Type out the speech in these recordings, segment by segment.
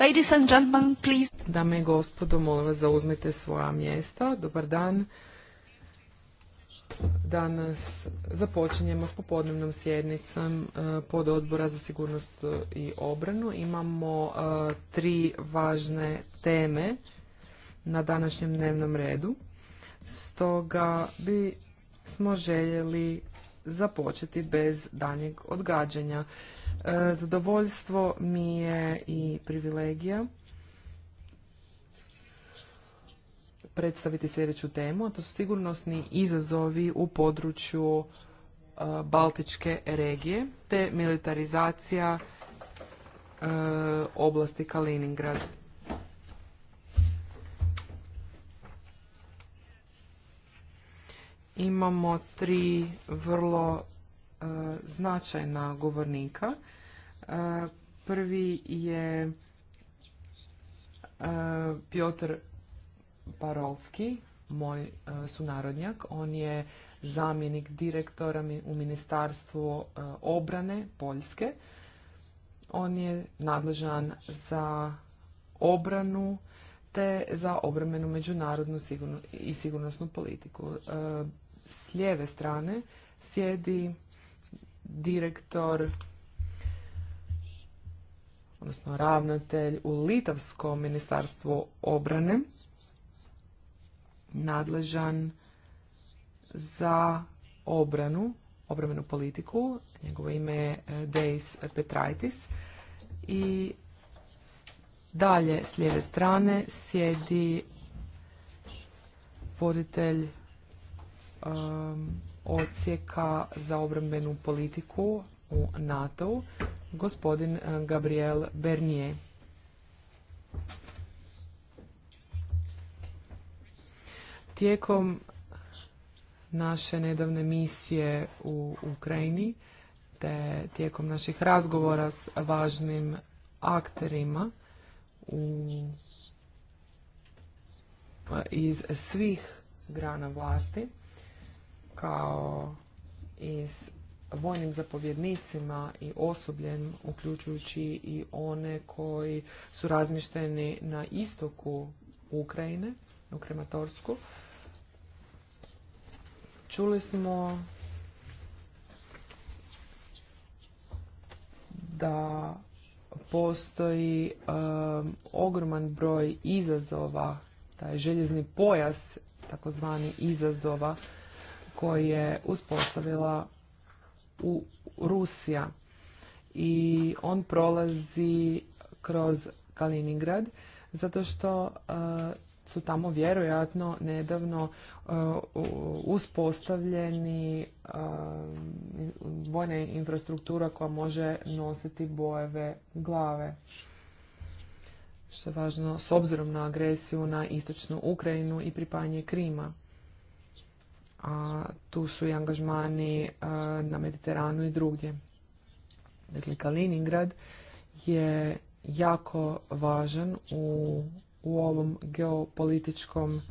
Ladies and gentlemen, please. Dame i gospodo, molim vas zauzmite svoja mjesta. Dobar dan. Danas započinjemo s popodnevnom sjednicom eh, pod odbora za sigurnost eh, i obranu. Imamo eh, tri važne teme na današnjem dnevnom redu. Stoga bi smo željeli započeti bez danjeg odgađanja. E, zadovoljstvo mi je i privilegija predstaviti sljedeću temu, a to su sigurnosni izazovi u području e, Baltičke regije te militarizacija e, oblasti Kaliningrad. Imamo tri vrlo E, značajna govornika. E, prvi je e, Piotr Parolski, moj sunarodnjak. On je zamjenik direktora u Ministarstvu obrane Poljske. On je nadležan za obranu te za obramenu međunarodnu i sigurnosnu politiku. S lijeve strane sjedi direktor odnosno ravnatelj u Litavskom ministarstvu obrane nadležan za obranu, obramenu politiku. Njegovo ime je e, Deis Petraitis. I dalje s lijeve strane sjedi voditelj um, odsjeka za obrambenu politiku u NATO-u, gospodin eh, Gabriel Bernier. Tijekom naše nedavne misije u Ukrajini te tijekom naših razgovora s važnim akterima u, iz svih grana vlasti kao i s vojnim zapovjednicima i osobljem, uključujući i one koji su razmišteni na istoku Ukrajine, u Krematorsku. Čuli smo da postoji um, ogroman broj izazova, taj željezni pojas takozvani izazova koji je uspostavila u Rusija i on prolazi kroz Kaliningrad zato što e, su tamo vjerojatno nedavno e, uspostavljeni uh, vojna infrastruktura koja može nositi bojeve glave. Što je važno s obzirom na agresiju na istočnu Ukrajinu i pripanje Krima a tu su i angažmani e, na Mediteranu i drugdje. Dakle, Kaliningrad je jako važan u, u ovom geopolitičkom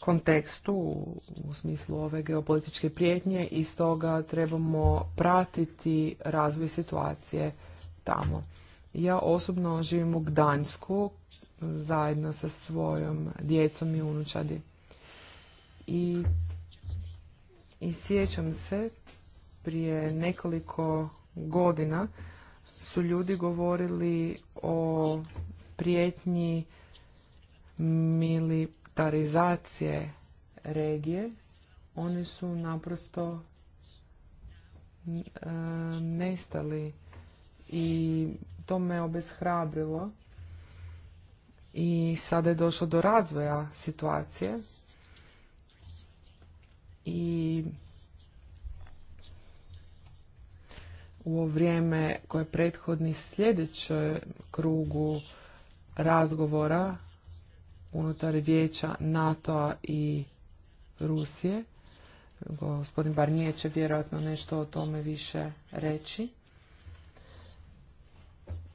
kontekstu u, u smislu ove geopolitičke prijetnje i stoga trebamo pratiti razvoj situacije tamo. Ja osobno živim u Gdansku zajedno sa svojom djecom i unučadi i, i sjećam se prije nekoliko godina su ljudi govorili o prijetnji militarizacije regije. Oni su naprosto e, nestali i to me obeshrabrilo i sada je došlo do razvoja situacije i u vrijeme koje prethodni sljedećem krugu razgovora unutar vijeća NATO-a i Rusije. Gospodin Barnije će vjerojatno nešto o tome više reći.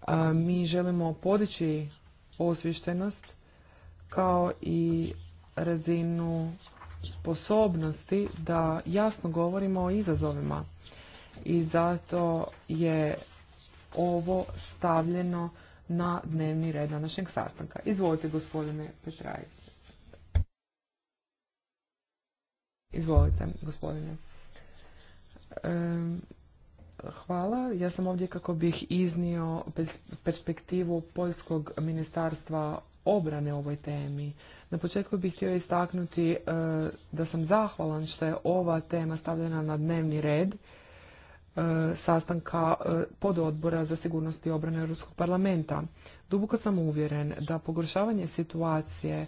A mi želimo podići osvištenost kao i razinu sposobnosti da jasno govorimo o izazovima i zato je ovo stavljeno na dnevni red današnjeg sastanka. Izvolite, gospodine Petraj. Izvolite, gospodine. hvala. Ja sam ovdje kako bih iznio perspektivu Poljskog ministarstva obrane ovoj temi. Na početku bih htio istaknuti e, da sam zahvalan što je ova tema stavljena na dnevni red e, sastanka pod e, pododbora za sigurnost i obrane Europskog parlamenta. Duboko sam uvjeren da pogoršavanje situacije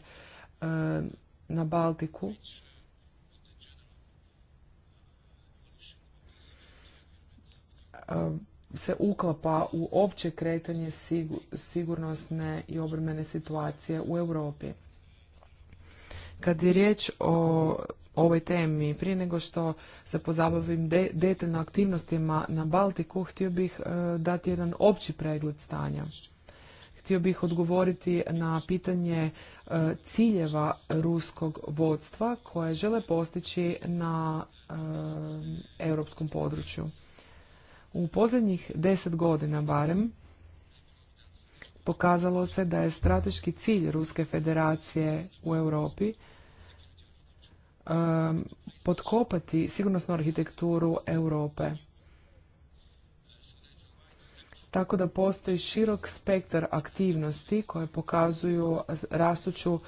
na Baltiku se uklapa u opće kretanje sigurnosne i obrambene situacije u Europi. Kad je riječ o ovoj temi, prije nego što se pozabavim de detaljno aktivnostima na Baltiku, htio bih e, dati jedan opći pregled stanja. Htio bih odgovoriti na pitanje e, ciljeva ruskog vodstva koje žele postići na e, europskom području. U posljednjih deset godina barem pokazalo se da je strateški cilj Ruske federacije u Europi Um, potkopati sigurnosnu arhitekturu Europe. Tako da postoji širok spektar aktivnosti koje pokazuju rastuću uh,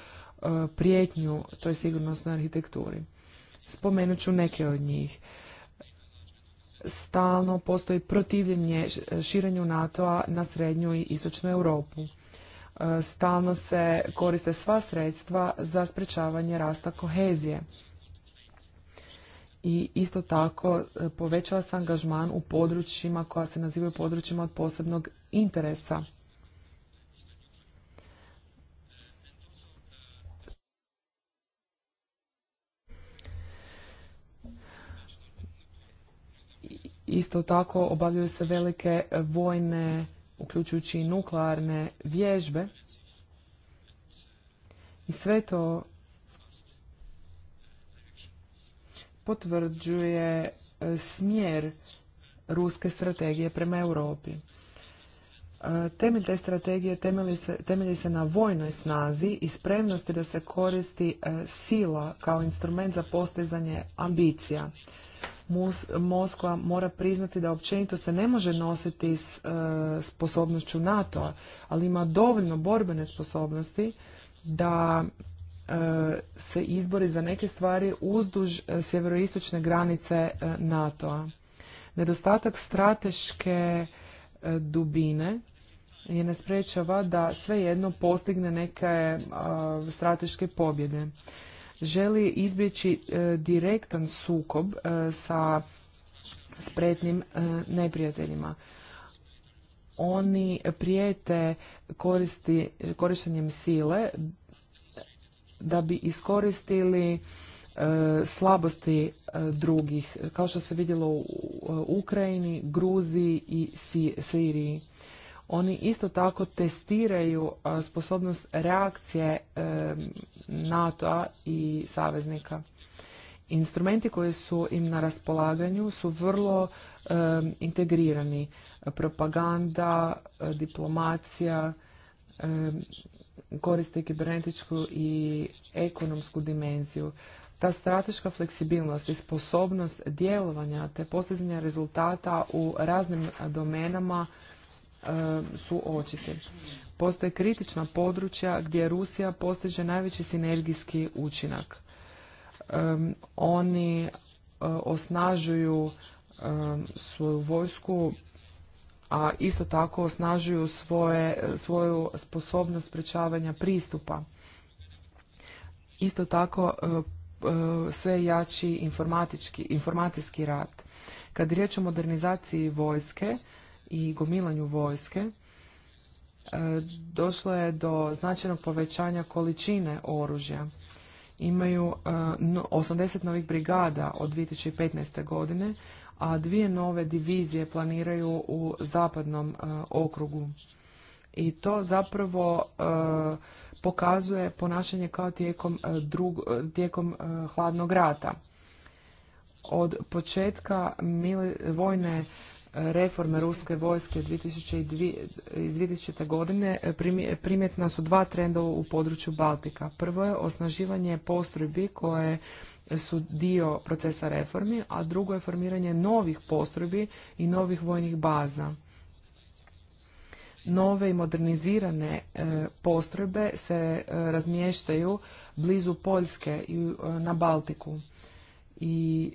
prijetnju toj sigurnosnoj arhitekturi. Spomenut ću neke od njih. Stalno postoji protivljenje širenju NATO-a na srednju i istočnu Europu. Uh, stalno se koriste sva sredstva za sprečavanje rasta kohezije i isto tako e, povećava se angažman u područjima koja se nazivaju područjima od posebnog interesa. Isto tako obavljaju se velike vojne, uključujući i nuklearne vježbe. I sve to potvrđuje e, smjer ruske strategije prema Europi. E, temelj te strategije temelji se, na vojnoj snazi i spremnosti da se koristi e, sila kao instrument za postizanje ambicija. Moskva mora priznati da općenito se ne može nositi s sposobnošću NATO-a, ali ima dovoljno borbene sposobnosti da se izbori za neke stvari uzduž e, sjeveroistočne granice e, NATO-a. Nedostatak strateške e, dubine je ne sprečava da svejedno postigne neke strateške pobjede. Želi izbjeći direktan sukob sa spretnim neprijateljima. Oni prijete koristi, korištenjem sile da bi iskoristili e, slabosti e, drugih, kao što se vidjelo u Ukrajini, Gruziji i Siriji. Oni isto tako testiraju e, sposobnost reakcije NATO-a i saveznika. Instrumenti koji su im na raspolaganju su vrlo integrirani. Propaganda, diplomacija, koriste kibernetičku i ekonomsku dimenziju. Ta strateška fleksibilnost i sposobnost djelovanja te postizanja rezultata u raznim domenama e, su očite. Postoje kritična područja gdje Rusija postiže najveći sinergijski učinak. E, oni e, osnažuju svoju vojsku a isto tako osnažuju svoje, svoju sposobnost sprečavanja pristupa. Isto tako e, e, sve jači informatički, informacijski rat. Kad je riječ o modernizaciji vojske i gomilanju vojske, e, došlo je do značajnog povećanja količine oružja. Imaju 80 novih brigada od 2015. godine a dvije nove divizije planiraju u zapadnom e, okrugu. I to zapravo e, pokazuje ponašanje kao tijekom, e, drug, tijekom hladnog rata. Od početka vojne reforme ruske vojske iz 2000. godine e, primjetna su dva trenda u području Baltika. Prvo je osnaživanje postrojbi koje su dio procesa reformi, a drugo je formiranje novih postrojbi i novih vojnih baza. Nove i modernizirane e, postrojbe se e, razmještaju blizu Poljske i na Baltiku. I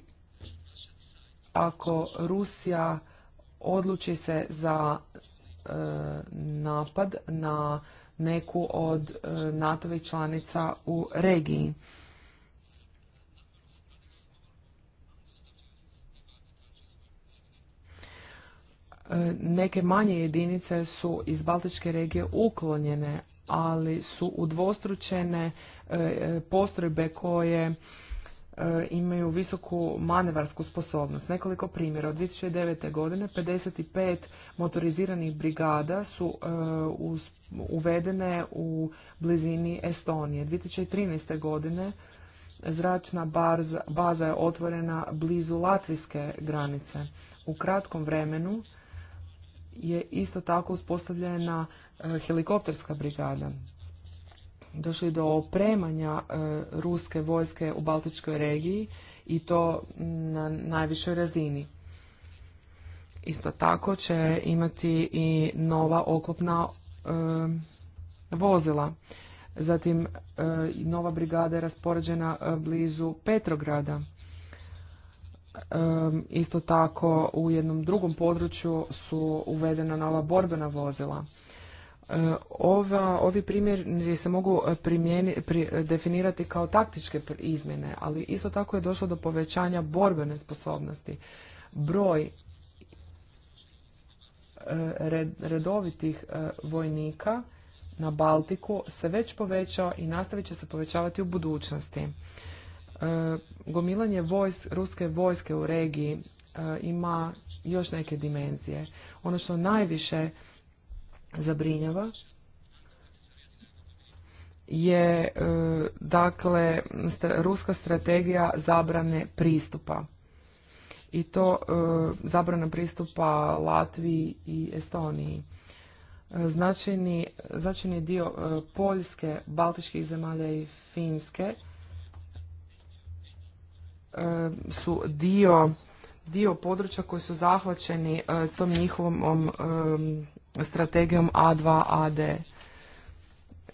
ako Rusija odluči se za e, napad na neku od nato e, nato članica u regiji. E, neke manje jedinice su iz Baltičke regije uklonjene, ali su udvostručene postrojbe koje E, imaju visoku manevarsku sposobnost. Nekoliko primjera. Od 2009. godine 55 motoriziranih brigada su e, uvedene u blizini Estonije. 2013. godine zračna baza je otvorena blizu latvijske granice. U kratkom vremenu je isto tako uspostavljena e, helikopterska brigada. Došli do opremanja e, ruske vojske u Baltičkoj regiji i to na najvišoj razini. Isto tako će imati i nova oklopna e, vozila. Zatim e, nova brigada je raspoređena blizu Petrograda. Isto tako u jednom drugom području su uvedena nova borbena vozila. E, ovi primjeri se mogu e, e, definirati kao taktičke izmjene, ali isto tako je došlo do povećanja borbene sposobnosti. Broj redovitih vojnika na Baltiku se već povećao i nastavit će se povećavati u budućnosti. Gomilanje ruske vojske u regiji ima još neke dimenzije. Ono što najviše zabrinjava je e, dakle ruska strategija zabrane pristupa i to e, zabrana pristupa Latviji i Estoniji. E, značajni, značajni dio Poljske, Baltičkih zemalja i Finske su dio, dio područja koji su zahvaćeni tom njihovom strategijom A2AD.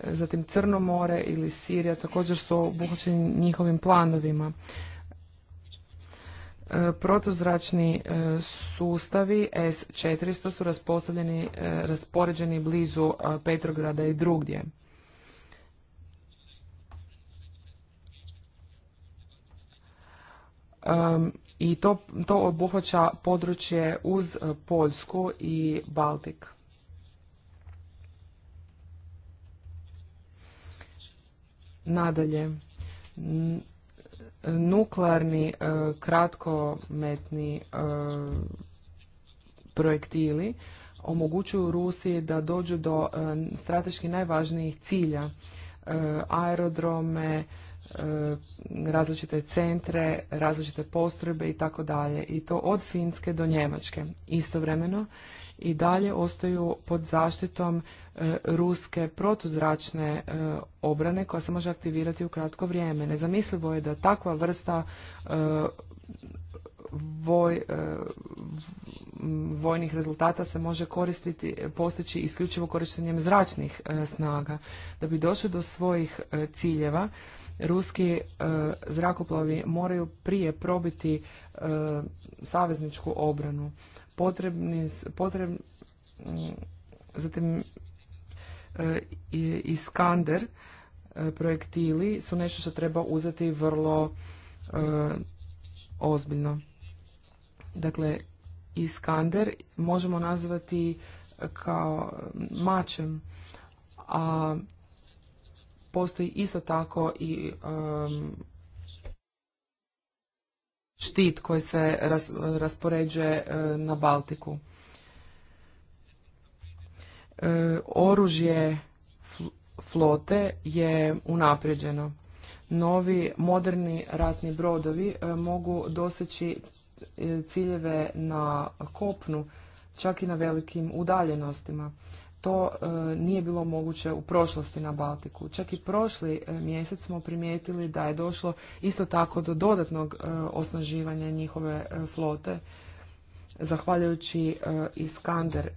Zatim Crno more ili Sirija također su obuhvaćeni njihovim planovima. E, protuzračni e, sustavi S-400 su e, raspoređeni blizu Petrograda i drugdje. I to, to obuhvaća područje uz Poljsku i Baltik. Nadalje, nuklearni e, kratkometni e, projektili omogućuju Rusiji da dođu do e, strateški najvažnijih cilja, aerodrome, različite centre, različite postrojbe i tako dalje. I to od Finske do Njemačke. Istovremeno, i dalje ostaju pod zaštitom e, ruske protuzračne e, obrane koja se može aktivirati u kratko vrijeme. Nezamislivo je da takva vrsta e, vojnih rezultata se može koristiti, postići isključivo korištenjem zračnih snaga. Da bi došli do svojih ciljeva, ruski zrakoplovi moraju prije probiti savezničku obranu potrebni, potreb, mm, zatim e, Iskander e, projektili su nešto što treba uzeti vrlo e, ozbiljno. Dakle, Iskander možemo nazvati kao mačem, a postoji isto tako i štit koji se raspoređuje e, na Baltiku. E, oružje flote je unapređeno. Novi moderni ratni brodovi e, mogu doseći ciljeve na kopnu, čak i na velikim udaljenostima to e, nije bilo moguće u prošlosti na Baltiku. Čak i prošli e, mjesec smo primijetili da je došlo isto tako do dodatnog e, osnaživanja njihove flote, zahvaljujući Iskander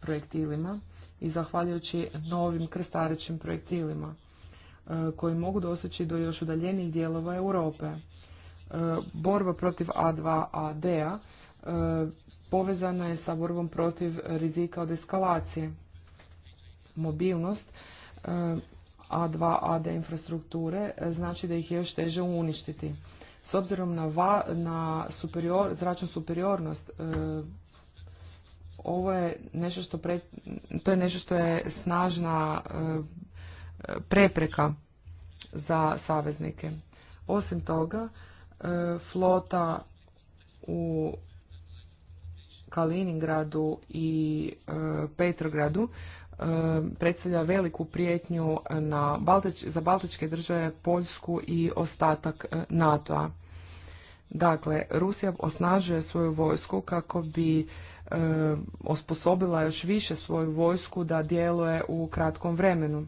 projektilima i zahvaljujući novim krstarećim projektilima koji mogu doseći do još udaljenijih dijelova Europe. Borba protiv A2AD-a povezana je sa borbom protiv rizika od eskalacije mobilnost, A2 eh, AD infrastrukture, eh, znači da ih je još teže uništiti. S obzirom na, va, na superior, zračnu superiornost, eh, ovo je nešto što to je nešto što je snažna prepreka za saveznike. Osim toga, flota u Kaliningradu i Petrogradu Eh, predstavlja veliku prijetnju na Baltič, za baltičke države, Poljsku i ostatak eh, NATO-a. Dakle, Rusija osnažuje svoju vojsku kako bi eh, osposobila još više svoju vojsku da djeluje u kratkom vremenu.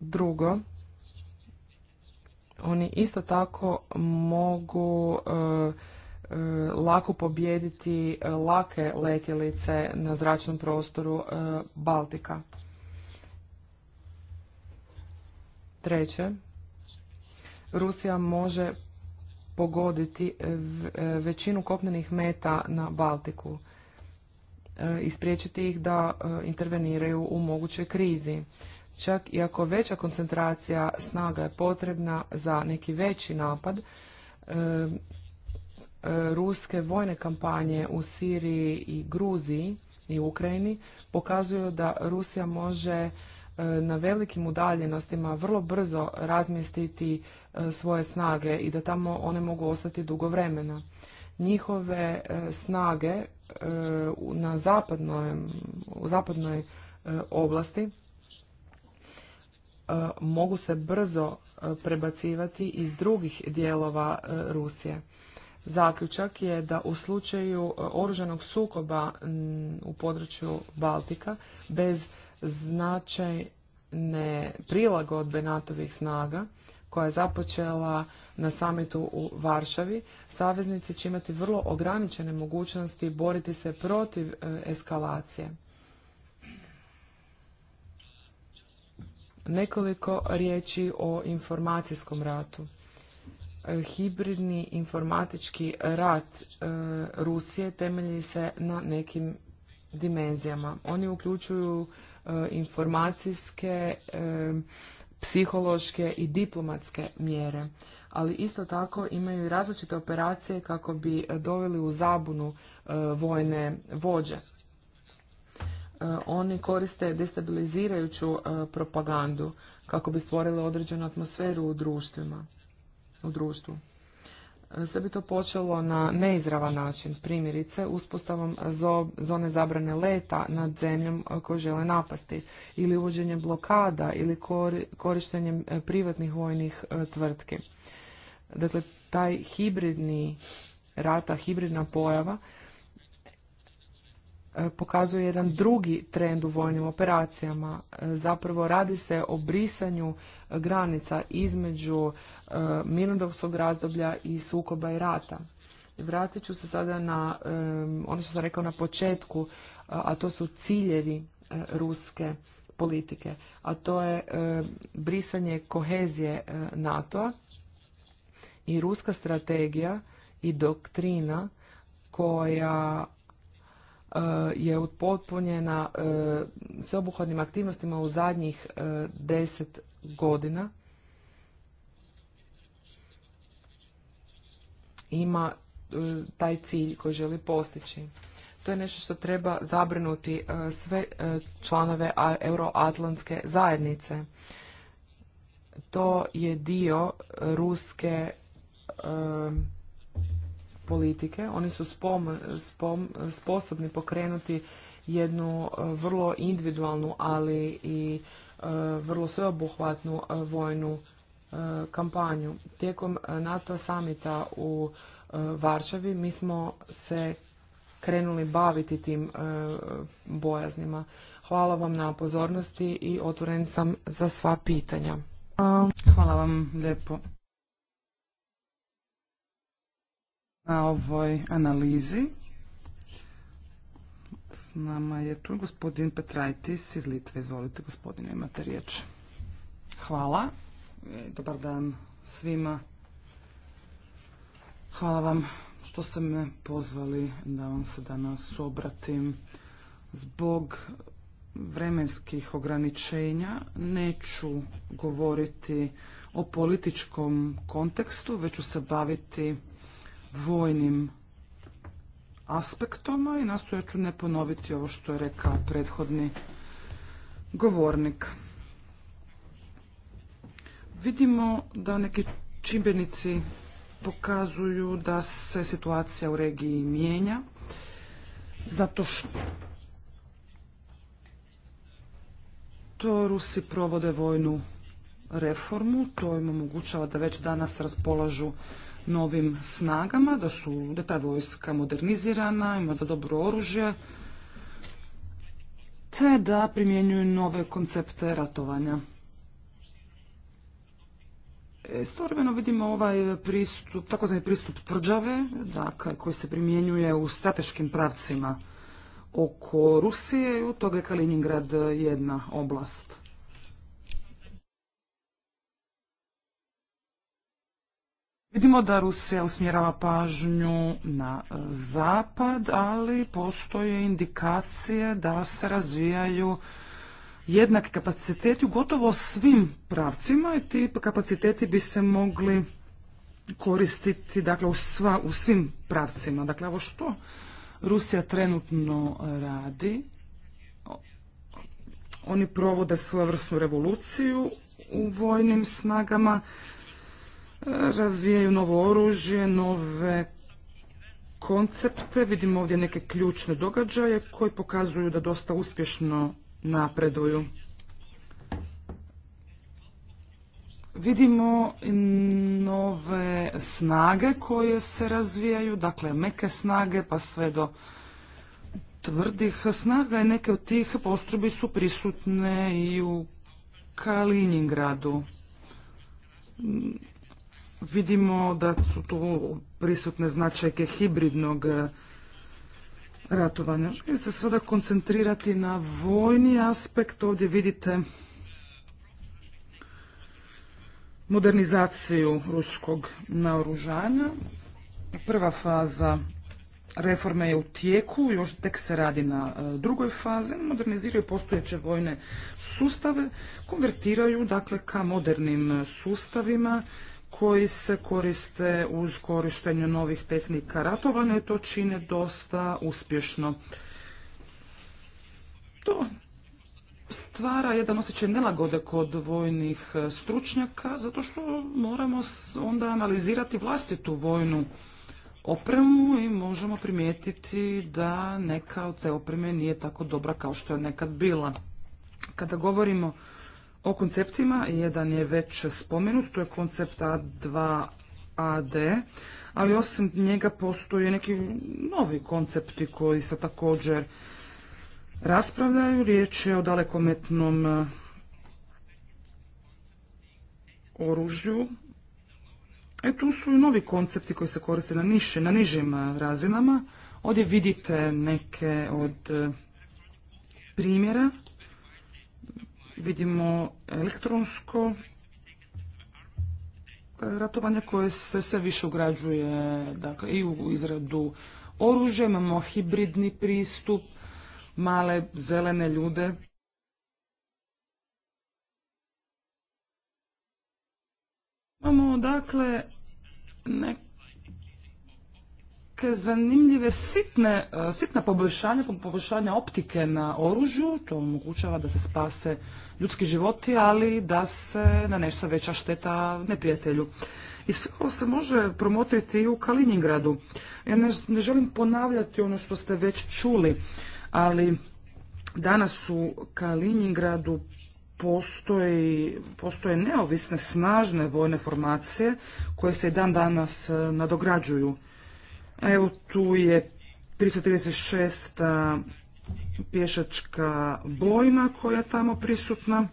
Drugo, oni isto tako mogu Eh, lako pobijediti eh, lake letjelice na zračnom prostoru eh, Baltika. Treće, Rusija može pogoditi većinu kopnenih meta na Baltiku i spriječiti ih da interveniraju u mogućoj krizi. Čak i ako veća koncentracija snaga je potrebna za neki veći napad, ruske vojne kampanje u Siriji i Gruziji i Ukrajini pokazuju da Rusija može e, na velikim udaljenostima vrlo brzo razmjestiti e, svoje snage i da tamo one mogu ostati dugo vremena. Njihove e, snage na zapadnoj, u zapadnoj oblasti mogu se brzo prebacivati iz drugih dijelova Rusije. Zaključak je da u slučaju e, oružanog sukoba u području Baltika bez značajne prilagodbe NATO-vih snaga koja je započela na samitu u Varšavi, saveznici će imati vrlo ograničene mogućnosti boriti se protiv e, eskalacije. Nekoliko riječi o informacijskom ratu hibridni informatički rat e, Rusije temelji se na nekim dimenzijama. Oni uključuju e, informacijske, e, psihološke i diplomatske mjere, ali isto tako imaju i različite operacije kako bi doveli u zabunu vojne vođe. Oni koriste destabilizirajuću propagandu kako bi stvorili određenu atmosferu u društvima u društvu. E, sve bi to počelo na neizravan način, primjerice uspostavom zone zabrane leta nad zemljom e, koju žele napasti ili uvođenjem blokada ili korištenjem e, privatnih vojnih tvrtki. Dakle, taj hibridni rata, hibridna pojava E, pokazuje jedan drugi trend u vojnim operacijama. E, zapravo radi se o brisanju granica između e, mirnodopskog razdoblja i sukoba i rata. Vratit ću se sada na ono što sam rekao na početku, a to su ciljevi ruske politike, a to je brisanje kohezije NATO-a i ruska strategija i doktrina koja E, je potpunjena e, sveobuhvatnim aktivnostima u zadnjih e, deset godina. Ima taj cilj koji želi postići. To je nešto što treba zabrinuti sve članove Euroatlantske zajednice. To je dio ruske politike. Oni su sposobni pokrenuti jednu e, vrlo individualnu, ali i e, vrlo sveobuhvatnu e, vojnu kampanju. Tijekom NATO samita u Varšavi mi smo se krenuli baviti tim bojaznima. Hvala vam na pozornosti i otvoren sam za sva pitanja. Um. Hvala vam lijepo. na ovoj analizi. S nama je tu gospodin Petrajtis iz Litve. Izvolite gospodine, imate riječ. Hvala. E, dobar dan svima. Hvala vam što ste me pozvali da vam se danas obratim. Zbog vremenskih ograničenja neću govoriti o političkom kontekstu, već ću se baviti vojnim aspektoma i nastojat ću ne ponoviti ovo što je rekao prethodni govornik. Vidimo da neki čimbenici pokazuju da se situacija u regiji mijenja zato što to Rusi provode vojnu reformu, to im omogućava da već danas raspolažu novim snagama, da su da ta vojska modernizirana, ima za dobro oružje, te da primjenjuju nove koncepte ratovanja. E, istovremeno vidimo ovaj pristup, takozvani pristup tvrđave, dakle, koji se primjenjuje u strateškim pravcima oko Rusije i u toga je Kaliningrad jedna oblast. Vidimo da Rusija usmjerava pažnju na e, zapad, ali postoje indikacije da se razvijaju jednaki kapaciteti u gotovo svim pravcima i ti kapaciteti bi se mogli koristiti dakle, u, sva, u svim pravcima. Dakle, ovo što Rusija trenutno e, radi, oni provode svojevrsnu revoluciju u vojnim snagama, razvijaju novo oružje, nove koncepte. Vidimo ovdje neke ključne događaje koji pokazuju da dosta uspješno napreduju. Vidimo nove snage koje se razvijaju, dakle meke snage pa sve do tvrdih snaga i neke od tih postrubi su prisutne i u Kaliningradu vidimo da su tu prisutne značajke hibridnog e, ratovanja. Želim se sada koncentrirati na vojni aspekt. Ovdje vidite modernizaciju ruskog naoružanja. Prva faza reforme je u tijeku, još tek se radi na e, drugoj fazi, moderniziraju postojeće vojne sustave, konvertiraju dakle ka modernim sustavima koji se koriste uz korištenje novih tehnika ratovanja i to čine dosta uspješno. To stvara jedan osjećaj nelagode kod vojnih stručnjaka, zato što moramo onda analizirati vlastitu vojnu opremu i možemo primijetiti da neka od te opreme nije tako dobra kao što je nekad bila. Kada govorimo o konceptima. Jedan je već spomenut, to je koncept A2AD, ali osim njega postoje neki novi koncepti koji se također raspravljaju. Riječ je o dalekometnom oružju. E tu su i novi koncepti koji se koriste na, na nižim razinama. Ovdje vidite neke od primjera vidimo elektronsko e, ratovanje koje se sve više ugrađuje dakle, i u izradu oružja, imamo hibridni pristup, male zelene ljude. Imamo dakle nek neke zanimljive sitne, e, sitna poboljšanja, poboljšanja optike na oružju, to omogućava da se spase ljudski životi, ali da se nanese veća šteta neprijatelju. I sve ovo se može promotriti i u Kaliningradu. Ja ne, želim ponavljati ono što ste već čuli, ali danas u Kaliningradu postoji, postoje neovisne snažne vojne formacije koje se i dan danas e, nadograđuju. Evo tu je 336. pješačka bojna koja je tamo prisutna.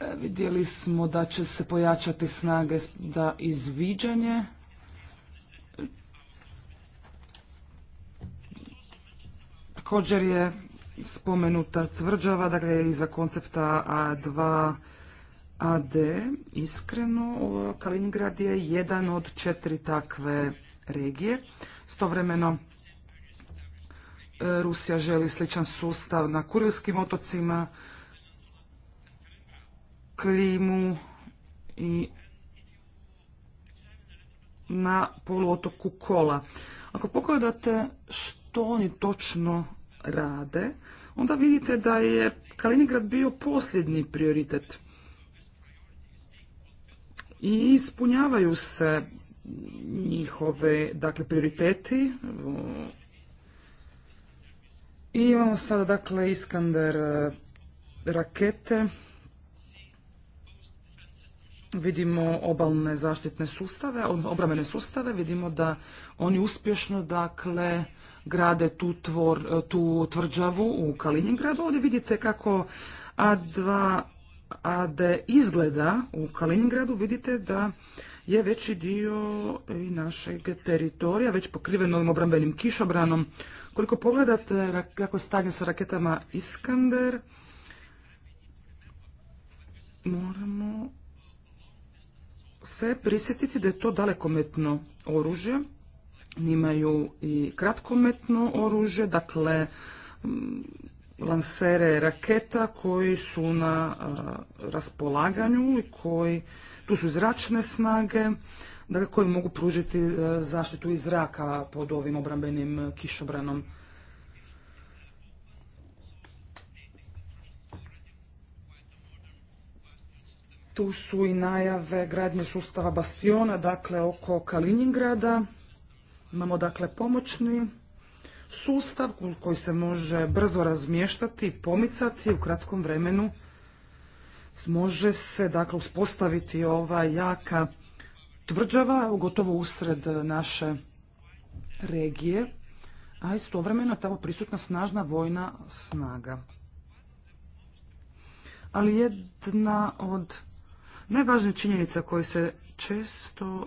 E, vidjeli smo da će se pojačati snage za izviđanje. Također je spomenuta tvrđava, dakle iza koncepta A2 AD, iskreno, Kaliningrad je jedan od četiri takve regije. Stovremeno, e, Rusija želi sličan sustav na Kurilskim otocima, Klimu i na poluotoku Kola. Ako pogledate što oni točno rade, onda vidite da je Kaliningrad bio posljednji prioritet i ispunjavaju se njihove dakle prioriteti i imamo sada dakle Iskander eh, rakete vidimo obalne zaštitne sustave, obramene sustave, vidimo da oni uspješno dakle grade tu, tvor, eh, tu tvrđavu u Kaliningradu. Ovdje vidite kako A2 a da izgleda u Kaliningradu, vidite da je veći dio i našeg teritorija već pokriven ovim obrambenim kišobranom. Koliko pogledate kako stanje sa raketama Iskander, moramo se prisjetiti da je to dalekometno oružje. Imaju i kratkometno oružje, dakle lansere raketa koji su na raspolaganju i koji, tu su zračne snage, dakle koji mogu pružiti e, zaštitu iz zraka pod ovim obrambenim kišobranom. Tu su i najave gradnje sustava Bastiona, dakle oko Kaliningrada. Imamo dakle pomoćni sustav koji se može brzo razmještati i pomicati u kratkom vremenu može se dakle uspostaviti ova jaka tvrđava gotovo usred naše regije, a istovremeno tamo prisutna snažna vojna snaga. Ali jedna od najvažnijih činjenica koje se često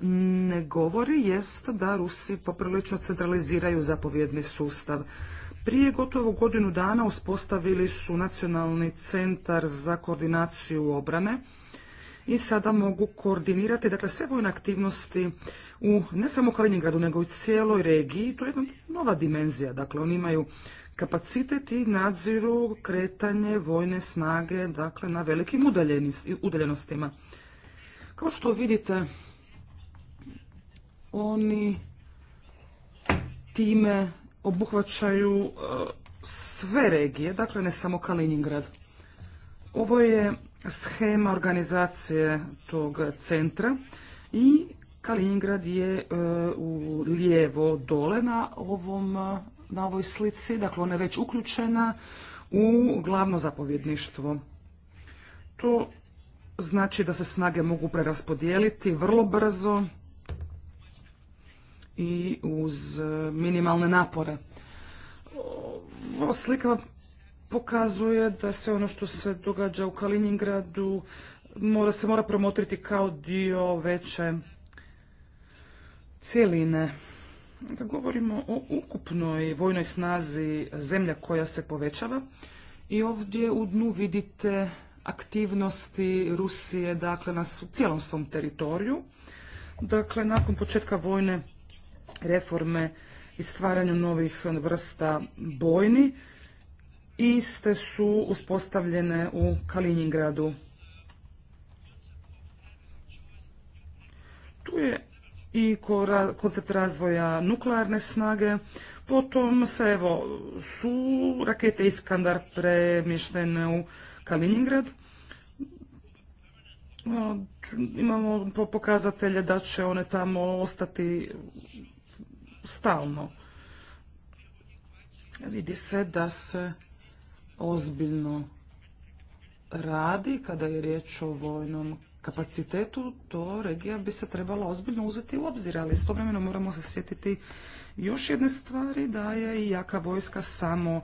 ne govori jest da Rusi poprilično centraliziraju zapovjedni sustav. Prije gotovo godinu dana uspostavili su Nacionalni centar za koordinaciju obrane i sada mogu koordinirati dakle, sve vojne aktivnosti u ne samo Kaliningradu, nego i cijeloj regiji. To je jedna nova dimenzija. Dakle, oni imaju kapacitet i nadziru kretanje vojne snage dakle, na velikim udaljenostima. Kao što vidite, oni time obuhvaćaju e, sve regije, dakle ne samo Kaliningrad. Ovo je schema organizacije tog centra i Kaliningrad je e, u lijevo dole na, ovom, e, na ovoj slici, dakle ona je već uključena u glavno zapovjedništvo. To znači da se snage mogu preraspodijeliti vrlo brzo i uz e, minimalne napore. Ovo slika pokazuje da sve ono što se događa u Kaliningradu mora, se mora promotriti kao dio veće cijeline. kad govorimo o ukupnoj vojnoj snazi zemlja koja se povećava i ovdje u dnu vidite aktivnosti Rusije dakle na cijelom svom teritoriju. Dakle, nakon početka vojne reforme i stvaranju novih vrsta bojni. Iste su uspostavljene u Kaliningradu. Tu je i koncept razvoja nuklearne snage. Potom se evo, su rakete Iskandar premještene u Kaliningrad. Imamo pokazatelje da će one tamo ostati stalno. Vidi se da se ozbiljno radi kada je riječ o vojnom kapacitetu, to regija bi se trebala ozbiljno uzeti u obzir, ali istovremeno moramo se sjetiti još jedne stvari, da je i jaka vojska samo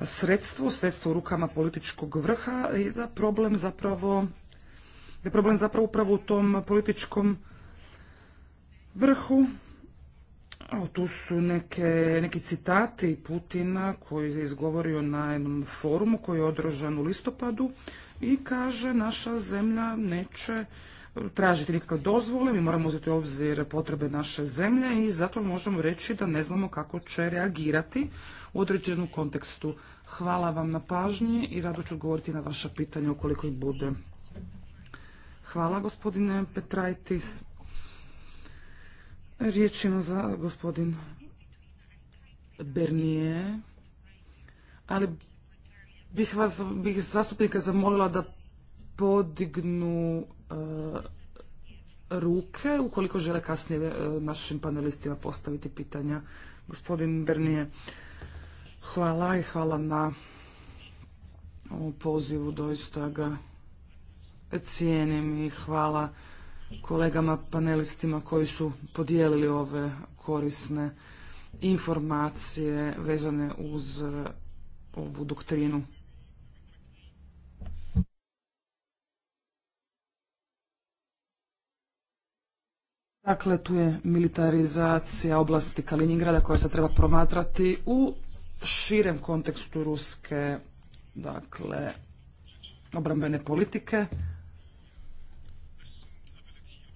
sredstvo, sredstvo u rukama političkog vrha i da problem zapravo da je problem zapravo upravo u tom političkom vrhu tu su neke, neki citati Putina koji je izgovorio na jednom forumu koji je održan u listopadu i kaže naša zemlja neće tražiti nikakve dozvole, mi moramo uzeti u obzir potrebe naše zemlje i zato možemo reći da ne znamo kako će reagirati u određenom kontekstu. Hvala vam na pažnji i rado ću govoriti na vaša pitanja ukoliko ih bude. Hvala gospodine Petrajtis. Riječ za gospodin Bernije, ali bih vas, bih zastupnika zamolila da podignu e, ruke ukoliko žele kasnije e, našim panelistima postaviti pitanja. Gospodin Bernije, hvala i hvala na ovom pozivu, doista ga cijenim i hvala kolegama panelistima koji su podijelili ove korisne informacije vezane uz e, ovu doktrinu. Dakle, tu je militarizacija oblasti Kaliningrada koja se treba promatrati u širem kontekstu ruske dakle, obrambene politike.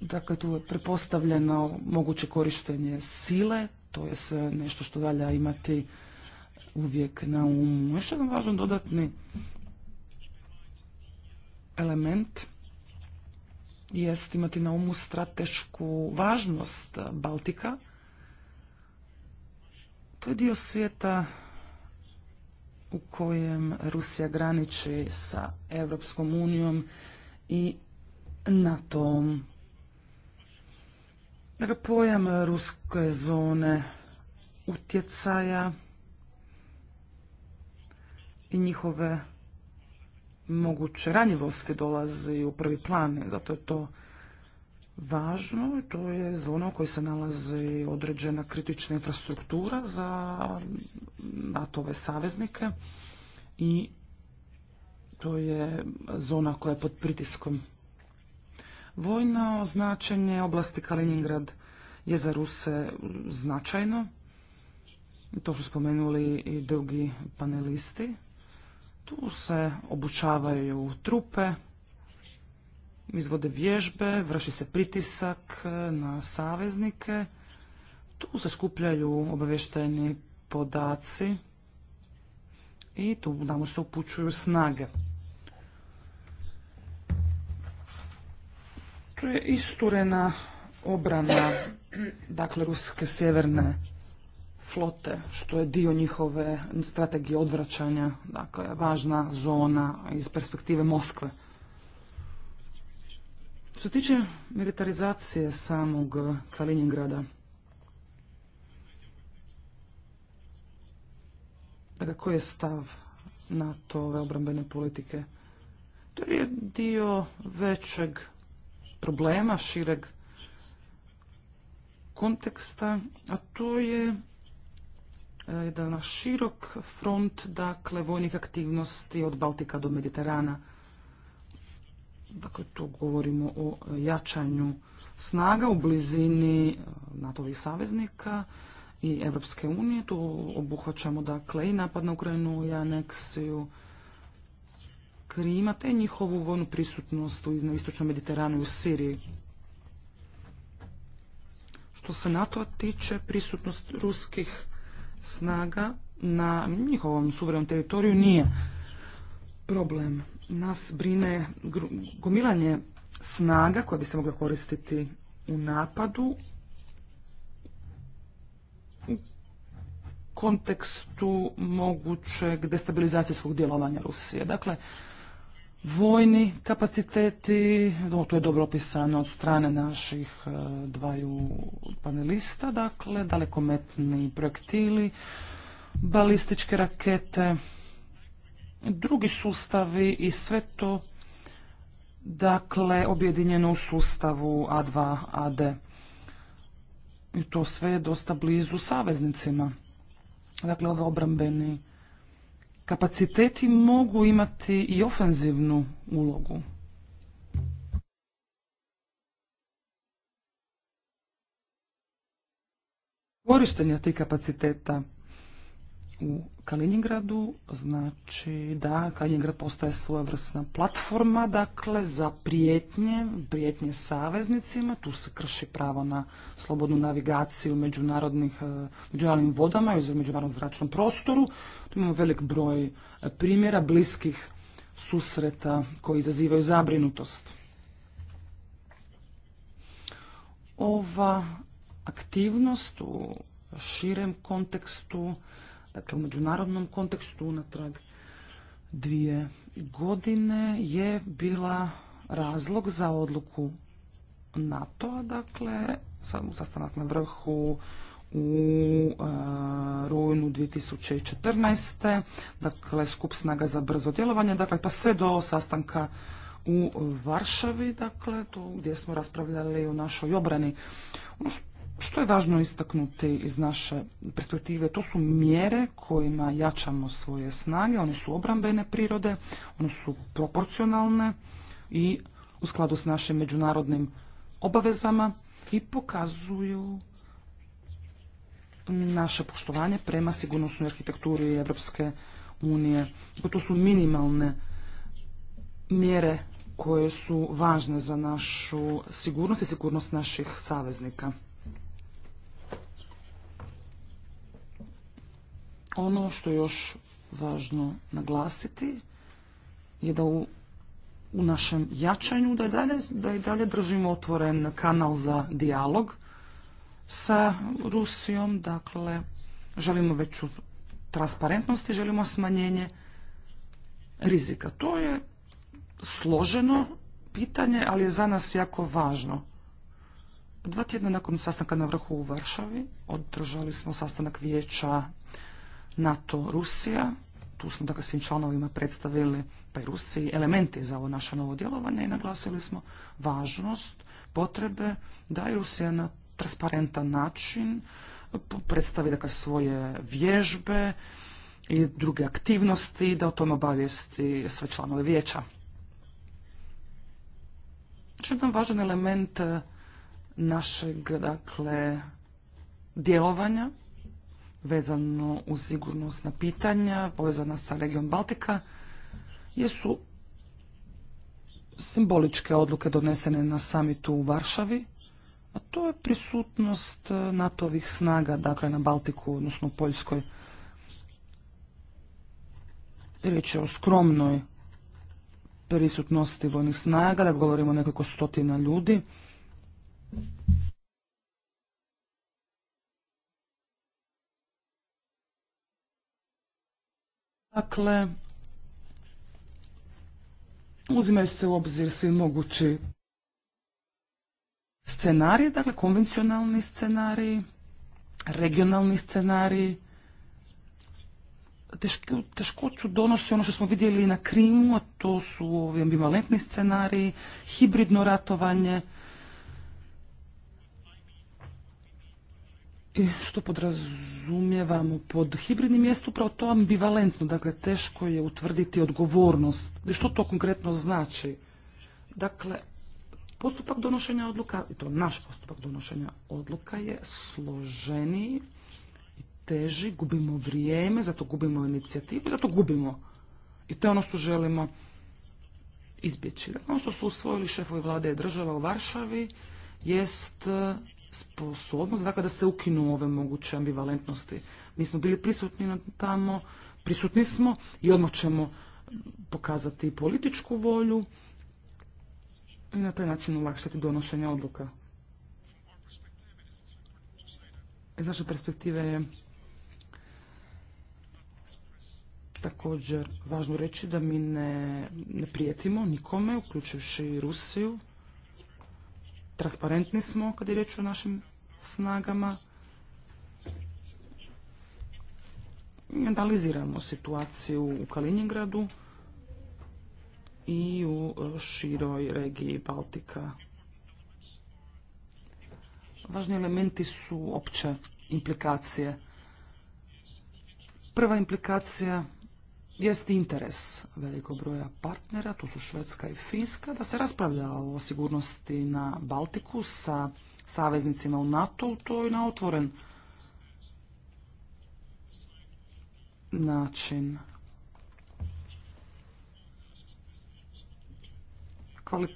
Dakle, tu je prepostavljeno moguće korištenje sile, to je sve nešto što valja imati uvijek na umu. Još jedan važan dodatni element jest imati na umu stratešku važnost Baltika. To je dio svijeta u kojem Rusija graniči sa Europskom unijom i NATO-om. Dakle, pojam ruske zone utjecaja i njihove moguće ranjivosti dolazi u prvi plan, zato je to važno. To je zona u kojoj se nalazi određena kritična infrastruktura za nato ove saveznike i to je zona koja je pod pritiskom Vojno značenje oblasti Kaliningrad je za Ruse značajno. To su spomenuli i drugi panelisti. Tu se obučavaju trupe, izvode vježbe, vrši se pritisak na saveznike. Tu se skupljaju obavještajni podaci i tu nam se upućuju snage. To je isturena obrana dakle ruske sjeverne flote, što je dio njihove strategije odvraćanja, dakle važna zona iz perspektive Moskve. Što se tiče militarizacije samog Kaliningrada, dakle koji je stav NATO-ove obrambene politike? To je dio većeg problema, šireg konteksta, a to je e, jedan širok front, dakle, vojnih aktivnosti od Baltika do Mediterana. Dakle, tu govorimo o jačanju snaga u blizini e, NATO-ovih saveznika i Evropske unije. Tu obuhvaćamo, dakle, i napad na Ukrajinu i aneksiju Krima te njihovu vojnu prisutnost na istočnom Mediteranu i u Siriji. Što se NATO tiče, prisutnost ruskih snaga na njihovom suverenom teritoriju nije problem. Nas brine gomilanje snaga koje bi se mogla koristiti u napadu u kontekstu mogućeg destabilizacijskog djelovanja Rusije. Dakle, vojni kapaciteti, no, to je dobro opisano od strane naših e, dvaju panelista, dakle, dalekometni projektili, balističke rakete, drugi sustavi i sve to, dakle, objedinjeno u sustavu A2AD. I to sve je dosta blizu saveznicima. Dakle, ove obrambeni kapaciteti mogu imati i ofenzivnu ulogu. Korištenja tih kapaciteta u Kaliningradu, znači da Kaliningrad postaje svojevrsna platforma, dakle, za prijetnje, prijetnje saveznicima, tu se krši pravo na slobodnu navigaciju međunarodnih, e, međunarodnim vodama i u međunarodnom zračnom prostoru. Tu imamo velik broj e, primjera bliskih susreta koji izazivaju zabrinutost. Ova aktivnost u širem kontekstu Dakle, u međunarodnom kontekstu unatrag dvije godine je bila razlog za odluku NATO-a, dakle, sastanak na vrhu u e, rujnu 2014. Dakle, skup snaga za brzo djelovanje, dakle, pa sve do sastanka u Varšavi, dakle, tu gdje smo raspravljali o našoj obrani. Ono što je važno istaknuti iz naše perspektive, to su mjere kojima jačamo svoje snage, one su obrambene prirode, one su proporcionalne i u skladu s našim međunarodnim obavezama i pokazuju naše poštovanje prema sigurnosnoj arhitekturi Europske unije. Dakle, to su minimalne mjere koje su važne za našu sigurnost i sigurnost naših saveznika. Ono što je još važno naglasiti je da u, našem jačanju da i, dalje, držimo otvoren kanal za dijalog sa Rusijom, dakle želimo veću transparentnost i želimo smanjenje rizika. To je složeno pitanje, ali je za nas jako važno. Dva tjedna nakon sastanka na vrhu u Varšavi održali smo sastanak vijeća NATO Rusija, tu smo dakle svim članovima predstavili pa i Rusiji elementi za ovo naše novo djelovanje i naglasili smo važnost potrebe da je Rusija na transparentan način predstavi dakle, svoje vježbe i druge aktivnosti, da o tome obavijesti sve članove vijeća. je jedan važan element eh, našeg dakle, djelovanja vezano uz sigurnosna pitanja povezana sa regijom Baltika jesu simboličke odluke donesene na samitu u Varšavi, a to je prisutnost e, NATO-ovih snaga, dakle na Baltiku, odnosno u Poljskoj. Riječ je o skromnoj prisutnosti vojnih snaga, da govorimo o nekoliko stotina ljudi. Dakle, uzimaju se u obzir svi mogući scenariji, dakle konvencionalni scenariji, regionalni scenariji. teškoću donosi ono što smo vidjeli na Krimu, a to su ovi ambivalentni scenariji, hibridno ratovanje, što podrazumijevamo pod hibridnim mjestu, upravo to ambivalentno, dakle teško je utvrditi odgovornost. Što to konkretno znači? Dakle, postupak donošenja odluka, i to naš postupak donošenja odluka je složeniji i teži, gubimo vrijeme, zato gubimo inicijativu, zato gubimo. I to je ono što želimo izbjeći. Dakle, ono što su usvojili šefovi vlade i država u Varšavi jest sposobnost, dakle da se ukinu ove moguće ambivalentnosti. Mi smo bili prisutni tamo, prisutni smo i odmah ćemo pokazati političku volju i na taj način olakšati donošenje odluka. Iz naše perspektive je također važno reći da mi ne, ne prijetimo nikome, uključujući i Rusiju, transparentni smo kad je riječ o našim snagama. Analiziramo situaciju u Kaliningradu i u e, široj regiji Baltika. Važni elementi su opće implikacije. Prva implikacija jest interes velikog broja partnera, tu su Švedska i Finska, da se raspravlja o sigurnosti na Baltiku sa saveznicima u NATO, to je na otvoren način.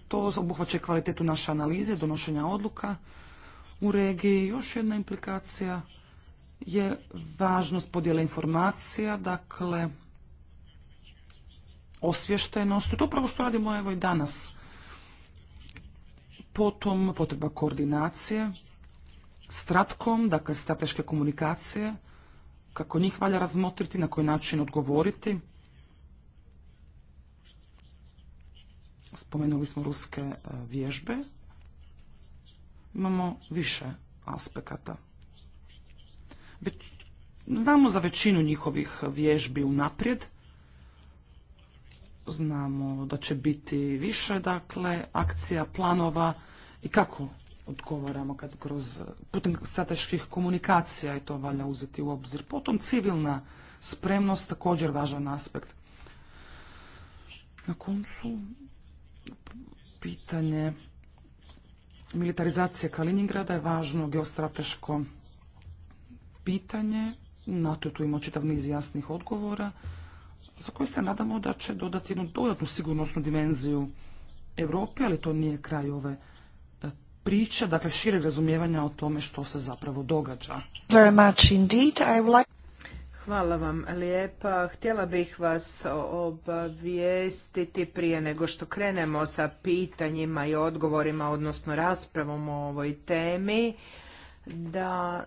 To obuhvaća kvalitetu naše analize, donošenja odluka u regiji. Još jedna implikacija je važnost podjela informacija, dakle, osvještenost. To je upravo što radimo evo i danas. Potom potreba koordinacije, stratkom, dakle strateške komunikacije, kako njih valja razmotriti, na koji način odgovoriti. Spomenuli smo ruske e, vježbe. Imamo više aspekata. Znamo za većinu njihovih vježbi unaprijed, Znamo da će biti više, dakle, akcija, planova i kako odgovaramo kad kroz putem strateških komunikacija i to valja uzeti u obzir. Potom civilna spremnost također važan aspekt. Na koncu pitanje militarizacije Kaliningrada je važno geostrateško pitanje. NATO tu ima čitav niz jasnih odgovora za koje se nadamo da će dodati jednu dodatnu sigurnosnu dimenziju Europi, ali to nije kraj ove e, priče, dakle šireg razumijevanja o tome što se zapravo događa. Hvala vam lijepa. Htjela bih vas obavijestiti prije nego što krenemo sa pitanjima i odgovorima, odnosno raspravom o ovoj temi, da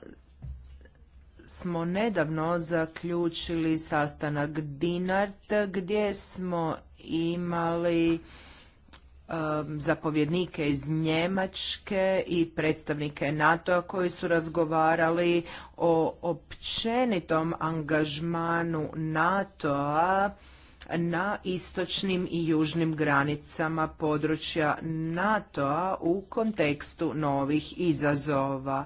smo nedavno zaključili sastanak Dinart gdje smo imali um, zapovjednike iz Njemačke i predstavnike NATO-a koji su razgovarali o općenitom angažmanu NATO-a na istočnim i južnim granicama područja NATO-a u kontekstu novih izazova.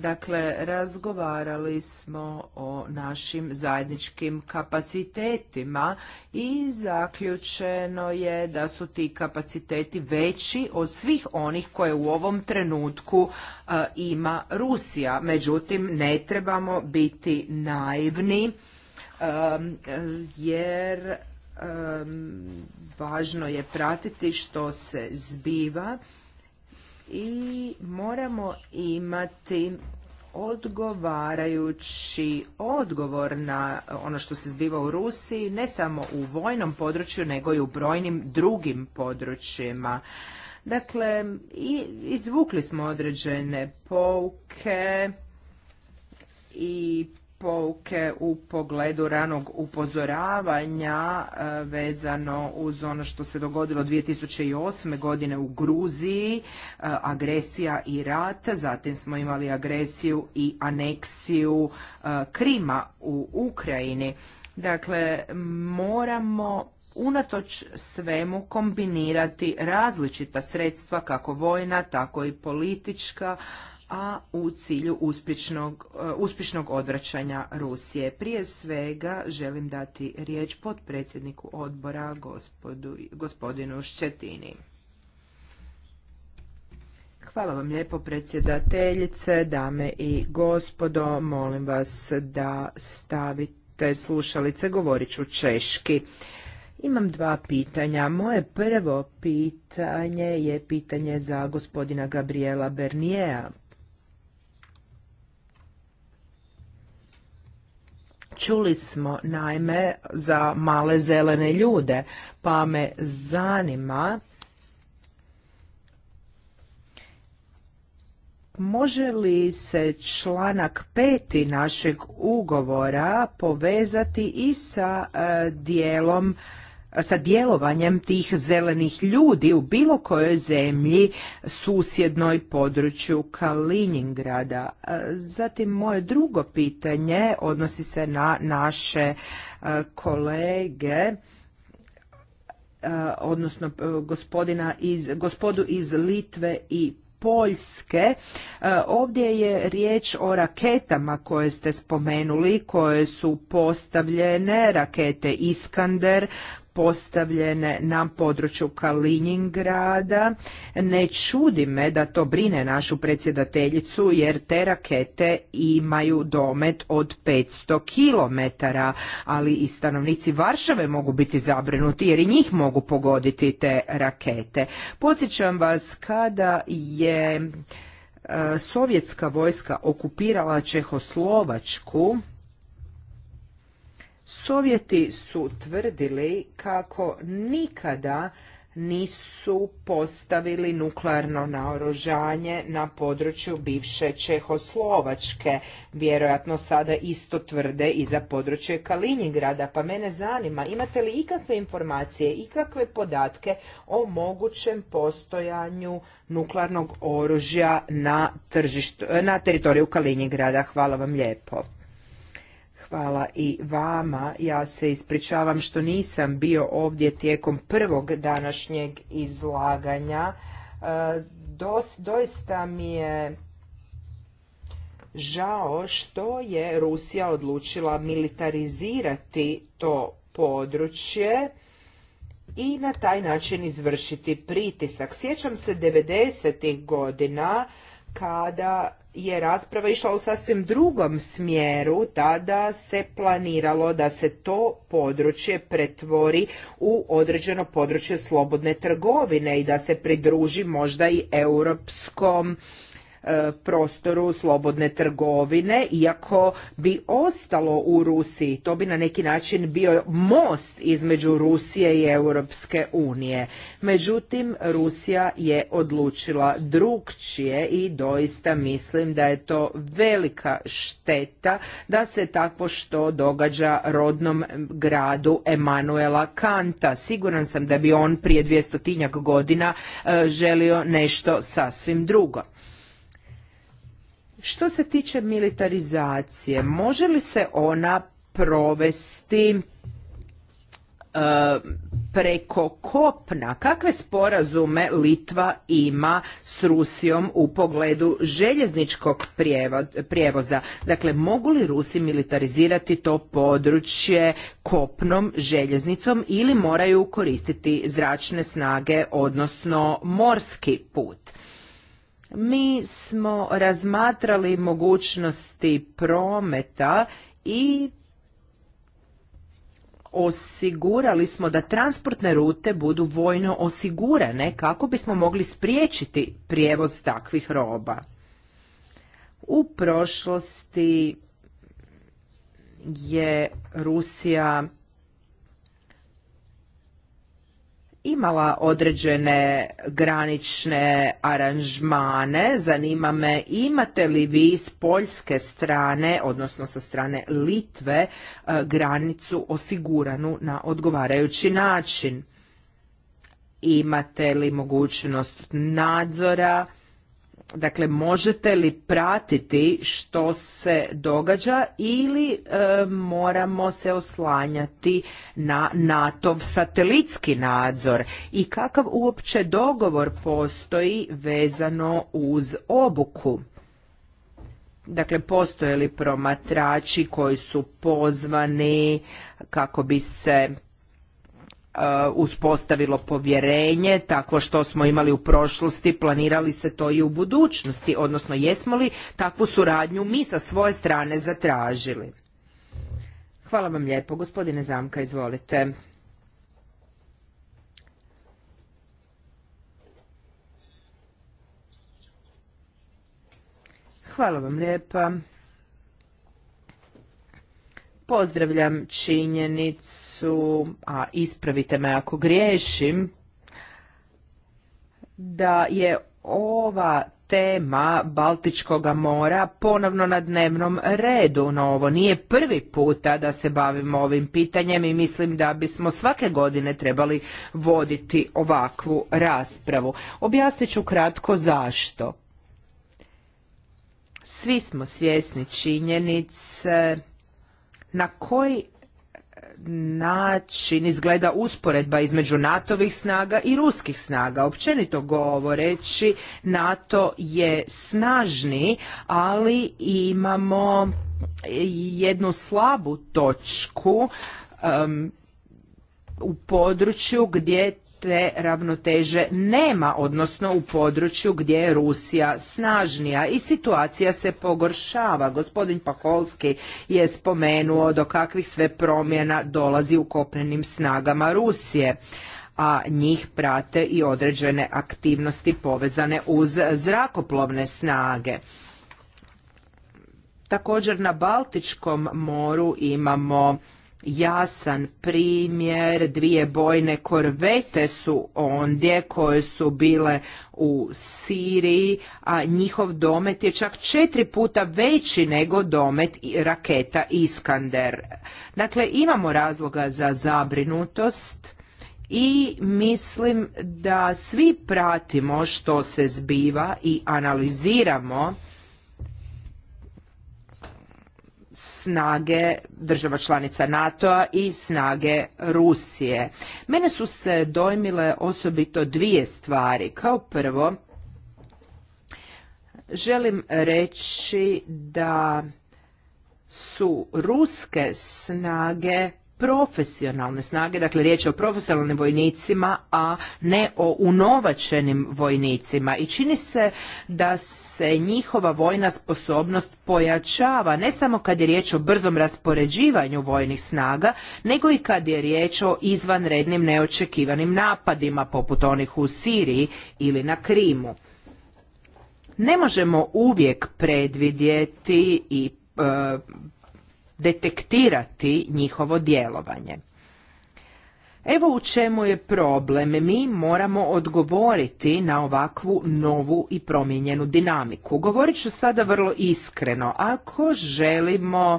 Dakle, razgovarali smo o našim zajedničkim kapacitetima i zaključeno je da su ti kapaciteti veći od svih onih koje u ovom trenutku e, ima Rusija. Međutim, ne trebamo biti naivni e, jer e, važno je pratiti što se zbiva i moramo imati odgovarajući odgovor na ono što se zbiva u Rusiji, ne samo u vojnom području, nego i u brojnim drugim područjima. Dakle, i, izvukli smo određene pouke i pouke u pogledu ranog upozoravanja e, vezano uz ono što se dogodilo 2008. godine u Gruziji, e, agresija i rat, zatim smo imali agresiju i aneksiju e, Krima u Ukrajini. Dakle, moramo unatoč svemu kombinirati različita sredstva, kako vojna, tako i politička, a u cilju uspješnog, e, uspješnog odvraćanja Rusije. Prije svega želim dati riječ potpredsjedniku odbora gospodinu Ščetini. Hvala vam lijepo predsjedateljice, dame i gospodo, molim vas da stavite slušalice, govorit ću češki. Imam dva pitanja. Moje prvo pitanje je pitanje za gospodina Gabriela Bernijea, Čuli smo naime za male zelene ljude, pa me zanima Može li se članak peti našeg ugovora povezati i sa e, dijelom sa djelovanjem tih zelenih ljudi u bilo kojoj zemlji susjednoj području Kaliningrada. E, zatim moje drugo pitanje odnosi se na naše e, kolege e, odnosno gospodina iz, gospodu iz Litve i Poljske. Ovdje je riječ o raketama koje ste spomenuli, koje su postavljene, rakete Iskander postavljene na području Kaliningrada. Ne čudi me da to brine našu predsjedateljicu jer te rakete imaju domet od 500 km, ali i stanovnici Varšave mogu biti zabrinuti jer i njih mogu pogoditi te rakete. Podsjećam vas kada je e, sovjetska vojska okupirala Čehoslovačku Sovjeti su tvrdili kako nikada nisu postavili nuklearno naoružanje na području bivše Čehoslovačke. Vjerojatno sada isto tvrde i za područje Kaliningrada. pa mene zanima imate li ikakve informacije, ikakve podatke o mogućem postojanju nuklearnog oružja na, tržištu, na teritoriju Kaliningrada? Hvala vam lijepo. Hvala i vama. Ja se ispričavam što nisam bio ovdje tijekom prvog današnjeg izlaganja. E, doista mi je žao što je Rusija odlučila militarizirati to područje i na taj način izvršiti pritisak. Sjećam se 90. godina kada je rasprava išla u sasvim drugom smjeru, tada se planiralo da se to područje pretvori u određeno područje slobodne trgovine i da se pridruži možda i europskom E, prostoru slobodne trgovine, iako bi ostalo u Rusiji. To bi na neki način bio most između Rusije i Europske unije. Međutim, Rusija je odlučila drugčije i doista mislim da je to velika šteta da se tako što događa rodnom gradu Emanuela Kanta. Siguran sam da bi on prije dvjestotinjak godina e, želio nešto sasvim drugo. Što se tiče militarizacije, može li se ona provesti e, preko kopna. Kakve sporazume Litva ima s Rusijom u pogledu željezničkog prijevoza? Dakle, mogu li Rusi militarizirati to područje kopnom željeznicom ili moraju koristiti zračne snage, odnosno morski put? mi smo razmatrali mogućnosti prometa i osigurali smo da transportne rute budu vojno osigurane kako bismo mogli spriječiti prijevoz takvih roba. U prošlosti je Rusija imala određene granične aranžmane. Zanima me imate li vi s poljske strane, odnosno sa strane Litve, e, granicu osiguranu na odgovarajući način? Imate li mogućnost nadzora Dakle, možete li pratiti što se događa ili e, moramo se oslanjati na NATO satelitski nadzor i kakav uopće dogovor postoji vezano uz obuku? Dakle, postoje li promatrači koji su pozvani kako bi se Uh, uspostavilo povjerenje tako što smo imali u prošlosti, planirali se to i u budućnosti, odnosno jesmo li takvu suradnju mi sa svoje strane zatražili. Hvala vam lijepo. Gospodine Zamka, izvolite. Hvala vam lijepa. Pozdravljam činjenicu, a ispravite me ako griješim, da je ova tema Baltičkog mora ponovno na dnevnom redu, no ovo nije prvi puta da se bavimo ovim pitanjem i mislim da bismo svake godine trebali voditi ovakvu raspravu. Objasnit ću kratko zašto. Svi smo svjesni činjenice na koji način izgleda usporedba između natovih snaga i ruskih snaga općenito govoreći nato je snažni ali imamo jednu slabu točku um, u području gdje te ravnoteže nema, odnosno u području gdje je Rusija snažnija i situacija se pogoršava. Gospodin Paholski je spomenuo do kakvih sve promjena dolazi u kopnenim snagama Rusije a njih prate i određene aktivnosti povezane uz zrakoplovne snage. Također na Baltičkom moru imamo jasan primjer, dvije bojne korvete su ondje koje su bile u Siriji, a njihov domet je čak četiri puta veći nego domet raketa Iskander. Dakle, imamo razloga za zabrinutost i mislim da svi pratimo što se zbiva i analiziramo snage država članica NATO-a i snage Rusije. Mene su se dojmile osobito dvije stvari. Kao prvo, želim reći da su ruske snage profesionalne snage, dakle riječ je o profesionalnim vojnicima, a ne o unovačenim vojnicima. I čini se da se njihova vojna sposobnost pojačava ne samo kad je riječ o brzom raspoređivanju vojnih snaga, nego i kad je riječ o izvanrednim neočekivanim napadima poput onih u Siriji ili na Krimu. Ne možemo uvijek predvidjeti i e, detektirati njihovo djelovanje. Evo u čemu je problem. Mi moramo odgovoriti na ovakvu novu i promijenjenu dinamiku. Govorit ću sada vrlo iskreno. Ako želimo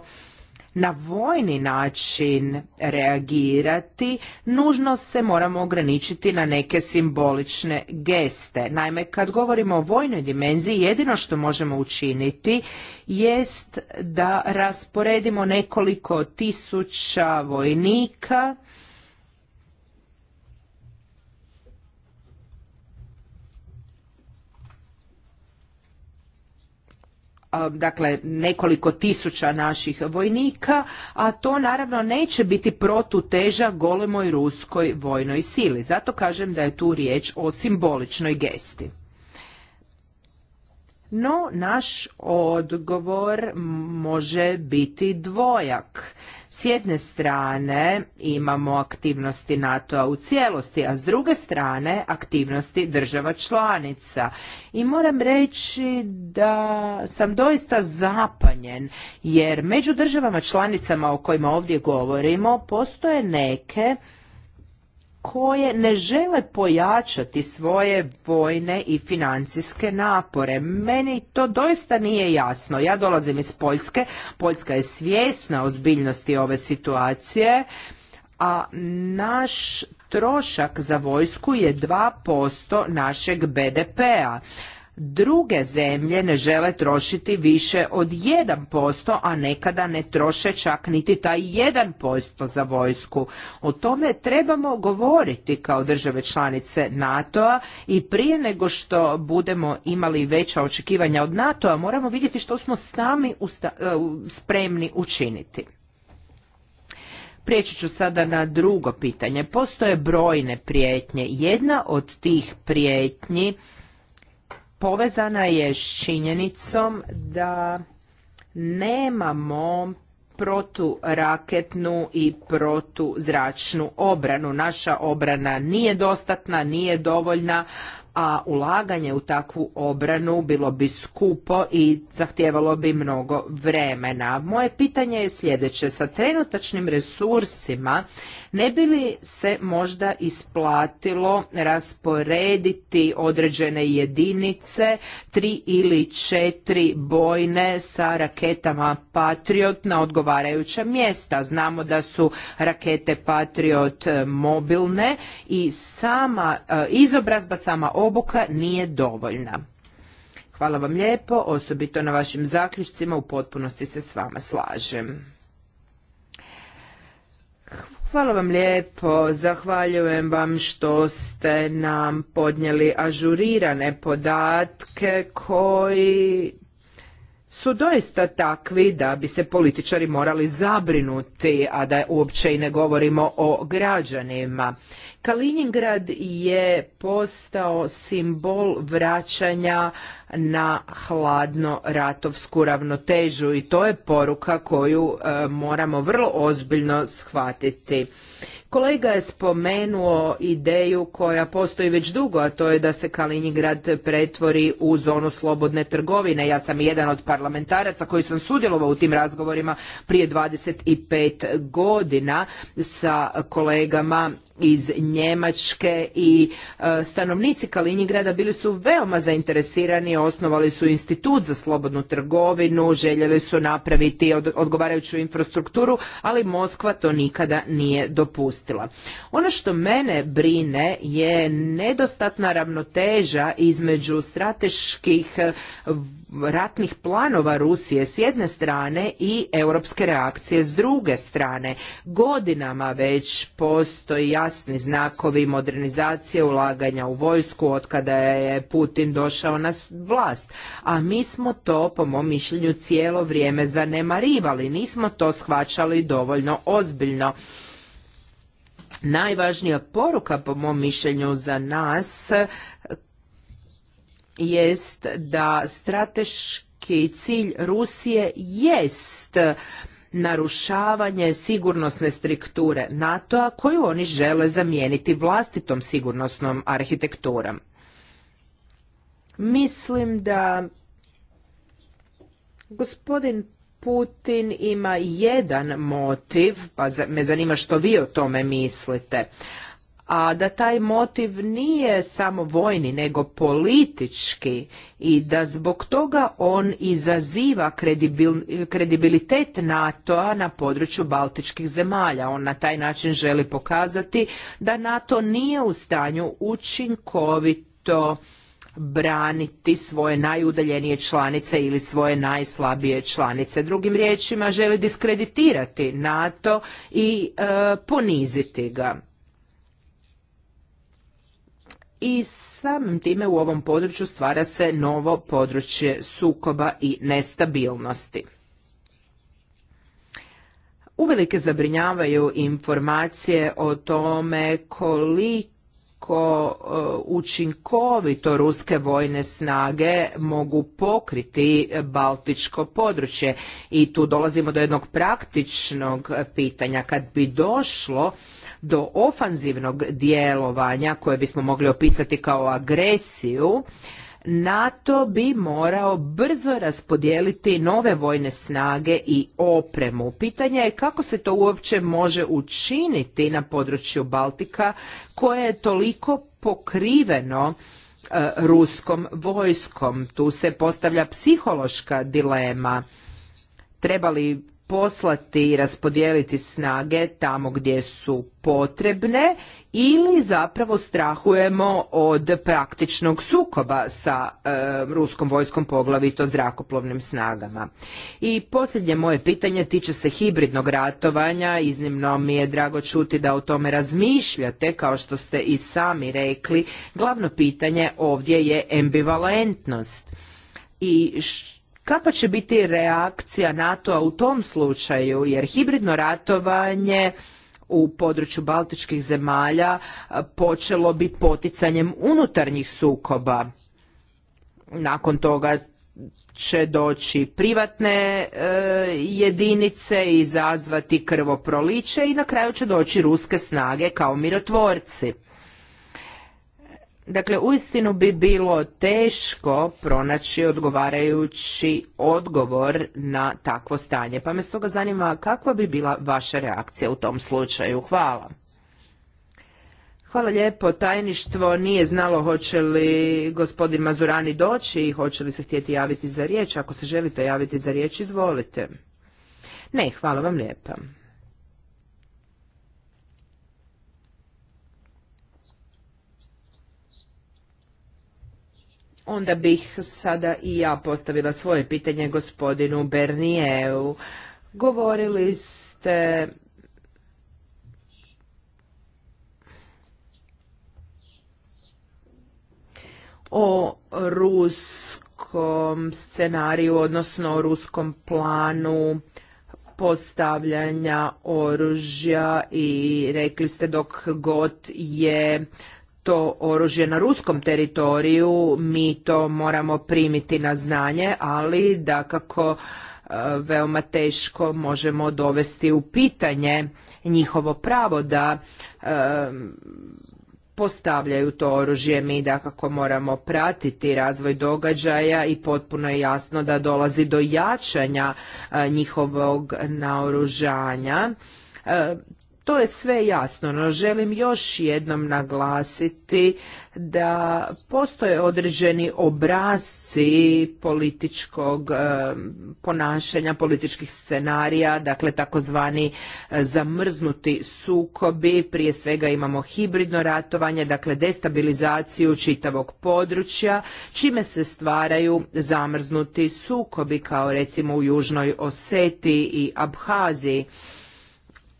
na vojni način reagirati, nužno se moramo ograničiti na neke simbolične geste. Naime, kad govorimo o vojnoj dimenziji, jedino što možemo učiniti jest da rasporedimo nekoliko tisuća vojnika dakle nekoliko tisuća naših vojnika, a to naravno neće biti protuteža golemoj ruskoj vojnoj sili. Zato kažem da je tu riječ o simboličnoj gesti. No, naš odgovor može biti dvojak. S jedne strane imamo aktivnosti NATO-a u cijelosti, a s druge strane aktivnosti država članica. I moram reći da sam doista zapanjen, jer među državama članicama o kojima ovdje govorimo postoje neke koje ne žele pojačati svoje vojne i financijske napore. Meni to doista nije jasno. Ja dolazim iz Poljske. Poljska je svjesna ozbiljnosti ove situacije, a naš trošak za vojsku je 2% našeg BDP-a druge zemlje ne žele trošiti više od 1%, a nekada ne troše čak niti taj 1% za vojsku. O tome trebamo govoriti kao države članice NATO-a i prije nego što budemo imali veća očekivanja od NATO-a moramo vidjeti što smo sami e, spremni učiniti. Prijeći ću sada na drugo pitanje. Postoje brojne prijetnje. Jedna od tih prijetnji povezana je s činjenicom da nemamo proturaketnu i protuzračnu obranu. Naša obrana nije dostatna, nije dovoljna, a ulaganje u takvu obranu bilo bi skupo i zahtijevalo bi mnogo vremena. Moje pitanje je sljedeće. Sa trenutačnim resursima ne bi li se možda isplatilo rasporediti određene jedinice, tri ili četiri bojne sa raketama Patriot na odgovarajuća mjesta? Znamo da su rakete Patriot mobilne i sama e, izobrazba, sama obuka nije dovoljna. Hvala vam lijepo, osobito na vašim zaključcima u potpunosti se s vama slažem. Hvala vam lijepo, zahvaljujem vam što ste nam podnijeli ažurirane podatke koji su doista takvi da bi se političari morali zabrinuti, a da uopće i ne govorimo o građanima. Kaliningrad je postao simbol vraćanja na hladno ratovsku ravnotežu i to je poruka koju e, moramo vrlo ozbiljno shvatiti. Kolega je spomenuo ideju koja postoji već dugo, a to je da se Kaliningrad pretvori u zonu slobodne trgovine. Ja sam jedan od parlamentaraca koji sam sudjelovao u tim razgovorima prije 25 godina sa kolegama iz Njemačke i e, stanovnici Kalinjigrada bili su veoma zainteresirani, osnovali su institut za slobodnu trgovinu, željeli su napraviti odgovarajuću infrastrukturu, ali Moskva to nikada nije dopustila. Ono što mene brine je nedostatna ravnoteža između strateških ratnih planova Rusije s jedne strane i europske reakcije s druge strane. Godinama već postoji jasni znakovi modernizacije ulaganja u vojsku od kada je Putin došao na vlast. A mi smo to, po mom mišljenju, cijelo vrijeme zanemarivali. Nismo to shvaćali dovoljno ozbiljno. Najvažnija poruka, po mom mišljenju, za nas jest da strateški cilj Rusije jest narušavanje sigurnosne strukture NATO-a koju oni žele zamijeniti vlastitom sigurnosnom arhitekturom. Mislim da gospodin Putin ima jedan motiv, pa me zanima što vi o tome mislite, a da taj motiv nije samo vojni nego politički i da zbog toga on izaziva kredibilitet NATO-a na području baltičkih zemalja. On na taj način želi pokazati da NATO nije u stanju učinkovito braniti svoje najudaljenije članice ili svoje najslabije članice. Drugim riječima želi diskreditirati NATO i e, poniziti ga i samim time u ovom području stvara se novo područje sukoba i nestabilnosti. Uvelike zabrinjavaju informacije o tome koliko e, učinkovito ruske vojne snage mogu pokriti baltičko područje i tu dolazimo do jednog praktičnog pitanja kad bi došlo do ofanzivnog djelovanja koje bismo mogli opisati kao agresiju, NATO bi morao brzo raspodijeliti nove vojne snage i opremu. Pitanje je kako se to uopće može učiniti na području Baltika koje je toliko pokriveno e, ruskom vojskom. Tu se postavlja psihološka dilema. Treba li poslati i raspodijeliti snage tamo gdje su potrebne ili zapravo strahujemo od praktičnog sukoba sa e, ruskom vojskom poglavito zrakoplovnim snagama. I posljednje moje pitanje tiče se hibridnog ratovanja, iznimno mi je drago čuti da o tome razmišljate, kao što ste i sami rekli, glavno pitanje ovdje je ambivalentnost. I Kakva će biti reakcija NATO-a u tom slučaju, jer hibridno ratovanje u području baltičkih zemalja počelo bi poticanjem unutarnjih sukoba. Nakon toga će doći privatne e, jedinice i izazvati krvoproliće i na kraju će doći ruske snage kao mirotvorci. Dakle, uistinu bi bilo teško pronaći odgovarajući odgovor na takvo stanje. Pa me stoga zanima kakva bi bila vaša reakcija u tom slučaju. Hvala. Hvala lijepo. Tajništvo nije znalo hoće li gospodin Mazurani doći i hoće li se htjeti javiti za riječ. Ako se želite javiti za riječ, izvolite. Ne, hvala vam lijepa. Onda bih sada i ja postavila svoje pitanje gospodinu Bernijevu. Govorili ste o ruskom scenariju, odnosno o ruskom planu postavljanja oružja i rekli ste dok god je to oružje na ruskom teritoriju, mi to moramo primiti na znanje, ali da kako e, veoma teško možemo dovesti u pitanje njihovo pravo da e, postavljaju to oružje. Mi dakako moramo pratiti razvoj događaja i potpuno je jasno da dolazi do jačanja e, njihovog naoružanja. To je sve jasno, no želim još jednom naglasiti da postoje određeni obrazci političkog eh, ponašanja, političkih scenarija, dakle takozvani eh, zamrznuti sukobi, prije svega imamo hibridno ratovanje, dakle destabilizaciju čitavog područja, čime se stvaraju zamrznuti sukobi kao recimo u Južnoj Oseti i Abhaziji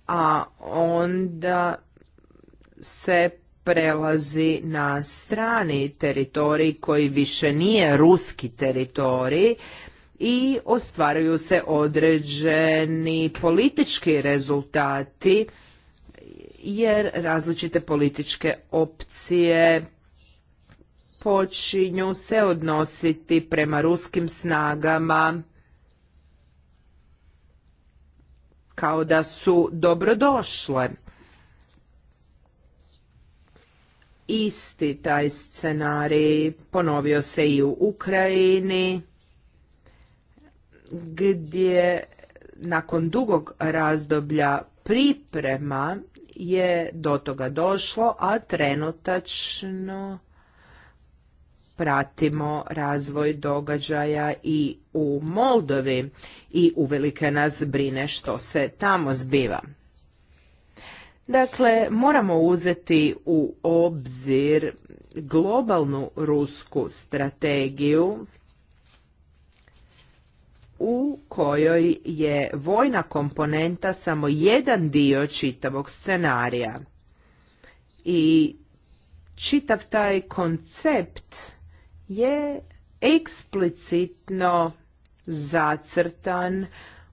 a onda se prelazi na strani teritorij koji više nije ruski teritorij i ostvaruju se određeni politički rezultati jer različite političke opcije počinju se odnositi prema ruskim snagama kao da su dobrodošle. Isti taj scenarij ponovio se i u Ukrajini, gdje nakon dugog razdoblja priprema je do toga došlo, a trenutačno pratimo razvoj događaja i u Moldovi i uvelike nas brine što se tamo zbiva. Dakle, moramo uzeti u obzir globalnu rusku strategiju u kojoj je vojna komponenta samo jedan dio čitavog scenarija. I čitav taj koncept je eksplicitno zacrtan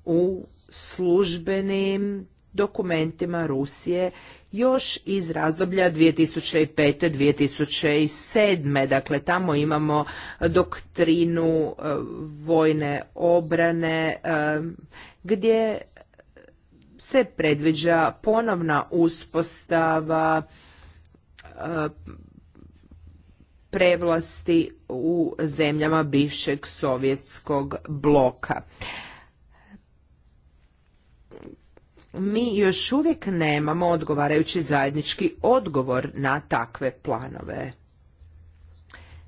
u službenim dokumentima Rusije još iz razdoblja 2005. 2007. Dakle, tamo imamo doktrinu e, vojne obrane e, gdje se predviđa ponovna uspostava e, prevlasti u zemljama bivšeg sovjetskog bloka. Mi još uvijek nemamo odgovarajući zajednički odgovor na takve planove.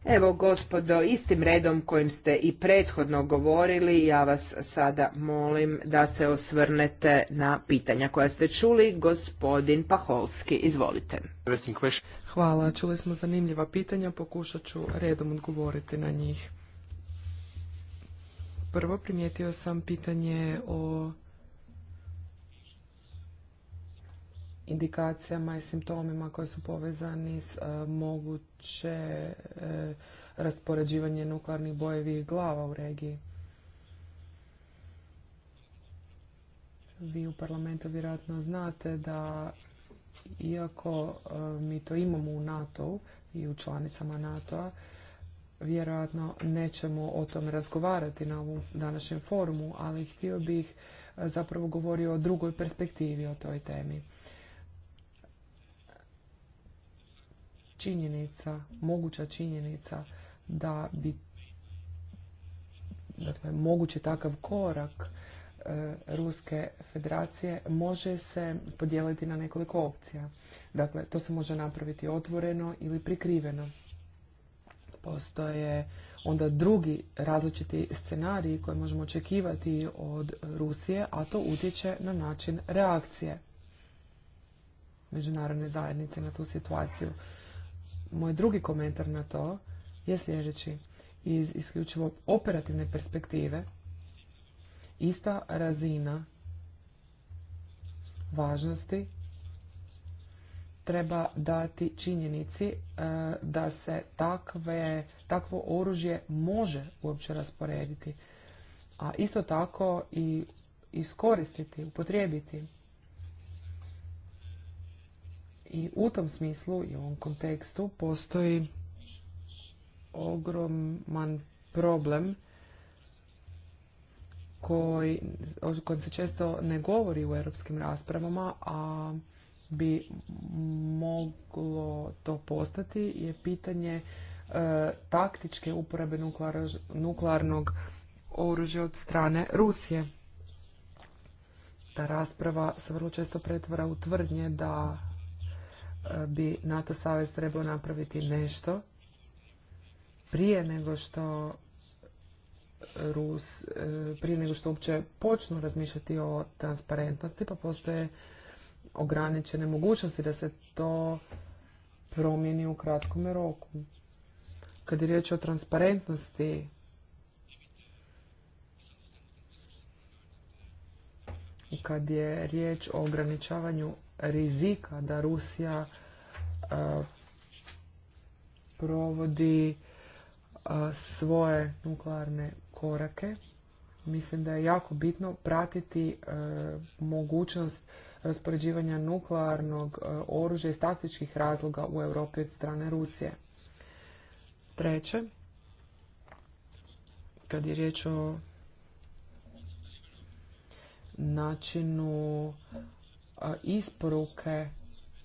Evo, gospodo, istim redom kojim ste i prethodno govorili, ja vas sada molim da se osvrnete na pitanja koja ste čuli. Gospodin Paholski, izvolite. Hvala. Čuli smo zanimljiva pitanja, pokušat ću redom odgovoriti na njih. Prvo primijetio sam pitanje o indikacijama i simptomima koji su povezani s e, moguće e, raspoređivanje nuklearnih bojevih glava u regiji. Vi u parlamentu vjerojatno znate da iako e, mi to imamo u NATO-u i u članicama NATO-a, vjerojatno nećemo o tom razgovarati na ovom današnjem forumu, ali htio bih e, zapravo govorio o drugoj perspektivi o toj temi. Činjenica, moguća činjenica da bi dakle, mogući takav korak E, Ruske federacije može se podijeliti na nekoliko opcija. Dakle, to se može napraviti otvoreno ili prikriveno. Postoje onda drugi različiti scenariji koje možemo očekivati od Rusije, a to utječe na način reakcije međunarodne zajednice na tu situaciju. Moj drugi komentar na to je sljedeći. Iz isključivo operativne perspektive ista razina važnosti treba dati činjenici e, da se takve, takvo oružje može uopće rasporediti, a isto tako i iskoristiti, upotrijebiti. I u tom smislu i u ovom kontekstu postoji ogroman problem koji, o kojem se često ne govori u europskim raspravama, a bi moglo to postati, je pitanje e, taktičke uporabe nuklearnog oružja od strane Rusije. Ta rasprava se vrlo često pretvara u tvrdnje da e, bi NATO savez trebao napraviti nešto prije nego što Rus e, prije nego što uopće počnu razmišljati o transparentnosti, pa postoje ograničene mogućnosti da se to promijeni u kratkom roku. Kad je riječ o transparentnosti, kad je riječ o ograničavanju rizika da Rusija e, provodi e, svoje nuklearne korake, mislim da je jako bitno pratiti e, mogućnost raspoređivanja nuklearnog e, oružja iz taktičkih razloga u Europi od strane Rusije. Treće, kad je riječ o načinu e, isporuke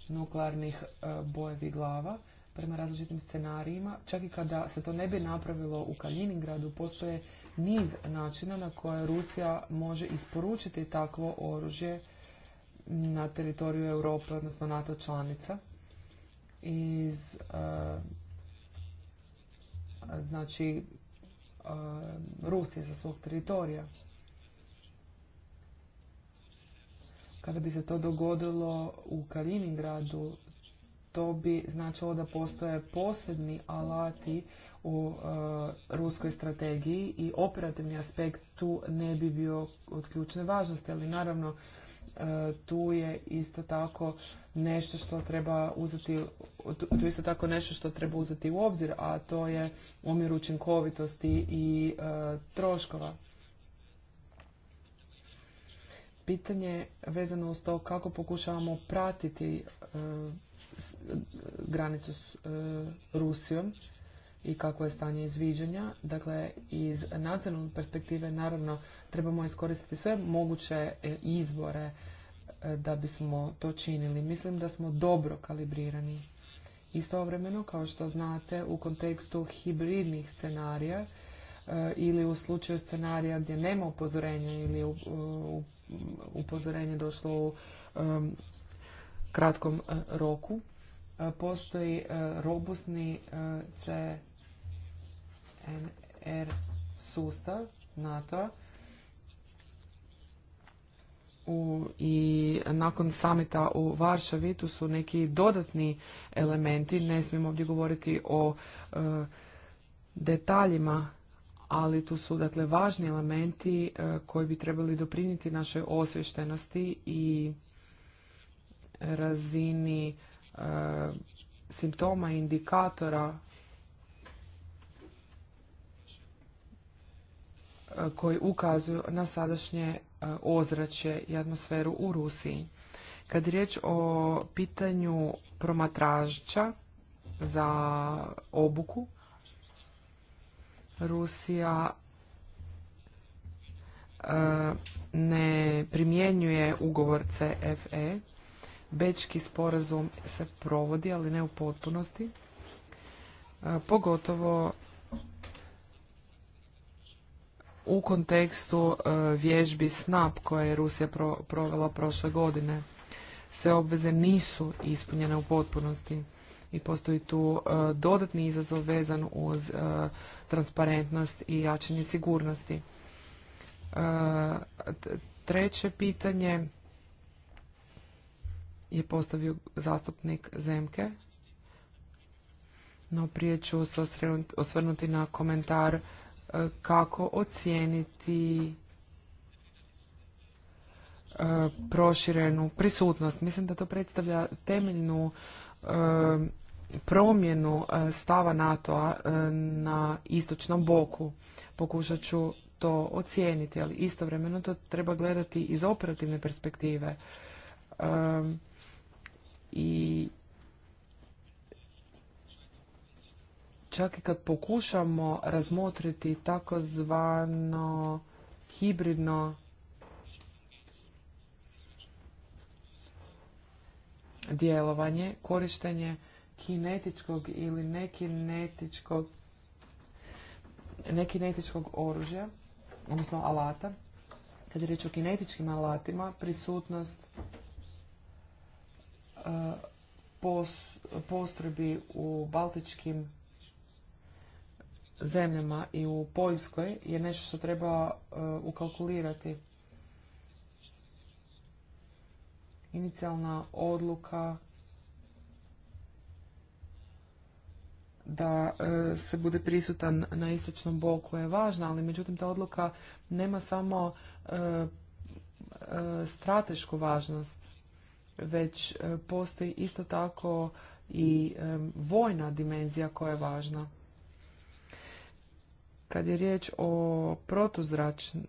nuklearnih bojevi glava, prema različitim scenarijima. Čak i kada se to ne bi napravilo u Kaliningradu, postoje niz načina na koje Rusija može isporučiti takvo oružje na teritoriju Europe, odnosno NATO članica. Iz, eh, znači, eh, Rusije sa svog teritorija. Kada bi se to dogodilo u Kaliningradu, to bi značilo da postoje posebni alati u e, ruskoj strategiji i operativni aspekt tu ne bi bio od ključne važnosti, ali naravno e, tu je isto tako nešto što treba uzeti tu, isto tako nešto što treba uzeti u obzir, a to je omjer učinkovitosti i e, troškova. Pitanje vezano uz to kako pokušavamo pratiti granicu s e, Rusijom i kako je stanje izviđanja. Dakle, iz nacionalne perspektive naravno trebamo iskoristiti sve moguće e, izbore e, da bismo to činili. Mislim da smo dobro kalibrirani. Istovremeno, kao što znate, u kontekstu hibridnih scenarija ili u slučaju scenarija gdje nema upozorenja ili upozorenje došlo u kratkom roku, postoji e, robustni e, CNR sustav NATO u, i nakon samita u Varšavi tu su neki dodatni elementi, ne smijemo ovdje govoriti o e, detaljima, ali tu su dakle važni elementi koji bi trebali doprinijeti našoj osvještenosti i razini E, simptoma, indikatora e, koji ukazuju na sadašnje e, ozračje i atmosferu u Rusiji. Kad je riječ o pitanju promatražća za obuku, Rusija ne primjenjuje ugovor CFE Bečki sporazum se provodi, ali ne u potpunosti. E, pogotovo u kontekstu e, vježbi SNAP koje je Rusija provela prošle godine. Sve obveze nisu ispunjene u potpunosti i postoji tu e, dodatni izazov vezan uz transparentnost i jačanje sigurnosti. Treće pitanje je postavio zastupnik Zemke. No prije ću se osvrnuti na komentar e, kako ocijeniti e, proširenu prisutnost. Mislim da to predstavlja temeljnu e, promjenu stava NATO-a na istočnom boku. Pokušat ću to ocijeniti, ali istovremeno to treba gledati iz operativne perspektive i čak i kad pokušamo razmotriti takozvano hibridno djelovanje, korištenje kinetičkog ili nekinetičkog nekinetičkog oružja, odnosno alata. Kad je riječ o kinetičkim alatima, prisutnost postrojbi u baltičkim zemljama i u Poljskoj je nešto što treba e, ukalkulirati. Inicijalna odluka da e, se bude prisutan na istočnom boku je važna, ali međutim ta odluka nema samo e, stratešku važnost već e, postoji isto tako i e, vojna dimenzija koja je važna. Kad je riječ o protuzračnim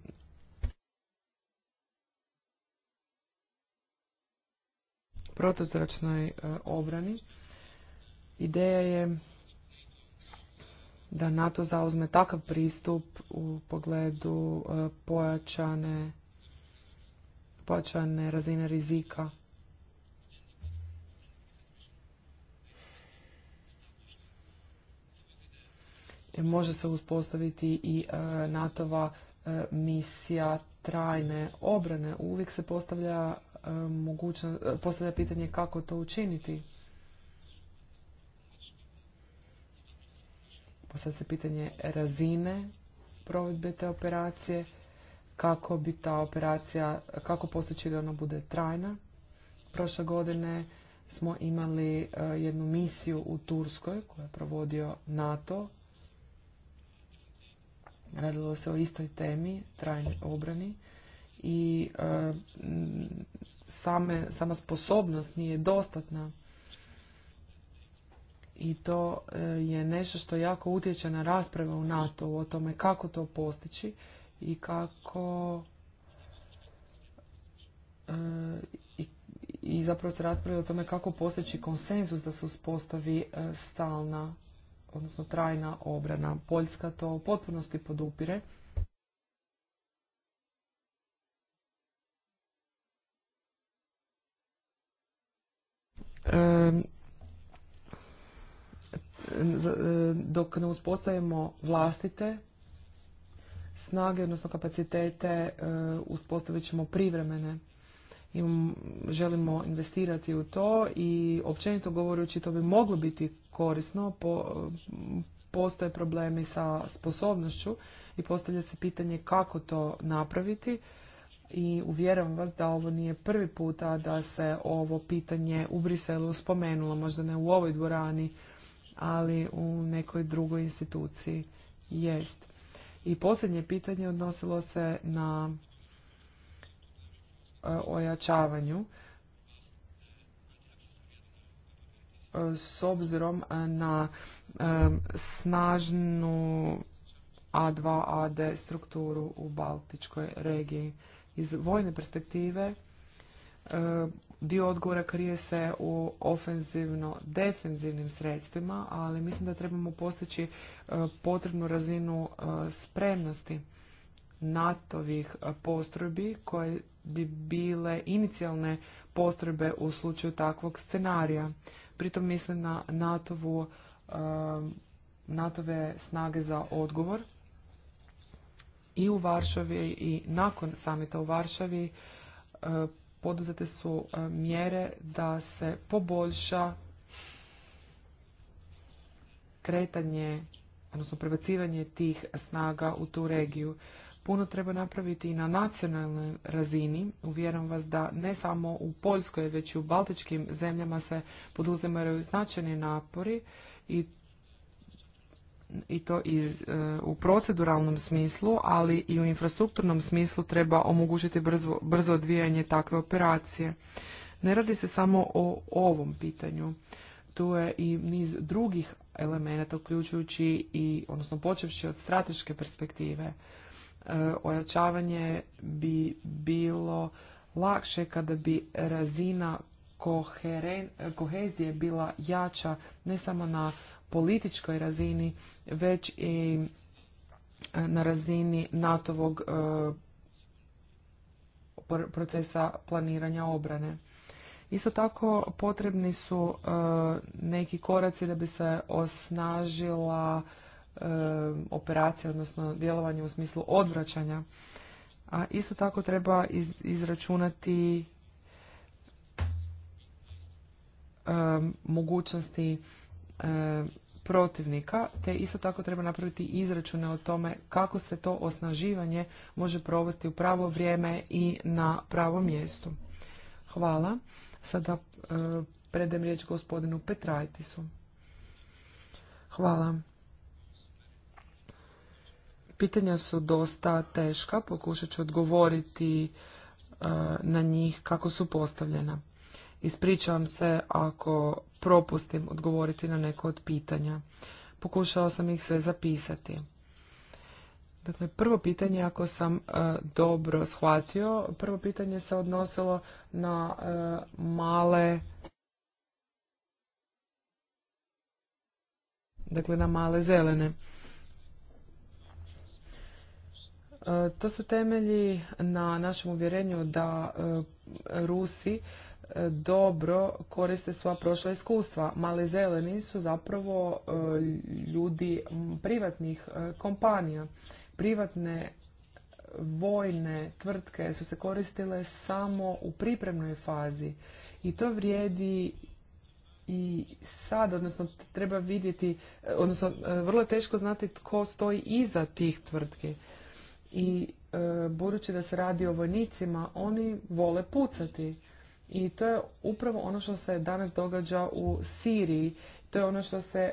protuzračnoj e, obrani. Ideja je da NATO zauzme takav pristup u pogledu pojačane razine rizika može se uspostaviti i e, NATO-va e, misija trajne obrane. Uvijek se postavlja, e, mogućno, postavlja pitanje kako to učiniti. Postavlja se pitanje razine provedbe te operacije, kako bi ta operacija, kako postići da ona bude trajna. Prošle godine smo imali jednu misiju u Turskoj koju je provodio NATO Radilo se o istoj temi, trajnoj obrani i e, same, sama sposobnost nije dostatna i to e, je nešto što jako utječe na rasprave u NATO o tome kako to postići i kako e, i, zapravo se raspravlja o tome kako postići konsenzus da se uspostavi stalna odnosno trajna obrana. Poljska to u potpunosti podupire. E, dok ne uspostavimo vlastite snage, odnosno kapacitete, e, uspostavit ćemo privremene želimo investirati u to i općenito govoreći to bi moglo biti korisno. Po, postoje problemi sa sposobnošću i postavlja se pitanje kako to napraviti i uvjeram vas da ovo nije prvi puta da se ovo pitanje u Briselu spomenulo, možda ne u ovoj dvorani, ali u nekoj drugoj instituciji jest. I posljednje pitanje odnosilo se na E, ojačavanju e, s obzirom na e, snažnu A2AD strukturu u Baltičkoj regiji. Iz vojne perspektive dio odgovora krije se u ofenzivno-defenzivnim sredstvima, ali mislim da trebamo postići potrebnu razinu spremnosti NATO-vih e, postrojbi koje bi bile inicijalne postrojbe u slučaju takvog scenarija. Pritom mislim na NATO-vu e, snage za odgovor i u Varšavi i nakon samita u Varšavi e, poduzete su mjere da se poboljša kretanje, odnosno prebacivanje tih snaga u tu regiju. Puno treba napraviti i na nacionalnoj razini. Uvjeram vas da ne samo u Poljskoj, već i u baltičkim zemljama se poduzimaju značajni napori i i to iz, e, u proceduralnom smislu, ali i u infrastrukturnom smislu treba omogućiti brzo, brzo odvijanje takve operacije. Ne radi se samo o ovom pitanju. Tu je i niz drugih elemenata, uključujući i, odnosno počevši od strateške perspektive. E, ojačavanje bi bilo lakše kada bi razina koheren, kohezije bila jača ne samo na političkoj razini već i e, na razini natovog e, procesa planiranja obrane. Isto tako potrebni su neki koraci da bi se osnažila operacija, odnosno djelovanje u smislu odvraćanja. A isto tako treba izračunati mogućnosti protivnika, te isto tako treba napraviti izračune o tome kako se to osnaživanje može provesti u pravo vrijeme i na pravom mjestu. Hvala. Sada predem riječ gospodinu Petrajtisu. Hvala. Pitanja su dosta teška, pokušat ću odgovoriti e, na njih kako su postavljena. Ispričavam se ako propustim odgovoriti na neko od pitanja. Pokušao sam ih sve zapisati. Dakle, prvo pitanje, ako sam e, dobro shvatio, prvo pitanje se odnosilo na e, male dakle na male zelene. E, to su temelji na našem uvjerenju da e, Rusi e, dobro koriste sva prošla iskustva. Mali zeleni su zapravo ljudi privatnih kompanija. Privatne vojne tvrtke su se koristile samo u pripremnoj fazi i to vrijedi i sad, odnosno treba vidjeti, odnosno vrlo je teško znati tko stoji iza tih tvrtki i e, budući da se radi o vojnicima, oni vole pucati. I to je upravo ono što se danas događa u Siriji, to je ono što se e,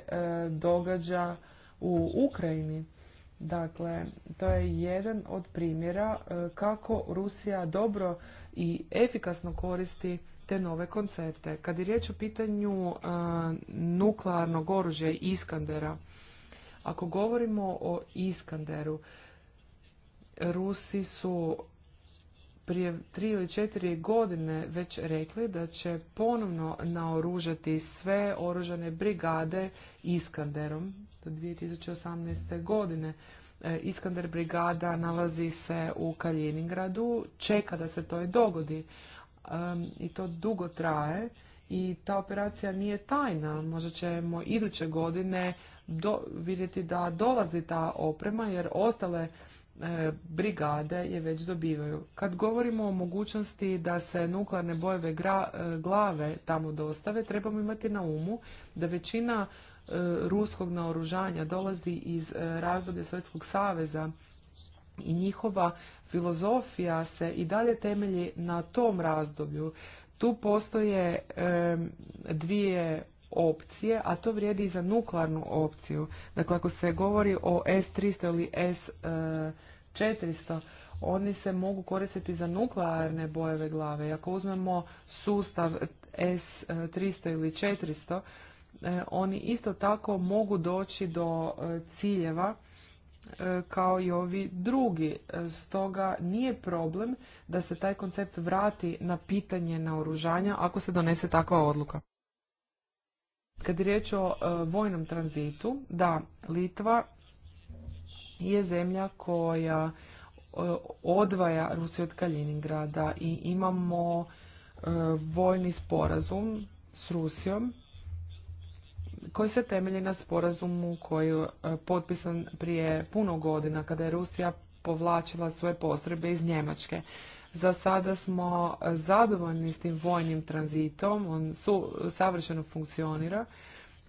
događa u Ukrajini. Dakle, to je jedan od primjera e, kako Rusija dobro i efikasno koristi te nove koncepte. Kad je riječ o pitanju e, nuklearnog oružja Iskandera, ako govorimo o Iskanderu, Rusi su prije tri ili četiri godine već rekli da će ponovno naoružati sve oružane brigade Iskanderom do 2018. godine. E, Iskander brigada nalazi se u Kaljeningradu, čeka da se to i dogodi i to dugo traje i ta operacija nije tajna. Možda ćemo iduće godine vidjeti da dolazi ta oprema jer ostale E, brigade je već dobivaju. Kad govorimo o mogućnosti da se nuklearne bojeve e, glave tamo dostave, trebamo imati na umu da većina e, ruskog naoružanja dolazi iz razdoblja Sovjetskog saveza i njihova filozofija se i dalje temelji na tom razdoblju. Tu postoje dvije opcije, a to vrijedi i za nuklearnu opciju. Dakle, ako se govori o S-300 ili S-400, oni se mogu koristiti za nuklearne bojeve glave. I ako uzmemo sustav S-300 ili 400, e, oni isto tako mogu doći do e, ciljeva e, kao i ovi drugi. Stoga nije problem da se taj koncept vrati na pitanje naoružanja ako se donese takva odluka. Kad je riječ o e, vojnom tranzitu, da, Litva je zemlja koja e, odvaja Rusiju od Kaliningrada i imamo e, vojni sporazum s Rusijom koji se temelji na sporazumu koji je potpisan prije puno godina kada je Rusija povlačila svoje postrojbe iz Njemačke. Za sada smo zadovoljni s tim vojnim tranzitom, on su, savršeno funkcionira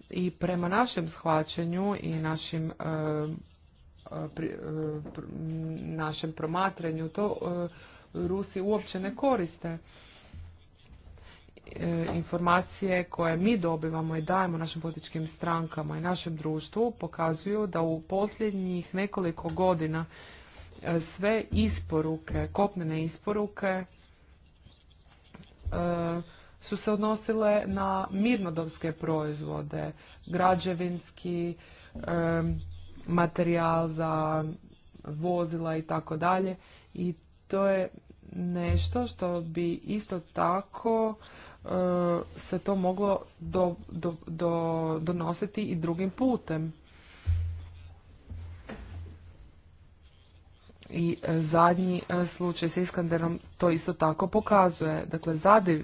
i prema našem shvaćanju i našim e, e, e, našem promatranju to Rusi uopće ne koriste informacije koje mi dobivamo i dajemo našim političkim strankama i našem društvu pokazuju da u posljednjih nekoliko godina E, sve isporuke, kopnene isporuke e, su se odnosile na mirnodopske proizvode, građevinski e, materijal za vozila i tako dalje i to je nešto što bi isto tako se to moglo donositi i drugim putem I e, zadnji e, slučaj s Iskanderom to isto tako pokazuje. Dakle, e,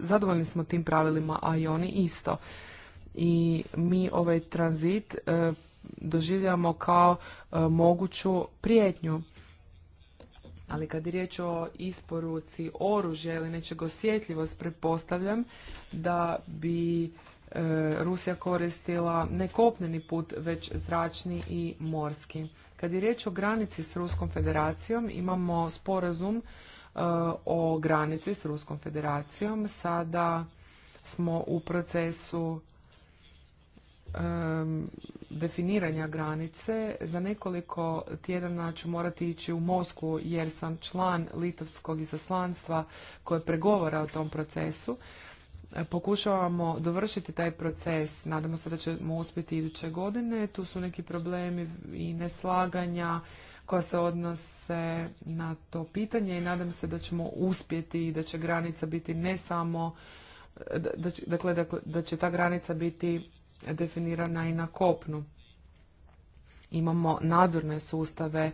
zadovoljni smo tim pravilima, a i oni isto. I mi ovaj tranzit doživljamo kao moguću prijetnju. Ali kad je riječ o isporuci oružja ili nečeg osjetljivost, pretpostavljam da bi E, Rusija koristila ne kopneni put, već zračni i morski. Kad je riječ o granici s Ruskom federacijom, imamo sporazum e, o granici s Ruskom federacijom. Sada smo u procesu e, definiranja granice. Za nekoliko tjedana ću morati ići u Mosku jer sam član Litovskog izaslanstva koje pregovora o tom procesu pokušavamo dovršiti taj proces. Nadamo se da ćemo uspjeti iduće godine. Tu su neki problemi i neslaganja koja se odnose na to pitanje i nadam se da ćemo uspjeti i da će granica biti ne samo da će, dakle, da će ta granica biti definirana i na kopnu. Imamo nadzorne sustave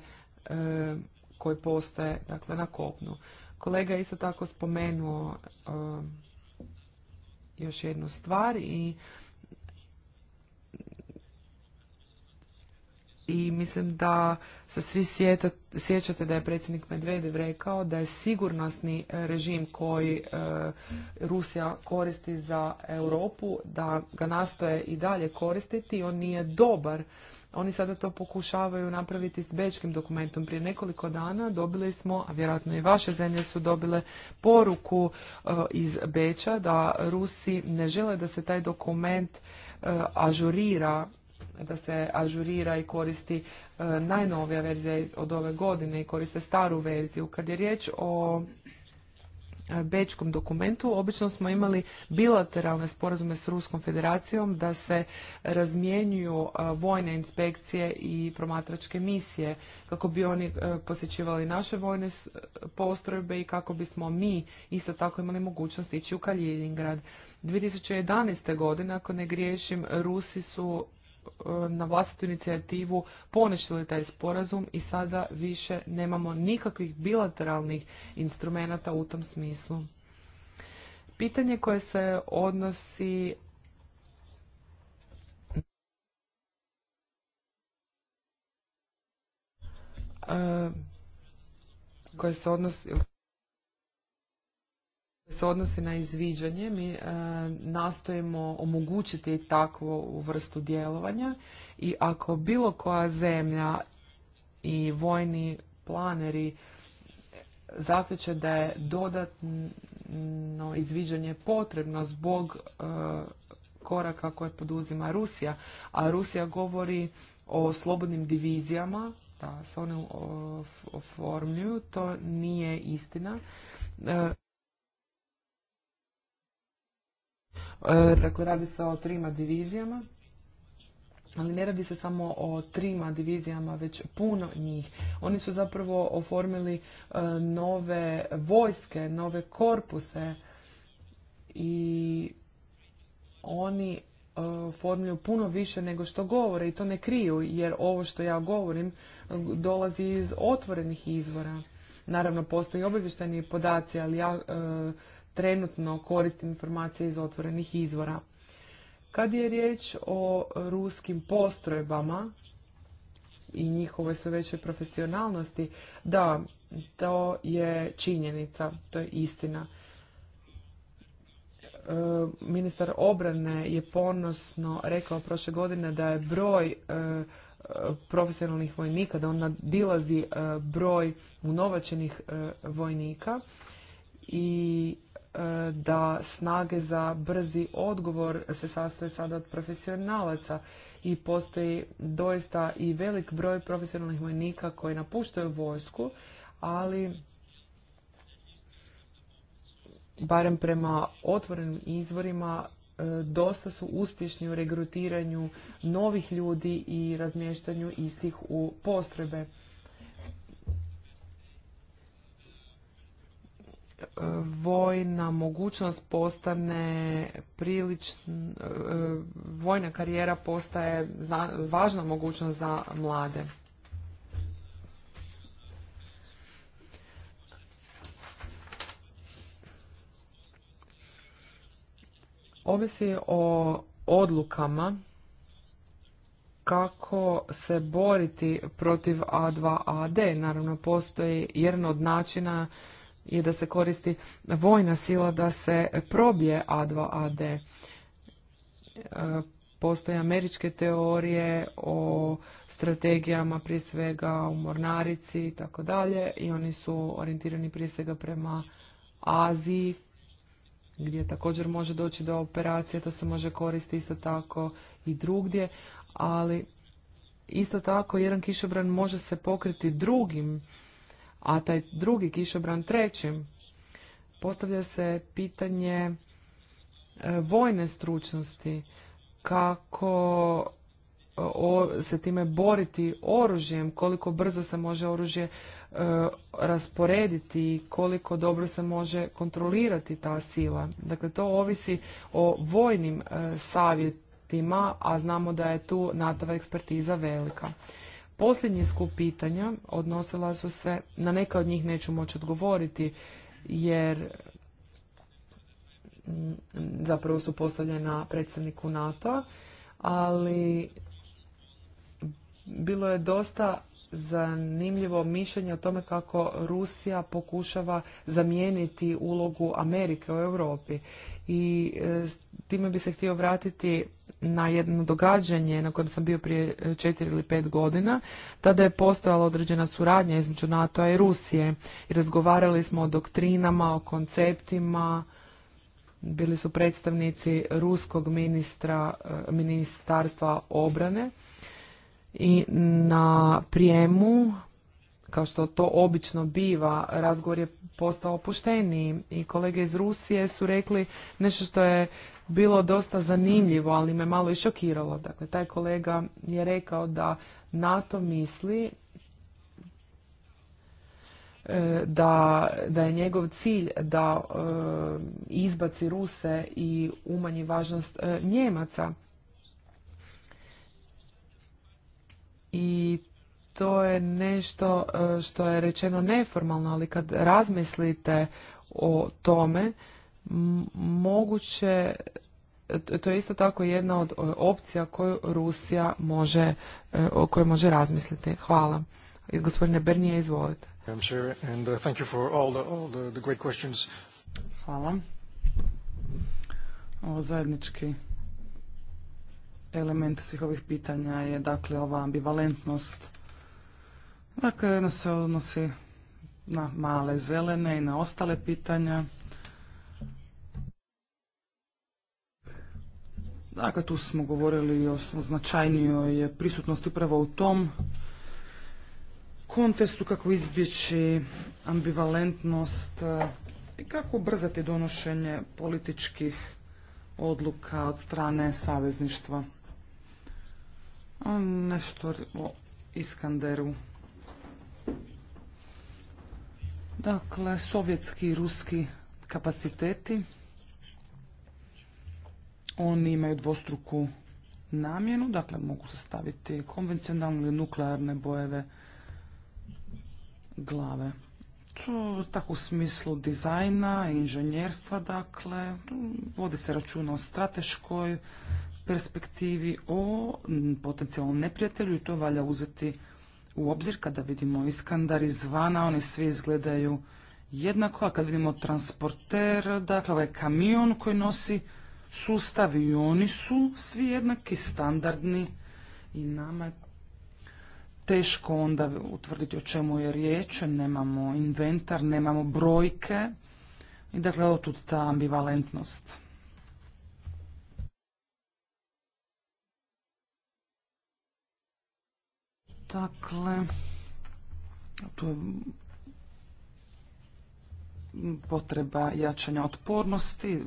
e, koji postoje dakle, na kopnu. Kolega je isto tako spomenuo e, još jednu stvar i i mislim da se svi sjećate da je predsjednik Medvedev rekao da je sigurnosni e, režim koji e, Rusija koristi za Europu, da ga nastoje i dalje koristiti, on nije dobar. Oni sada to pokušavaju napraviti s bečkim dokumentom. Prije nekoliko dana dobili smo, a vjerojatno i vaše zemlje su dobile poruku e, iz Beča da Rusi ne žele da se taj dokument ažurira da se ažurira i koristi e, najnovija verzija od ove godine i koriste staru verziju. Kad je riječ o e, bečkom dokumentu, obično smo imali bilateralne sporazume s Ruskom federacijom da se razmjenjuju e, vojne inspekcije i promatračke misije kako bi oni posjećivali naše vojne postrojbe i kako bismo mi isto tako imali mogućnost ići u Kaljiningrad. 2011. godine, ako ne griješim, Rusi su E, na vlastitu inicijativu poništili taj sporazum i sada više nemamo nikakvih bilateralnih instrumenata u tom smislu. Pitanje koje se odnosi e, koje se odnosi se odnosi na izviđanje, mi e, nastojimo omogućiti takvu vrstu djelovanja i ako bilo koja zemlja i vojni planeri zaključe da je dodatno izviđanje potrebno zbog e, koraka koje poduzima Rusija, a Rusija govori o slobodnim divizijama, da se one oformljuju, to nije istina. E, E, dakle, radi se o trima divizijama, ali ne radi se samo o trima divizijama, već puno njih. Oni su zapravo oformili e, nove vojske, nove korpuse i oni e, formuju puno više nego što govore i to ne kriju, jer ovo što ja govorim dolazi iz otvorenih izvora. Naravno, postoji obavještajni podaci, ali ja trenutno koristim informacije iz otvorenih izvora. Kad je riječ o ruskim postrojbama i njihove sve većoj profesionalnosti, da, to je činjenica, to je istina. E, ministar obrane je ponosno rekao prošle godine da je broj e, profesionalnih vojnika, da on nadilazi e, broj unovačenih vojnika i E, da snage za brzi odgovor se sastoje sada od profesionalaca i postoji doista i velik broj profesionalnih vojnika koji napuštaju vojsku, ali barem prema otvorenim izvorima e, dosta su uspješni u regrutiranju novih ljudi i razmještanju istih u postrebe. vojna mogućnost postane prilično, eh, vojna karijera postaje važna mogućnost za mlade. Ovisi o odlukama kako se boriti protiv A2AD. Naravno, postoji jedan od načina i da se koristi vojna sila da se probije A2AD. E, postoje američke teorije o strategijama prije svega u mornarici i tako dalje i oni su orijentirani prije svega prema Aziji gdje također može doći do operacije, to se može koristiti isto tako i drugdje, ali isto tako jedan kišobran može se pokriti drugim a taj drugi kišobran trećim. Postavlja se pitanje e, vojne stručnosti, kako e, se time boriti oružjem, koliko brzo se može oružje e, rasporediti i koliko dobro se može kontrolirati ta sila. Dakle, to ovisi o vojnim savjetima, a znamo da je tu NATO-va ekspertiza velika. Posljednji skup pitanja odnosila su se, na neka od njih neću moći odgovoriti, jer mm, zapravo su postavljena predstavniku NATO-a, ali bilo je dosta zanimljivo mišljenje o tome kako Rusija pokušava zamijeniti ulogu Amerike u Europi. I e, s time bi se htio vratiti na jedno događanje na kojem sam bio prije četiri ili pet godina. Tada je postojala određena suradnja između NATO-a i Rusije. I razgovarali smo o doktrinama, o konceptima. Bili su predstavnici ruskog ministra, e, ministarstva obrane i na prijemu kao što to obično biva, razgovor je postao opušteniji i kolege iz Rusije su rekli nešto što je bilo dosta zanimljivo, ali me malo i šokiralo. Dakle, taj kolega je rekao da NATO misli e, da, da je njegov cilj da e, izbaci Ruse i umanji važnost e, Njemaca. i to je nešto e, što je rečeno neformalno, ali kad razmislite o tome, moguće, e, to je isto tako jedna od e, opcija koju Rusija može, o kojoj može razmisliti. Hvala. Gospodine Bernije, izvolite. Uh, Hvala. Ovo zajednički element svih ovih pitanja je dakle ova ambivalentnost. Dakle, se odnosi na male zelene i na ostale pitanja. Dakle, tu smo govorili o značajnijoj prisutnosti upravo u tom kontestu kako izbjeći ambivalentnost eh, i kako ubrzati donošenje političkih odluka od strane savezništva. Nešto o Iskanderu. Dakle, sovjetski i ruski kapaciteti. Oni imaju dvostruku namjenu, dakle mogu se staviti konvencionalne ili nuklearne bojeve glave. To tako u smislu dizajna, inženjerstva, dakle, vodi se računa o strateškoj perspektivi o potencijalnom neprijatelju i to valja uzeti u obzir kada vidimo Iskandar izvana, oni svi izgledaju jednako, a kad vidimo transporter, dakle ovaj kamion koji nosi sustav i oni su svi jednaki, standardni i nama je teško onda utvrditi o čemu je riječ, nemamo inventar, nemamo brojke i dakle tu ta ambivalentnost. Dakle, tu je potreba jačanja otpornosti,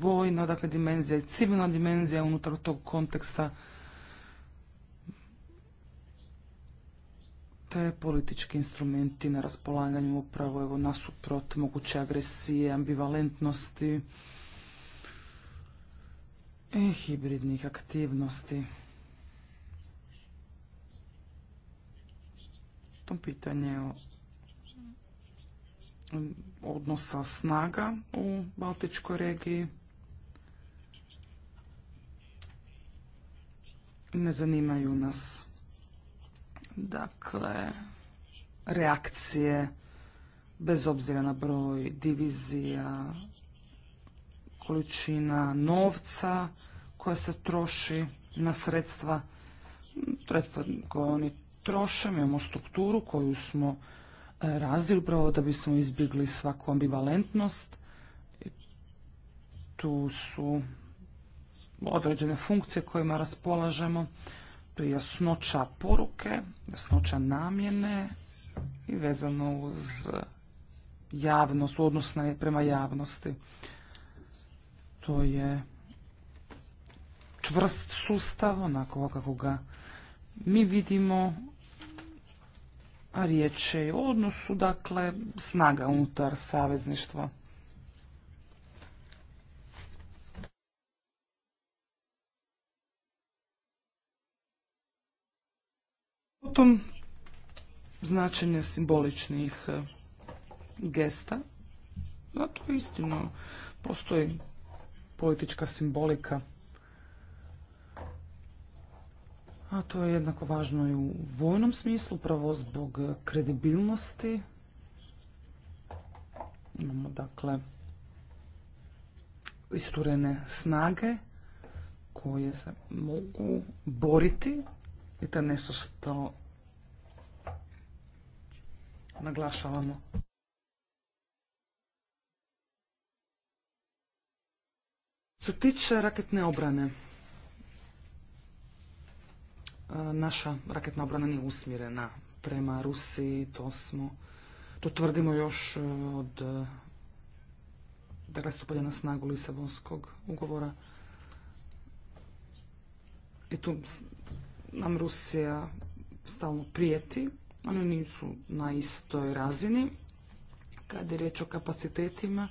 vojna dakle, dimenzija i civilna dimenzija unutar tog konteksta te politički instrumenti na raspolaganju upravo evo, nasuprot moguće agresije, ambivalentnosti i hibridnih aktivnosti. tom pitanju odnosa snaga u Baltičkoj regiji. Ne zanimaju nas dakle reakcije bez obzira na broj divizija, količina novca koja se troši na sredstva, sredstva koje oni troše, imamo strukturu koju smo e, razvili upravo da bismo izbjegli svaku ambivalentnost. Tu su određene funkcije kojima raspolažemo, tu je jasnoća poruke, jasnoća namjene i vezano uz javnost, odnosno prema javnosti. To je čvrst sustav, onako kako ga mi vidimo, a riječ je o odnosu, dakle, snaga unutar savezništva. Potom značenje simboličnih e, gesta. Zato istino postoji politička simbolika A to je jednako važno i u vojnom smislu, upravo zbog kredibilnosti. Imamo dakle isturene snage koje se mogu boriti i to je nešto što naglašavamo. Što se tiče raketne obrane, naša raketna obrana nije usmjerena prema Rusiji, to smo, to tvrdimo još e, od e, dakle stupanja na snagu Lisabonskog ugovora. I tu nam Rusija stalno prijeti, oni nisu na istoj razini. Kad je riječ o kapacitetima,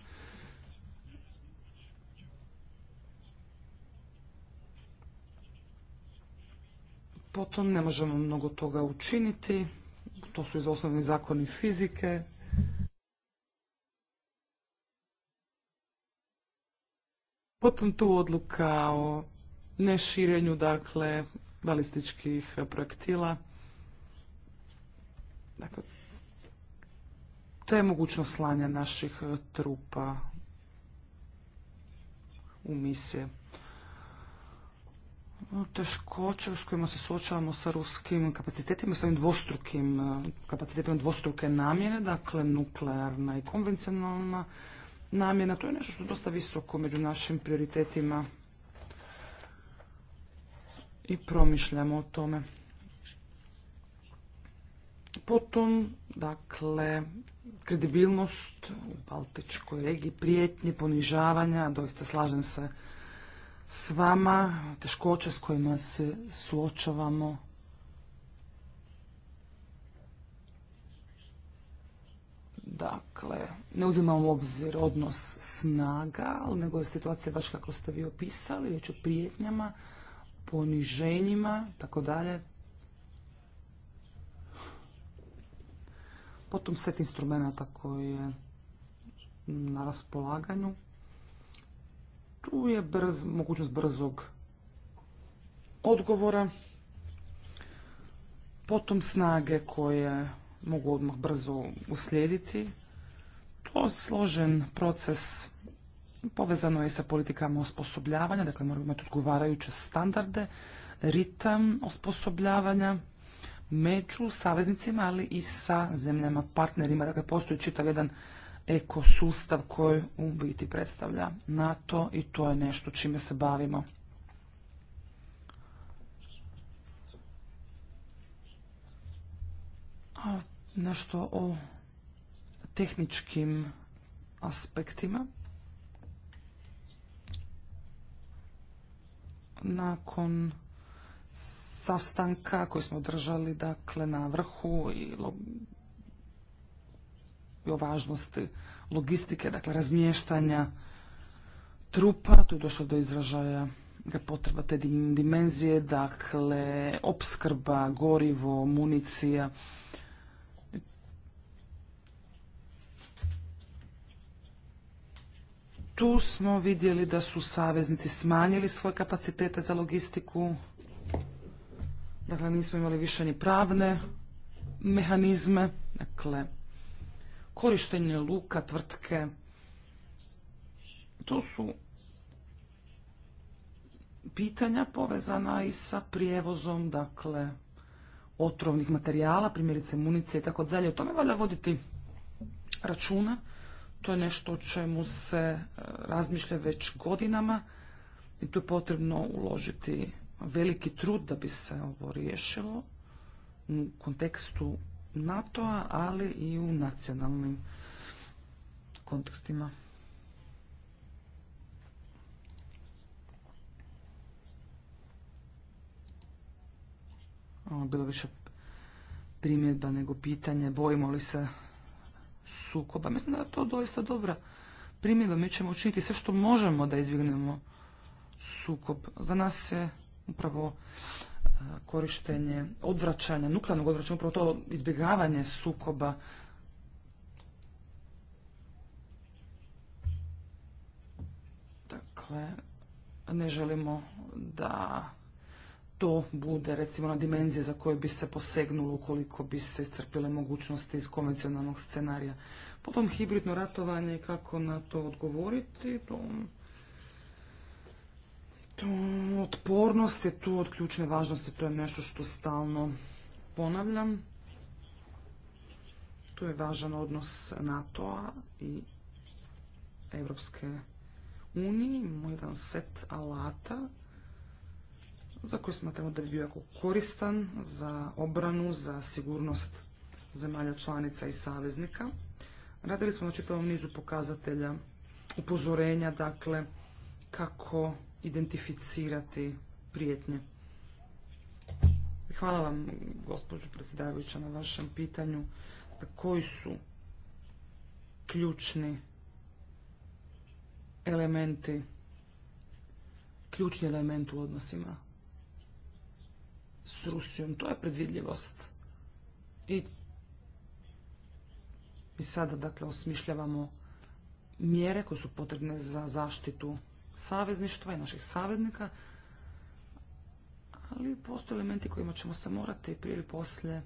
potom ne možemo mnogo toga učiniti. To su iz osnovni zakoni fizike. Potom tu odluka o neširenju, dakle, balističkih projektila. Dakle, to je mogućnost slanja naših trupa u misije. Mm, teškoće s kojima se suočavamo sa ruskim kapacitetima, sa ovim dvostrukim e, kapacitetima dvostruke namjene, dakle nuklearna i konvencionalna namjena. To je nešto što je dosta visoko među našim prioritetima i promišljamo o tome. Potom, dakle, kredibilnost u Baltičkoj regiji, prijetnje, ponižavanja, doista slažem se s vama, teškoće s kojima se suočavamo. Dakle, ne uzimamo u obzir odnos snaga, nego je situacija baš kako ste vi opisali, već o prijetnjama, poniženjima, tako dalje. Potom set instrumenta koji je na raspolaganju. Tu je mogućnost brzog odgovora, potom snage koje mogu odmah brzo uslijediti. To je složen proces povezano je sa politikama osposobljavanja, dakle moramo imati odgovarajuće standarde, ritam osposobljavanja među saveznicima, ali i sa zemljama partnerima. Dakle, postoji čitav jedan ekosustav koji u biti predstavlja NATO i to je nešto čime se bavimo. A nešto o tehničkim aspektima. Nakon sastanka koji smo držali dakle na vrhu i i o važnosti logistike, dakle razmještanja trupa, tu je došlo do izražaja potreba te dimenzije, dakle opskrba, gorivo, municija. Tu smo vidjeli da su saveznici smanjili svoje kapacitete za logistiku. Dakle, nismo imali više ni pravne mehanizme. Dakle, korištenje luka tvrtke. To su pitanja povezana i sa prijevozom, dakle, otrovnih materijala, primjerice municije i tako dalje. O tome valja voditi računa. To je nešto o čemu se e, razmišlja već godinama i tu je potrebno uložiti veliki trud da bi se ovo riješilo u kontekstu NATO-a, ali i u nacionalnim kontekstima. Bilo ono bi bilo više primjedba nego pitanje bojimo li se sukoba. Mislim da je to doista dobra primjedba. Mi ćemo učiniti sve što možemo da izbjegnemo sukob. Za nas je upravo korištenje odvraćanje, nuklearnog odvraćanja, upravo to izbjegavanje sukoba. Dakle, ne želimo da to bude recimo na dimenzije za koje bi se posegnulo ukoliko bi se iscrpile mogućnosti iz konvencionalnog scenarija. Potom hibridno ratovanje i kako na to odgovoriti, to Otpornost je tu od ključne važnosti, to je nešto što stalno ponavljam. Tu je važan odnos NATO-a i Evropske unije, imamo jedan set alata za koji smatramo da bi bio jako koristan za obranu, za sigurnost zemalja članica i saveznika. Radili smo na čitavom nizu pokazatelja, upozorenja, dakle, kako identificirati prijetnje. Hvala vam, gospođo predsjedavajuća, na vašem pitanju. Pa koji su ključni elementi, ključni element u odnosima s Rusijom? To je predvidljivost. I mi sada, dakle, osmišljavamo mjere koje su potrebne za zaštitu savezništva i naših saveznika, ali postoje elementi kojima ćemo se morati prije ili poslije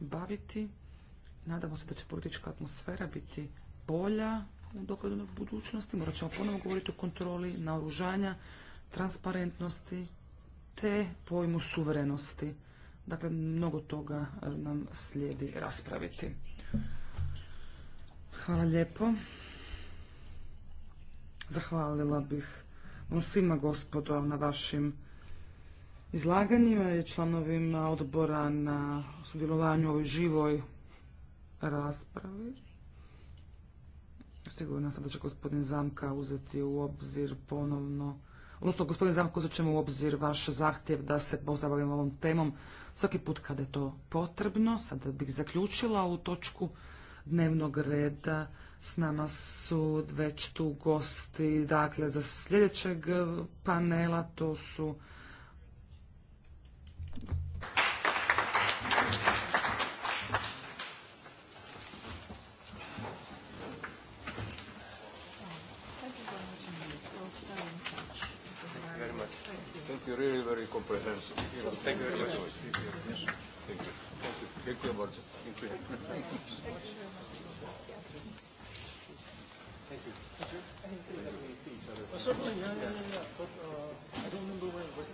baviti. Nadamo se da će politička atmosfera biti bolja u doglednoj budućnosti. Morat ćemo ponovno govoriti o kontroli, naoružanja, transparentnosti te pojmu suverenosti. Dakle, mnogo toga nam slijedi raspraviti. Hvala lijepo. Zahvalila bih svima gospodo na vašim izlaganjima i članovima odbora na sudjelovanju ovoj živoj raspravi. Sigurno sam da će gospodin Zamka uzeti u obzir ponovno odnosno gospodin Zamka uzet ćemo u obzir vaš zahtjev da se pozabavimo ovom temom svaki put kada je to potrebno. Sada bih zaključila ovu točku dnevnog reda. S nama su već tu gosti, dakle, za sljedećeg panela, to su... Thank you Thank you. I think we see each other. But uh, I don't remember it was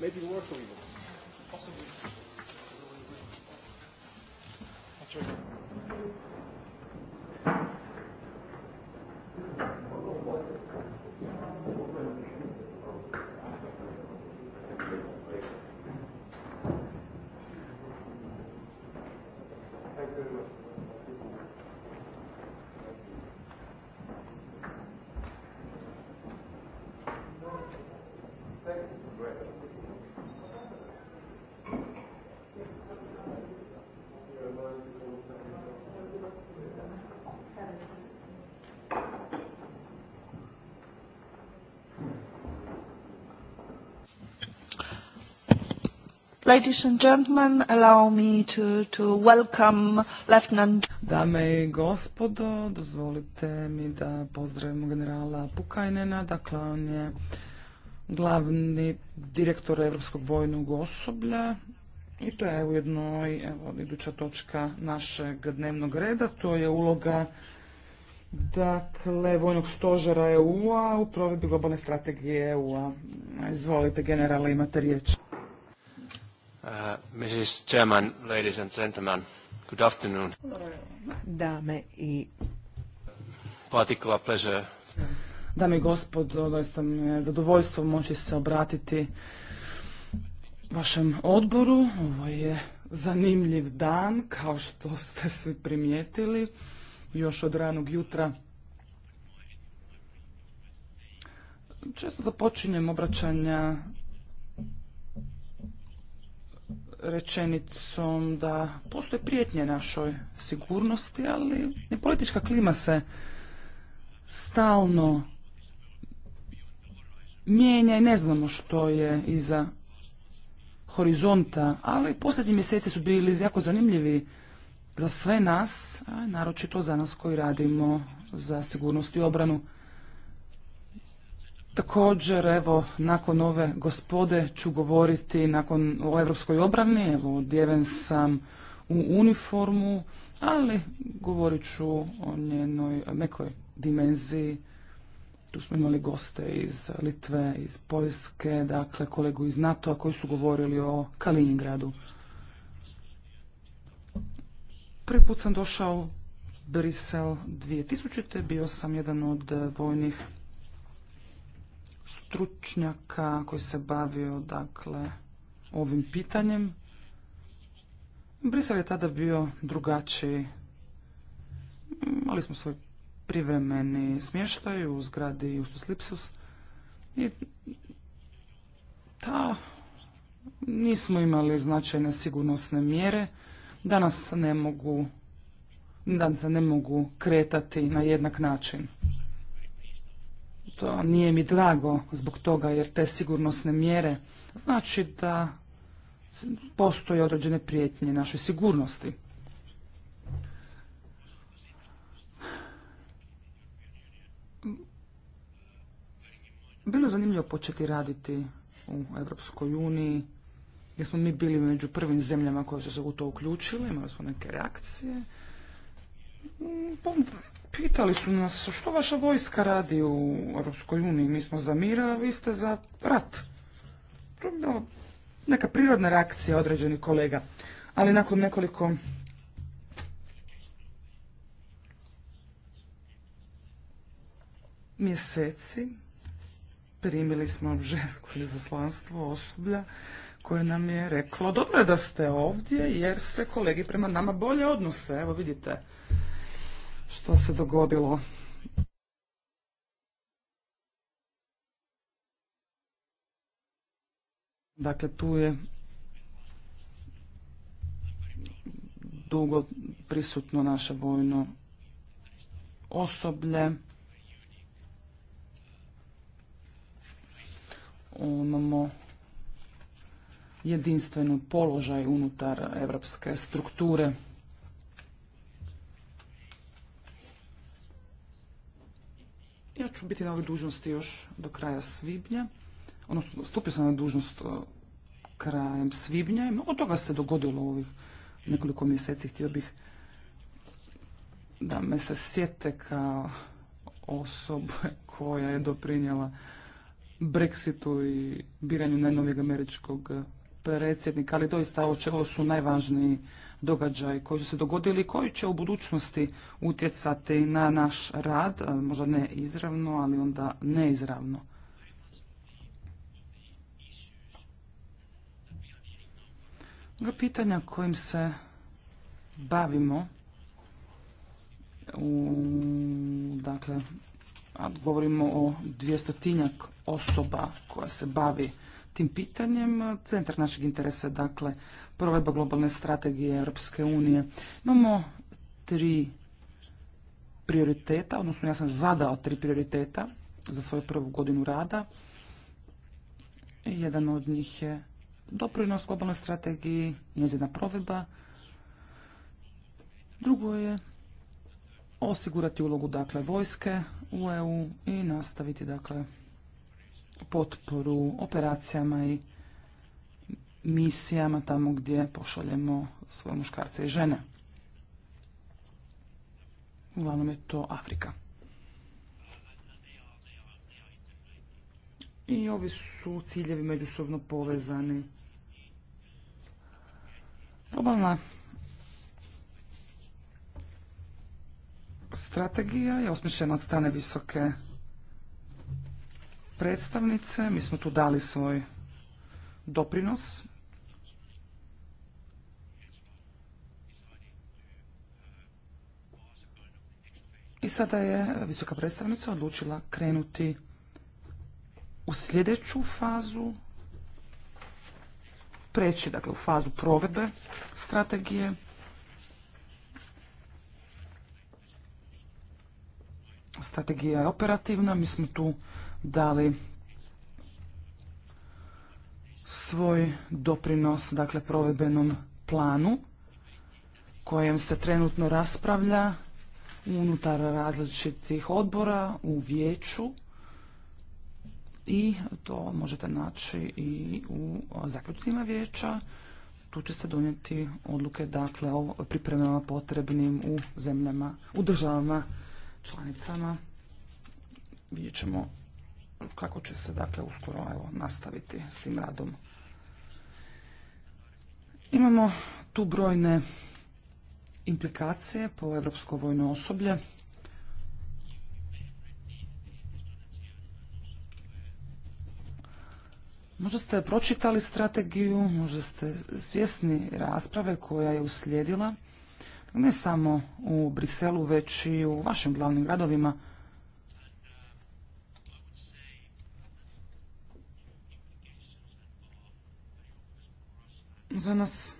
Maybe even. Possibly. Ladies and gentlemen, allow me to, welcome Lieutenant... Dame i gospodo, dozvolite mi da pozdravimo generala Pukajnena, dakle on je glavni direktor Europskog vojnog osoblja i to je ujedno i evo, iduća točka našeg dnevnog reda, to je uloga dakle, vojnog stožera EU-a u provedbi globalne strategije EU-a. Izvolite generale, imate riječ. Uh, Mrs. Chairman, ladies and gentlemen, good afternoon. Dame i... Particular Dame gospodo, doista mi je zadovoljstvo moći se obratiti vašem odboru. Ovo je zanimljiv dan, kao što ste svi primijetili, još od ranog jutra. Često započinjem obraćanja rečenicom da postoje prijetnje našoj sigurnosti, ali i politička klima se stalno mijenja i ne znamo što je iza horizonta, ali posljednji mjeseci su bili jako zanimljivi za sve nas, a naročito za nas koji radimo za sigurnost i obranu. Također, evo, nakon ove gospode ću govoriti nakon o evropskoj obrani, evo, odjeven sam u uniformu, ali govorit ću o njenoj nekoj dimenziji. Tu smo imali goste iz Litve, iz Poljske, dakle, kolegu iz NATO-a koji su govorili o Kaliningradu. Prvi put sam došao u Brisel 2000. Bio sam jedan od vojnih stručnjaka koji se bavio dakle ovim pitanjem. Brisel je tada bio drugačiji. Imali smo svoj privremeni smještaj u zgradi Justus Lipsus i ta nismo imali značajne sigurnosne mjere. Danas ne mogu, danas ne mogu kretati na jednak način što nije mi drago zbog toga jer te sigurnosne mjere znači da postoje određene prijetnje našoj sigurnosti. Bilo je zanimljivo početi raditi u Europskoj uniji, jer smo mi bili među prvim zemljama koje su se u to uključile, imali smo neke reakcije. Mm, Pitali su nas što vaša vojska radi u Europskoj uniji. Mi smo za mir, a vi ste za rat. Neka prirodna reakcija određenih kolega. Ali nakon nekoliko mjeseci primili smo žensko izaslanstvo osoblja koje nam je reklo dobro je da ste ovdje jer se kolegi prema nama bolje odnose. Evo vidite, što se dogodilo. Dakle, tu je dugo prisutno naše vojno osoblje. Imamo jedinstvenu položaj unutar evropske strukture. Ja ću biti na ovoj dužnosti još do kraja svibnja, odnosno stupio sam na dužnost e, krajem svibnja Od toga se dogodilo u ovih nekoliko mjeseci. Htio bih da me se sjete kao osobe koja je doprinjela Brexitu i biranju najnovijeg američkog predsjednika, ali doista ovo su najvažniji događaj koji su se dogodili i koji će u budućnosti utjecati na naš rad, e, možda ne izravno, ali onda neizravno. Pitanja kojim se bavimo u, dakle, govorimo o dvjestotinjak osoba koja se bavi tim pitanjem. Centar našeg interesa dakle provedba globalne strategije Europske unije. Imamo tri prioriteta, odnosno ja sam zadao tri prioriteta za svoju prvu godinu rada. Jedan od njih je doprinos globalnoj strategiji, njezina provedba. Drugo je osigurati ulogu dakle vojske u EU i nastaviti dakle potporu operacijama i misijama tamo gdje pošaljemo svoje muškarce i žene. Uglavnom je to Afrika. I ovi su ciljevi međusobno povezani. Globalna strategija je osmišljena od strane visoke predstavnice. Mi smo tu dali svoj doprinos I sada je visoka predstavnica odlučila krenuti u sljedeću fazu, preći dakle u fazu provedbe strategije. Strategija je operativna, mi smo tu dali svoj doprinos dakle provedbenom planu kojem se trenutno raspravlja unutar različitih odbora u vijeću i to možete naći i u zaključcima vijeća. Tu će se donijeti odluke dakle o pripremama potrebnim u zemljama, u državama, članicama. Vidjet ćemo kako će se dakle uskoro evo, nastaviti s tim radom. Imamo tu brojne implikacije po evropsko vojno osoblje. Možda ste pročitali strategiju, možda ste svjesni rasprave koja je uslijedila, ne samo u Briselu, već i u vašim glavnim gradovima. Za nas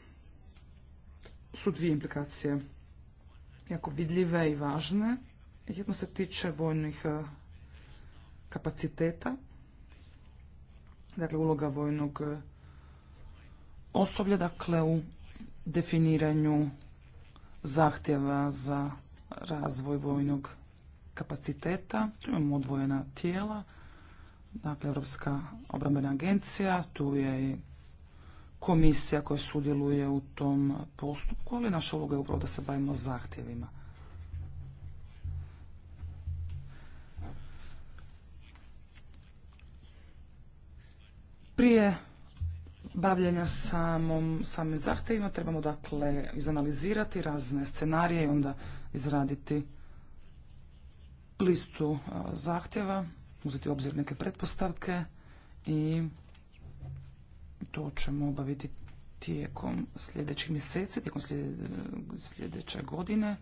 su dvije implikacije jako vidljive i važne. Jedno se tiče vojnih e, kapaciteta, dakle uloga vojnog e, osoblja, dakle u definiranju zahtjeva za razvoj vojnog kapaciteta. Tu imamo odvojena tijela, dakle Europska obrambena agencija, tu je i komisija koja sudjeluje u tom postupku, ali naša uloga je upravo da se bavimo zahtjevima. Prije bavljanja samom, samim zahtjevima trebamo dakle izanalizirati razne scenarije i onda izraditi listu zahtjeva, uzeti u obzir neke pretpostavke i to ćemo obaviti tijekom sljedećih mjeseci, tijekom sljedeće godine.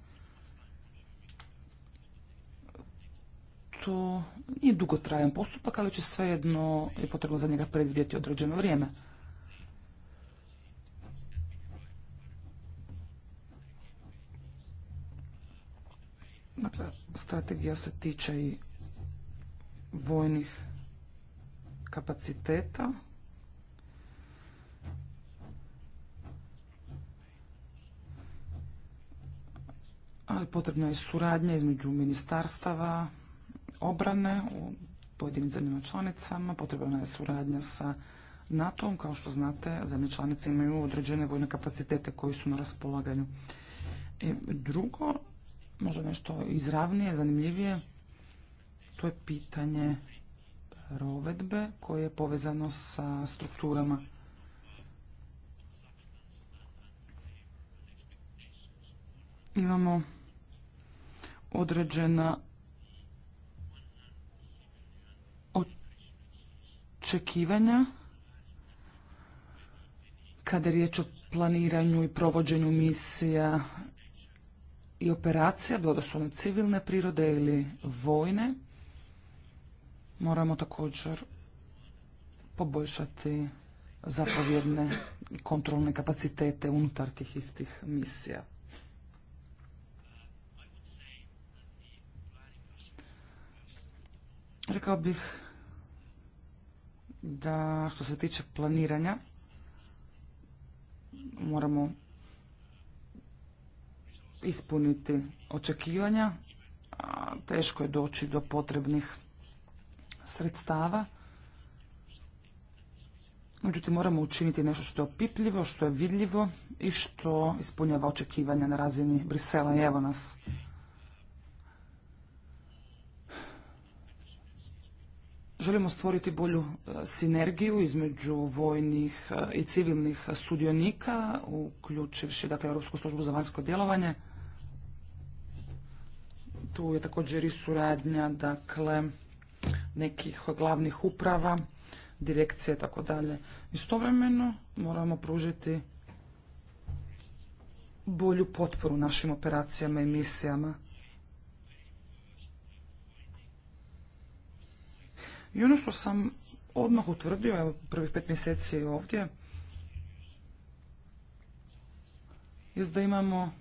To nije dugotrajan postupak, ali će svejedno je potrebno za njega predvidjeti određeno vrijeme. Dakle, strategija se tiče i vojnih kapaciteta. ali potrebna je suradnja između ministarstava obrane u pojedinim zemljama članicama, potrebna je suradnja sa NATO-om. Kao što znate, zemlje članice imaju određene vojne kapacitete koji su na raspolaganju. E, drugo, možda nešto izravnije, zanimljivije, to je pitanje provedbe koje je povezano sa strukturama imamo određena očekivanja kada je riječ o planiranju i provođenju misija i operacija, bilo da su one civilne prirode ili vojne. Moramo također poboljšati zapovjedne i kontrolne kapacitete unutar tih istih misija. Rekao bih da što se tiče planiranja moramo ispuniti očekivanja, a teško je doći do potrebnih sredstava. Međutim, moramo učiniti nešto što je opipljivo, što je vidljivo i što ispunjava očekivanja na razini Brisela i evo nas Želimo stvoriti bolju e, sinergiju između vojnih e, i civilnih sudionika, uključivši dakle, Europsku službu za vanjsko djelovanje. Tu je također i suradnja dakle, nekih glavnih uprava, direkcije tako dalje. Istovremeno moramo pružiti bolju potporu našim operacijama i misijama. I ono što sam odmah utvrdio, evo prvih pet mjeseci ovdje, je da imamo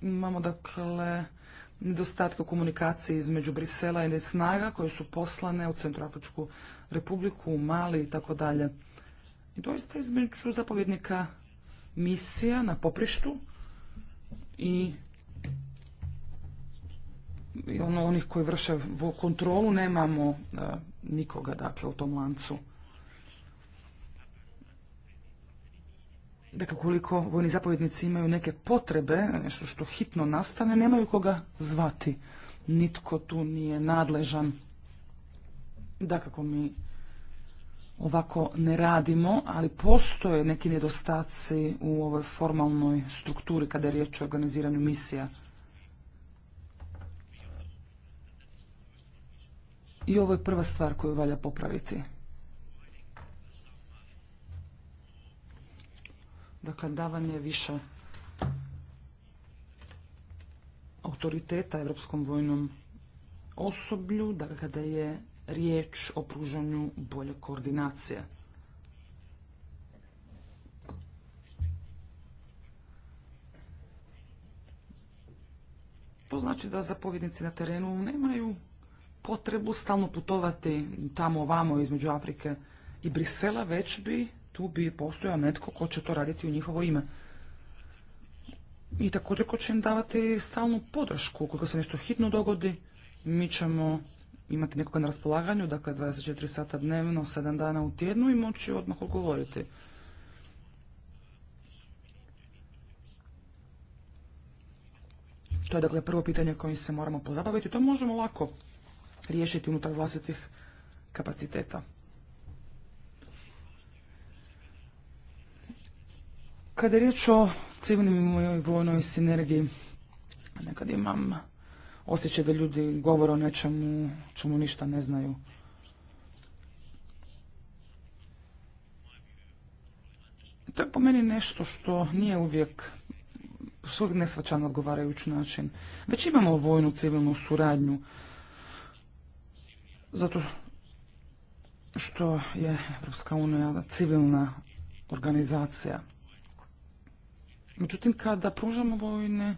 imamo dakle nedostatke komunikacije između Brisela i snaga koje su poslane u Centroafričku republiku, u Mali i tako dalje. I doista između zapovjednika misija na poprištu i i ono, onih koji vrše kontrolu nemamo e, nikoga dakle u tom lancu. Dakle, koliko vojni zapovjednici imaju neke potrebe, nešto što hitno nastane, nemaju koga zvati. Nitko tu nije nadležan. Dakako, mi ovako ne radimo, ali postoje neki nedostaci u ovoj formalnoj strukturi kada je riječ o organiziranju misija. I ovo je prva stvar koju valja popraviti. Dakle, davanje više autoriteta Europskom vojnom osoblju, dakle, kada je riječ o pružanju bolje koordinacije. To znači da zapovjednici na terenu nemaju potrebu stalno putovati tamo ovamo između Afrike i Brisela, već bi tu bi postojao netko ko će to raditi u njihovo ime. I također ko će im davati stalnu podršku. Ukoliko se nešto hitno dogodi, mi ćemo imati nekoga na raspolaganju, dakle 24 sata dnevno, 7 dana u tjednu i moći odmah odgovoriti. To je dakle prvo pitanje kojim se moramo pozabaviti. To možemo lako riješiti unutar vlastitih kapaciteta. Kada je riječ o civilnim i vojnoj sinergiji, nekad imam osjećaj da ljudi govore o nečemu čemu ništa ne znaju. To je po meni nešto što nije uvijek svog nesvačan odgovarajući način. Već imamo vojnu civilnu suradnju zato što je Evropska unija civilna organizacija. Međutim, kada pružamo vojne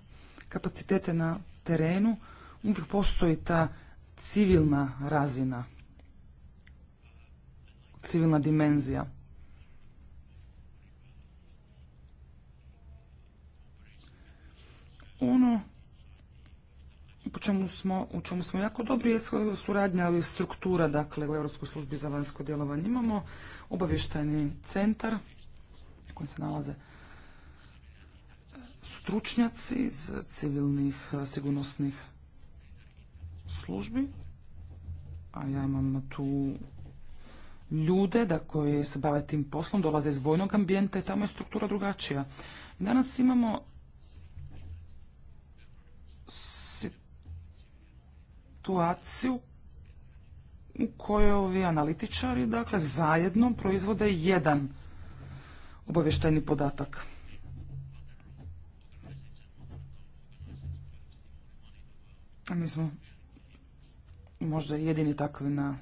kapacitete na terenu, uvijek postoji ta civilna razina, civilna dimenzija. Ono po čemu smo, u čemu smo jako dobri je suradnja ali struktura dakle u Europskoj službi za vanjsko djelovanje. Imamo obavještajni centar u kojem se nalaze stručnjaci iz civilnih sigurnosnih službi, a ja imam tu ljude da koji se bave tim poslom, dolaze iz vojnog ambijenta i tamo je struktura drugačija. Danas imamo situaciju u kojoj ovi analitičari dakle zajedno proizvode jedan obavještajni podatak. A mi smo možda jedini takvi na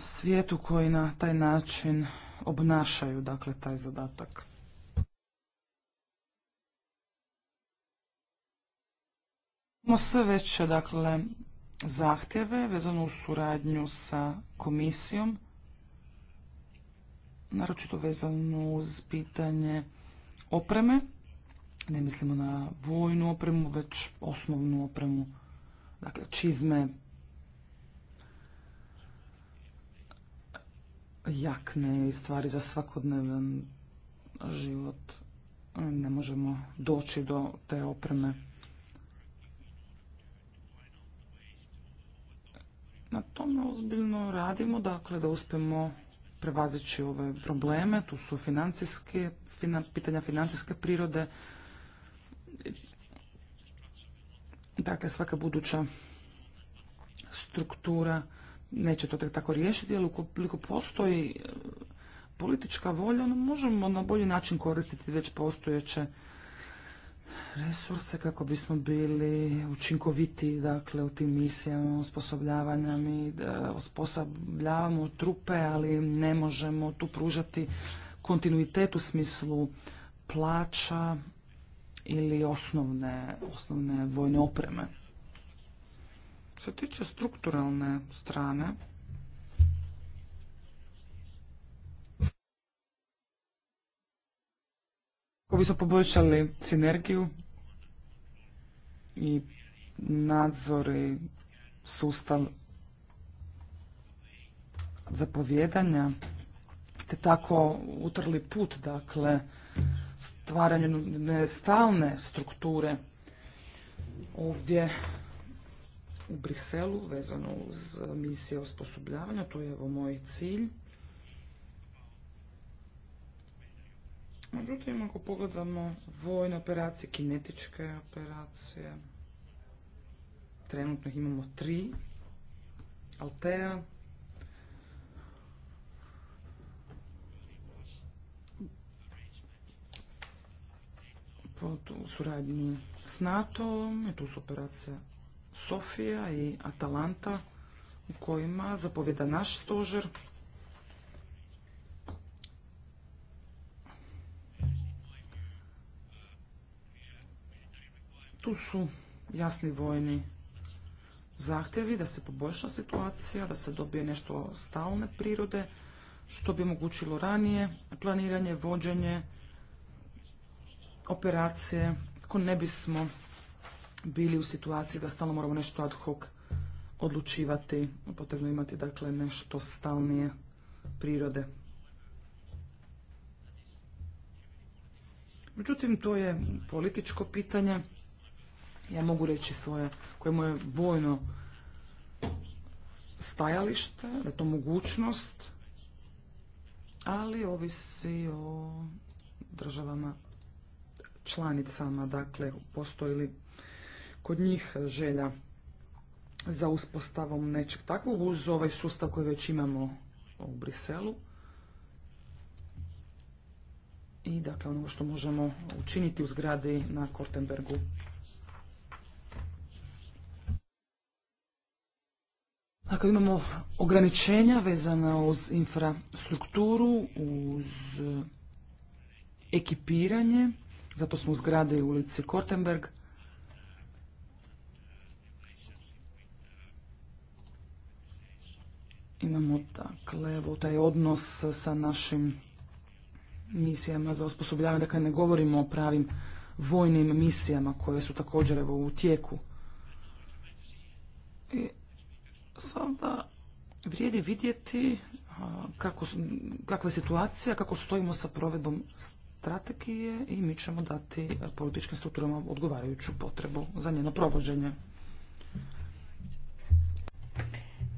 svijetu koji na taj način obnašaju dakle taj zadatak. Imamo sve veće dakle, zahtjeve vezano u suradnju sa komisijom, naročito vezano uz pitanje opreme. Ne mislimo na vojnu opremu, već osnovnu opremu, dakle čizme, jakne i stvari za svakodnevan život. Ne možemo doći do te opreme. na tome ozbiljno radimo, dakle da uspemo prevazići ove probleme, tu su financijske, pitanja financijske prirode, dakle svaka buduća struktura neće to tek tako riješiti, ali ukoliko postoji e, politička volja, možemo na bolji način koristiti već postojeće resurse kako bismo bili učinkoviti dakle, u tim misijama osposobljavanja. Mi osposobljavamo trupe, ali ne možemo tu pružati kontinuitet u smislu plaća ili osnovne, osnovne vojne opreme. Što se tiče strukturalne strane, kako smo poboljšali sinergiju i nadzor i sustav zapovjedanja te tako utrli put dakle stvaranje stalne strukture ovdje u Briselu vezano uz misije osposobljavanja, to je evo moj cilj. Međutim, ako pogledamo vojne operacije, kinetičke operacije, trenutno ih imamo tri, Altea, pod suradnji s nato tu su operacija Sofija i Atalanta, u kojima zapovjeda naš stožer, Tu su jasni vojni zahtjevi da se poboljša situacija, da se dobije nešto stalne prirode, što bi omogućilo ranije planiranje, vođenje, operacije, kako ne bismo bili u situaciji da stalno moramo nešto ad hoc odlučivati, potrebno imati dakle nešto stalnije prirode. Međutim, to je političko pitanje ja mogu reći svoje, koje moje vojno stajalište, da je to mogućnost, ali ovisi o državama članicama, dakle postoji li kod njih želja za uspostavom nečeg takvog uz ovaj sustav koji već imamo u Briselu i dakle ono što možemo učiniti u zgradi na Kortenbergu. Dakle, imamo ograničenja vezana uz infrastrukturu, uz eh, ekipiranje, zato smo u zgrade u ulici Kortenberg. Imamo dakle, evo, taj odnos sa našim misijama za osposobljavanje, dakle ne govorimo o pravim vojnim misijama koje su također evo u tijeku. I sada vrijedi vidjeti kakva je situacija, kako stojimo sa provedbom strategije i mi ćemo dati političkim strukturama odgovarajuću potrebu za njeno provođenje.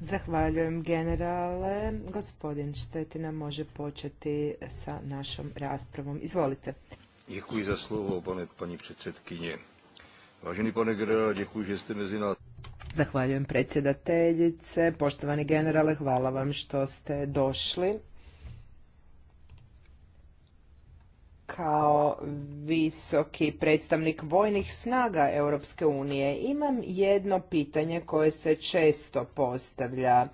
Zahvaljujem generale. Gospodin Štetina može početi sa našom raspravom. Izvolite. Děkuji za slovo, pane, paní předsedkyně. Vážený pane generále, děkuji, že jste mezi Zahvaljujem predsjedateljice. Poštovani generale, hvala vam što ste došli. kao visoki predstavnik vojnih snaga Europske unije imam jedno pitanje koje se često postavlja.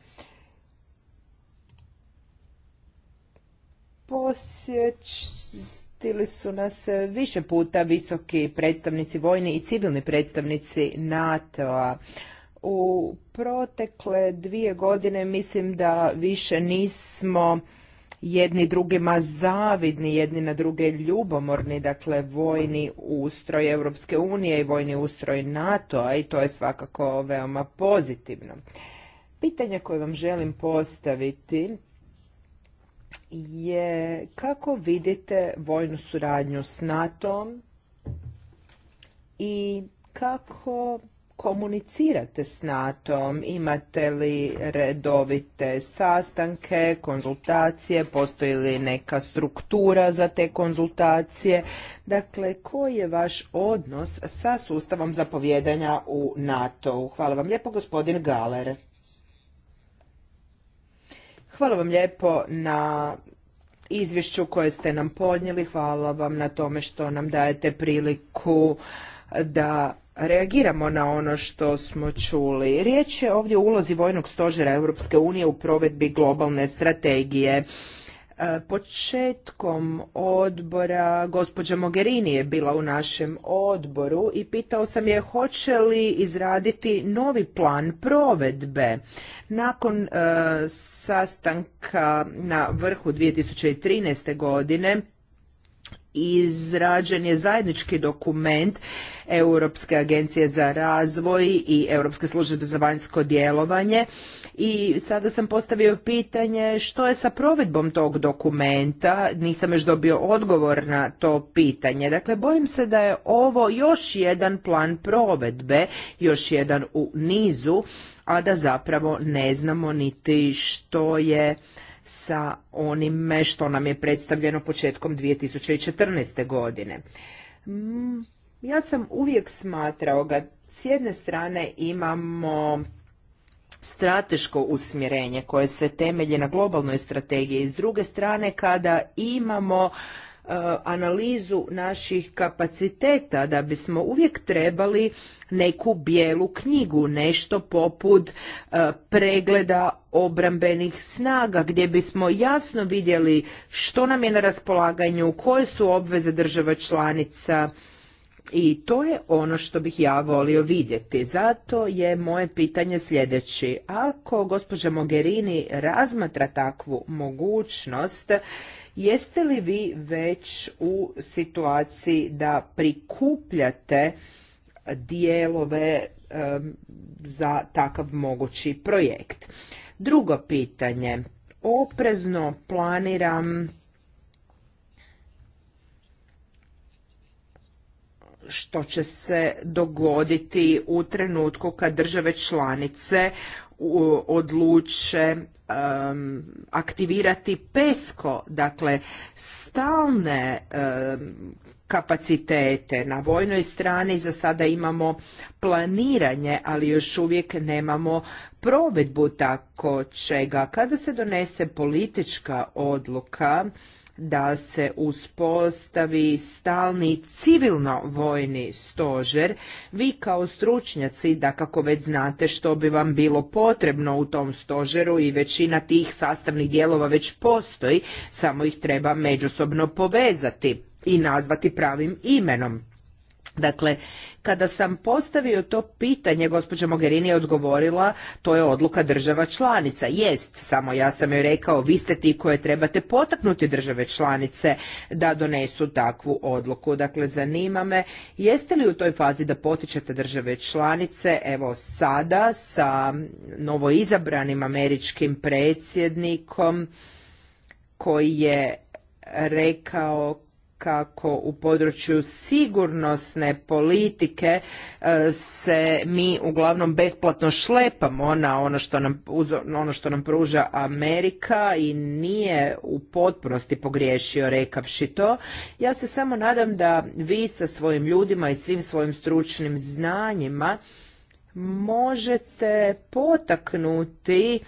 Posjetili su nas više puta visoki predstavnici vojni i civilni predstavnici NATO-a. U protekle dvije godine mislim da više nismo jedni drugima zavidni, jedni na druge ljubomorni, dakle vojni ustroj Europske unije i vojni ustroj NATO-a i to je svakako veoma pozitivno. Pitanje koje vam želim postaviti je kako vidite vojnu suradnju s nato i kako komunicirate s NATO-om? Imate li redovite sastanke, konzultacije, postoji li neka struktura za te konzultacije? Dakle, koji je vaš odnos sa sustavom zapovjedanja u NATO-u? Hvala vam lijepo, gospodin Galer. Hvala vam lijepo na izvješću koje ste nam podnijeli. Hvala vam na tome što nam dajete priliku da reagiramo na ono što smo čuli. Riječ je ovdje o ulozi Vojnog stožera Europske unije u provedbi globalne strategije. E, početkom odbora gospođa Mogherini je bila u našem odboru i pitao sam je hoće li izraditi novi plan provedbe. Nakon e, sastanka na vrhu 2013. godine izrađen je zajednički dokument Europske agencije za razvoj i Europske službe za vanjsko djelovanje i sada sam postavio pitanje što je sa provedbom tog dokumenta, nisam još dobio odgovor na to pitanje. Dakle, bojim se da je ovo još jedan plan provedbe, još jedan u nizu, a da zapravo ne znamo niti što je sa onime što nam je predstavljeno početkom 2014. godine. Ja sam uvijek smatrao ga, s jedne strane imamo strateško usmjerenje koje se temelji na globalnoj strategiji, s druge strane kada imamo e, analizu naših kapaciteta da bismo uvijek trebali neku bijelu knjigu, nešto poput e, pregleda obrambenih snaga gdje bismo jasno vidjeli što nam je na raspolaganju, koje su obveze država članica i to je ono što bih ja volio vidjeti. Zato je moje pitanje sljedeći. Ako gospođa Mogherini razmatra takvu mogućnost, jeste li vi već u situaciji da prikupljate dijelove za takav mogući projekt? Drugo pitanje. Oprezno planiram što će se dogoditi u trenutku kad države članice odluče aktivirati pesko dakle stalne kapacitete na vojnoj strani za sada imamo planiranje ali još uvijek nemamo provedbu tako čega kada se donese politička odluka da se uspostavi stalni civilno-vojni stožer. Vi kao stručnjaci, da kako već znate što bi vam bilo potrebno u tom stožeru i većina tih sastavnih dijelova već postoji, samo ih treba međusobno povezati i nazvati pravim imenom. Dakle, kada sam postavio to pitanje, gospođa Mogherini je odgovorila, to je odluka država članica. Jest, samo ja sam joj rekao, vi ste ti koje trebate potaknuti države članice da donesu takvu odluku. Dakle, zanima me, jeste li u toj fazi da potičete države članice, evo sada sa novoizabranim američkim predsjednikom koji je rekao kako u području sigurnosne politike e, se mi uglavnom besplatno šlepamo na ono što nam, ono što nam pruža Amerika i nije u potpunosti pogriješio rekavši to. Ja se samo nadam da vi sa svojim ljudima i svim svojim stručnim znanjima možete potaknuti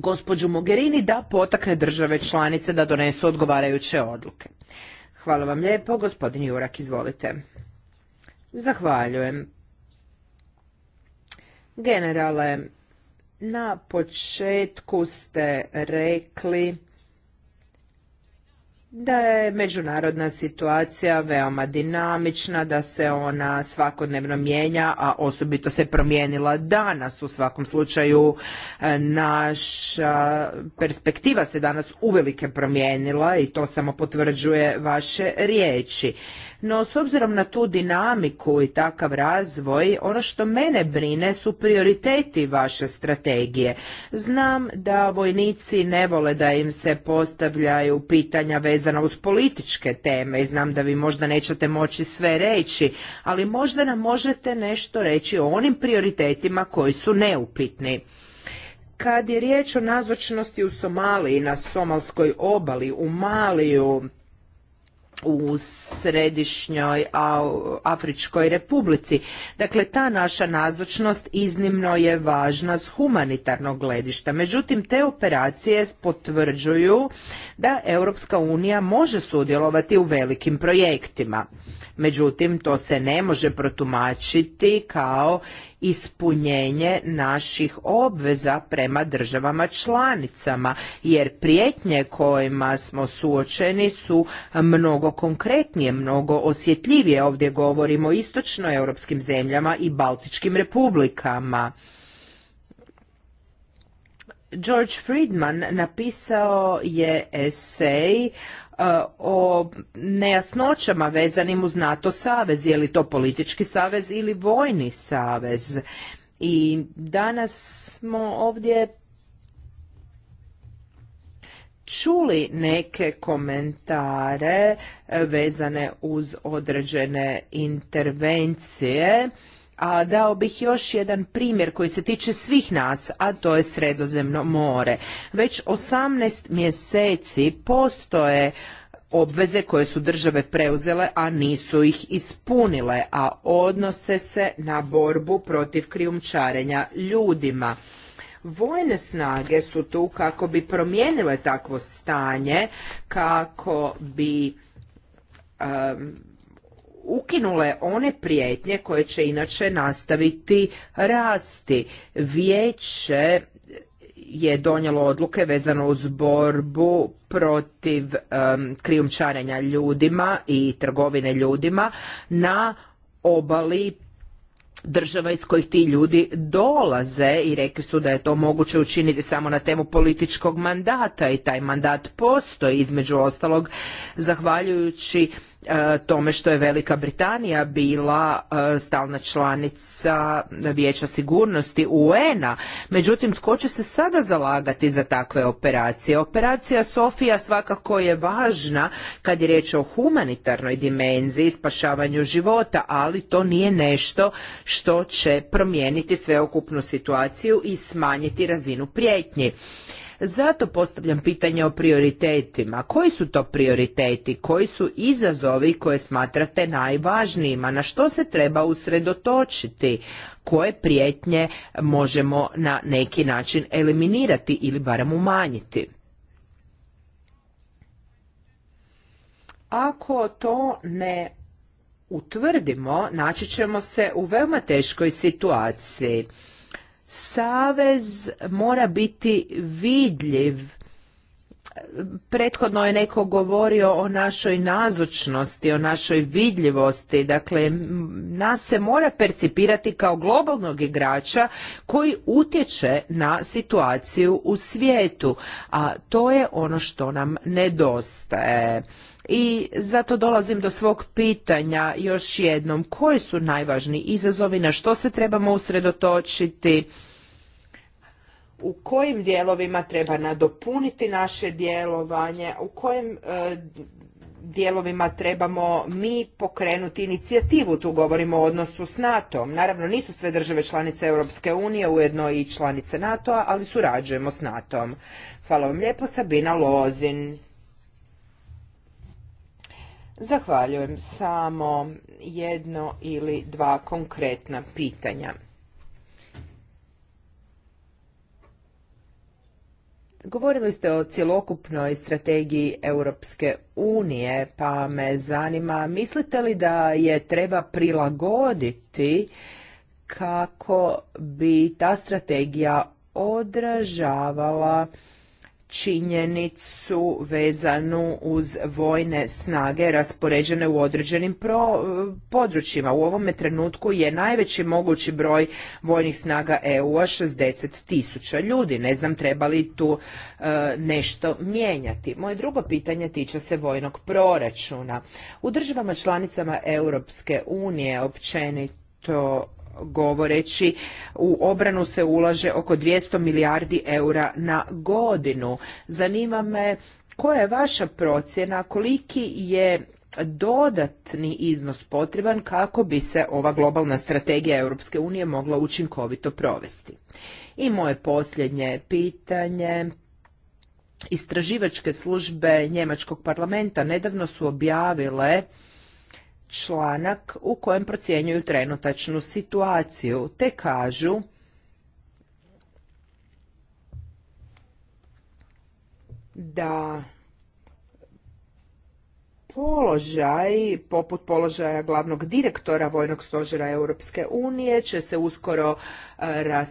gospođu Mogherini da potakne države članice da donesu odgovarajuće odluke. Hvala vam lijepo, gospodin Jurak, izvolite. Zahvaljujem. Generale, na početku ste rekli da je međunarodna situacija veoma dinamična, da se ona svakodnevno mijenja, a osobito se promijenila danas. U svakom slučaju e, naša perspektiva se danas uvelike promijenila i to samo potvrđuje vaše riječi. No, s obzirom na tu dinamiku i takav razvoj, ono što mene brine su prioriteti vaše strategije. Znam da vojnici ne vole da im se postavljaju pitanja vezana uz političke teme i znam da vi možda nećete moći sve reći, ali možda nam možete nešto reći o onim prioritetima koji su neupitni. Kad je riječ o nazočnosti u Somaliji, na somalskoj obali, u Maliju, u središnjoj Afričkoj republici. Dakle, ta naša nazočnost iznimno je važna s humanitarnog gledišta. Međutim, te operacije potvrđuju da Europska unija može sudjelovati u velikim projektima. Međutim, to se ne može protumačiti kao ispunjenje naših obveza prema državama članicama jer prijetnje kojima smo suočeni su mnogo konkretnije, mnogo osjetljivije. Ovdje govorimo o istočnoeuropskim zemljama i baltičkim republikama. George Friedman napisao je esej E, o nejasnoćama vezanim uz NATO savez, je li to politički savez ili vojni savez. I danas smo ovdje čuli neke komentare e, vezane uz određene intervencije a dao bih još jedan primjer koji se tiče svih nas, a to je Sredozemno more. Već 18 mjeseci postoje obveze koje su države preuzele, a nisu ih ispunile, a odnose se na borbu protiv krijumčarenja ljudima. Vojne snage su tu kako bi promijenile takvo stanje, kako bi ukinule one prijetnje koje će inače nastaviti rasti. Vijeće je donijelo odluke vezano uz borbu protiv um, krijumčarenja ljudima i trgovine ljudima na obali država iz kojih ti ljudi dolaze i rekli su da je to moguće učiniti samo na temu političkog mandata i taj mandat postoji između ostalog zahvaljujući E, tome što je Velika Britanija bila e, stalna članica Vijeća sigurnosti un Međutim, tko će se sada zalagati za takve operacije? Operacija Sofija svakako je važna kad je riječ o humanitarnoj dimenziji, spašavanju života, ali to nije nešto što će promijeniti sveukupnu situaciju i smanjiti razinu prijetnji. Zato postavljam pitanje o prioritetima. Koji su to prioriteti? Koji su izazovi koje smatrate najvažnijima? Na što se treba usredotočiti? Koje prijetnje možemo na neki način eliminirati ili barem umanjiti? Ako to ne utvrdimo, naći ćemo se u veoma teškoj situaciji savez mora biti vidljiv prethodno je neko govorio o našoj nazočnosti, o našoj vidljivosti, dakle nas se mora percipirati kao globalnog igrača koji utječe na situaciju u svijetu, a to je ono što nam nedostaje. I zato dolazim do svog pitanja još jednom. Koji su najvažni izazovi, na što se trebamo usredotočiti, u kojim dijelovima treba nadopuniti naše djelovanje, u kojim e, dijelovima trebamo mi pokrenuti inicijativu, tu govorimo o odnosu s nato Naravno nisu sve države članice Europske unije, ujedno i članice NATO-a, ali surađujemo s NATO-om. Hvala vam lijepo, Sabina Lozin. Zahvaljujem samo jedno ili dva konkretna pitanja. Govorili ste o cjelokupnoj strategiji Europske unije, pa me zanima, mislite li da je treba prilagoditi kako bi ta strategija odražavala činjenicu vezanu uz vojne snage raspoređene u određenim područjima. U ovome trenutku je najveći mogući broj vojnih snaga EU-a 60 tisuća ljudi. Ne znam treba li tu e, nešto mijenjati. Moje drugo pitanje tiče se vojnog proračuna. U državama članicama Europske unije općenito govoreći u obranu se ulaže oko 200 milijardi eura na godinu. Zanima me koja je vaša procjena, koliki je dodatni iznos potreban kako bi se ova globalna strategija Europske unije mogla učinkovito provesti. I moje posljednje pitanje istraživačke službe njemačkog parlamenta nedavno su objavile članak u kojem procjenjuju trenutačnu situaciju, te kažu da položaj, poput položaja glavnog direktora Vojnog stožera Europske unije, će se uskoro e, e,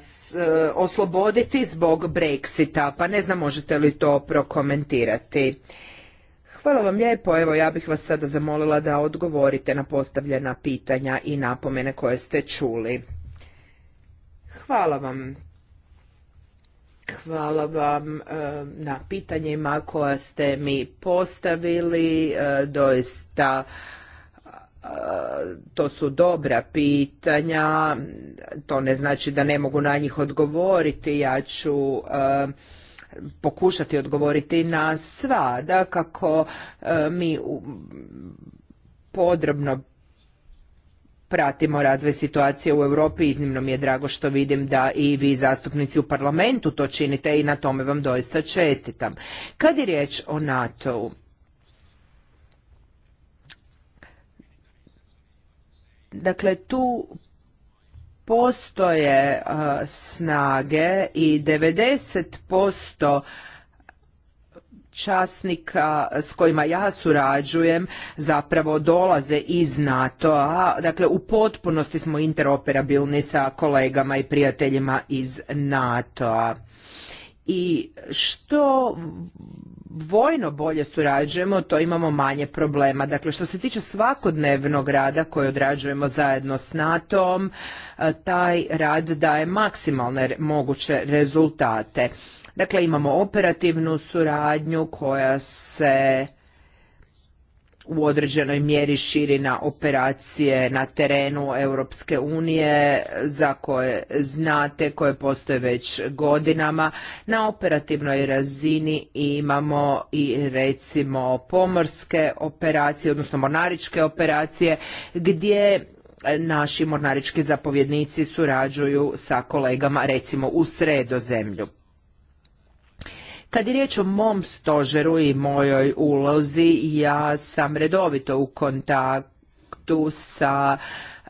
osloboditi zbog Brexita. Pa ne znam možete li to prokomentirati. Hvala vam lijepo. Evo ja bih vas sada zamolila da odgovorite na postavljena pitanja i napomene koje ste čuli. Hvala vam. Hvala vam eh, na pitanjima koja ste mi postavili. Eh, doista eh, to su dobra pitanja, to ne znači da ne mogu na njih odgovoriti, ja ću pokušati odgovoriti na sva, da kako e, mi podrobno pratimo razvoj situacije u Europi. Iznimno mi je drago što vidim da i vi zastupnici u parlamentu to činite i na tome vam doista čestitam. Kad je riječ o NATO-u, Dakle, tu postoje snage i 90% časnika s kojima ja surađujem zapravo dolaze iz NATO-a. Dakle, u potpunosti smo interoperabilni sa kolegama i prijateljima iz NATO-a i što vojno bolje surađujemo, to imamo manje problema. Dakle, što se tiče svakodnevnog rada koji odrađujemo zajedno s NATO-om, eh, taj rad daje maksimalne moguće rezultate. Dakle, imamo operativnu suradnju koja se u određenoj mjeri širi na operacije na terenu Europske unije za koje znate, koje postoje već godinama. Na operativnoj razini imamo i recimo pomorske operacije, odnosno mornaričke operacije gdje naši mornarički zapovjednici surađuju sa kolegama recimo u sredozemlju. Kad je riječ o mom stožeru i mojoj ulozi, ja sam redovito u kontaktu sa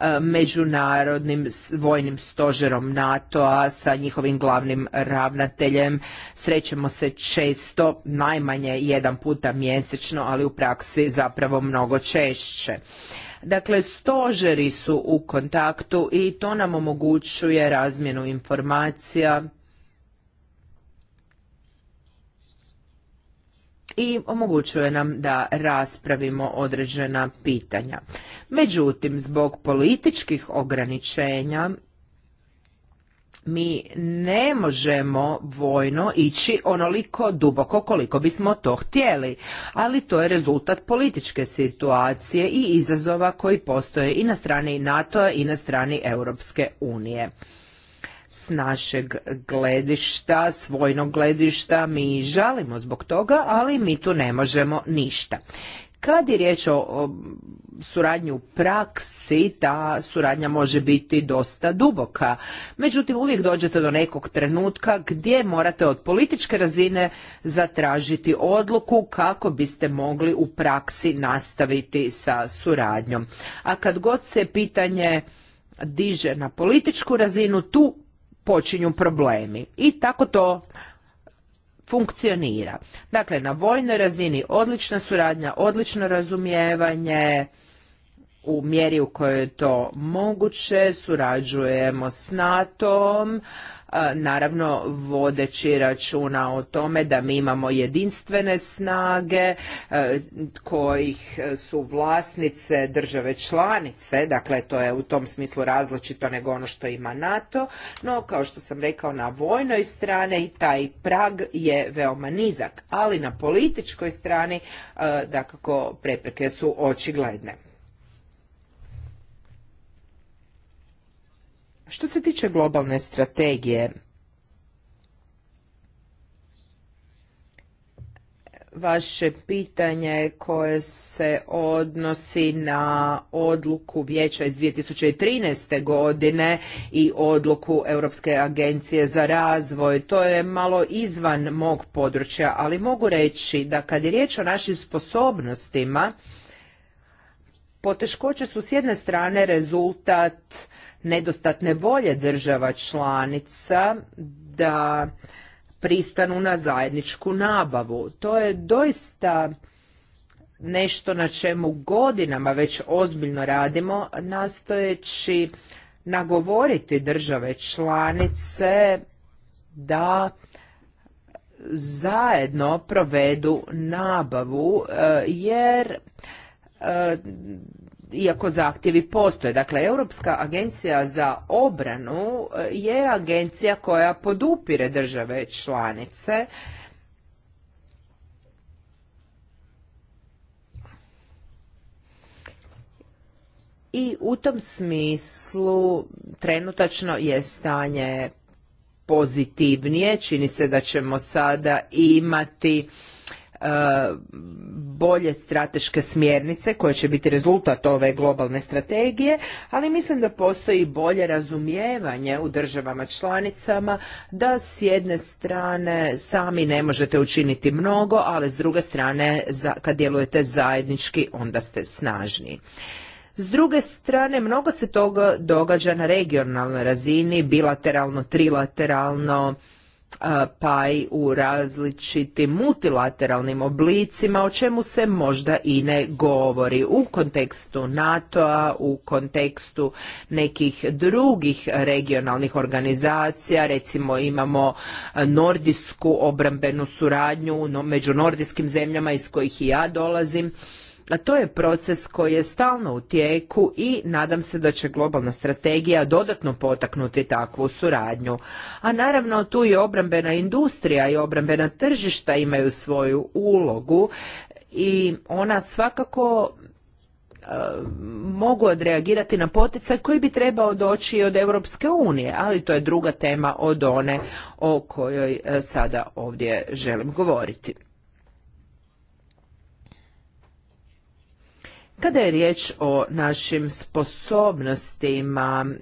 e, međunarodnim vojnim stožerom NATO-a sa njihovim glavnim ravnateljem. Srećemo se često, najmanje jedan puta mjesečno, ali u praksi zapravo mnogo češće. Dakle, stožeri su u kontaktu i to nam omogućuje razmjenu informacija, i omogućuje nam da raspravimo određena pitanja. Međutim, zbog političkih ograničenja mi ne možemo vojno ići onoliko duboko koliko bismo to htjeli, ali to je rezultat političke situacije i izazova koji postoje i na strani NATO-a i na strani Europske unije s našeg gledišta, svojnog gledišta, mi žalimo zbog toga, ali mi tu ne možemo ništa. Kad je riječ o suradnji u praksi, ta suradnja može biti dosta duboka. Međutim, uvijek dođete do nekog trenutka gdje morate od političke razine zatražiti odluku kako biste mogli u praksi nastaviti sa suradnjom. A kad god se pitanje diže na političku razinu, tu počinju problemi. I tako to funkcionira. Dakle, na vojnoj razini odlična suradnja, odlično razumijevanje, u mjeri u kojoj je to moguće, surađujemo s NATO-om, E, naravno vodeći računa o tome da mi imamo jedinstvene snage e, kojih su vlasnice države članice, dakle to je u tom smislu različito nego ono što ima NATO, no kao što sam rekao na vojnoj strani taj prag je veoma nizak, ali na političkoj strani e, dakako prepreke su očigledne. Što se tiče globalne strategije, vaše pitanje koje se odnosi na odluku vijeća iz 2013. godine i odluku Europske agencije za razvoj. To je malo izvan mog područja, ali mogu reći da kad je riječ o našim sposobnostima, poteškoće su s jedne strane rezultat nedostatne volje država članica da pristanu na zajedničku nabavu. To je doista nešto na čemu godinama već ozbiljno radimo, nastojeći nagovoriti države članice da zajedno provedu nabavu eh, jer eh, iako zahtjevi postoje. Dakle, Europska agencija za obranu e, je agencija koja podupire države članice i u tom smislu trenutačno je stanje pozitivnije. Čini se da ćemo sada imati E, bolje strateške smjernice koje će biti rezultat ove globalne strategije, ali mislim da postoji bolje razumijevanje u državama članicama da s jedne strane sami ne možete učiniti mnogo, ali s druge strane kad djelujete zajednički onda ste snažni. S druge strane, mnogo se toga događa na regionalnoj razini, bilateralno, trilateralno, pa i u različitim multilateralnim oblicima o čemu se možda i ne govori u kontekstu NATO-a, u kontekstu nekih drugih regionalnih organizacija, recimo imamo nordijsku obrambenu suradnju među nordijskim zemljama iz kojih i ja dolazim a to je proces koji je stalno u tijeku i nadam se da će globalna strategija dodatno potaknuti takvu suradnju. A naravno tu i obrambena industrija i obrambena tržišta imaju svoju ulogu i ona svakako e, mogu odreagirati na poticaj koji bi trebao doći od Europske unije, ali to je druga tema od one o kojoj e, sada ovdje želim govoriti. Kada je riječ o našim sposobnostima e,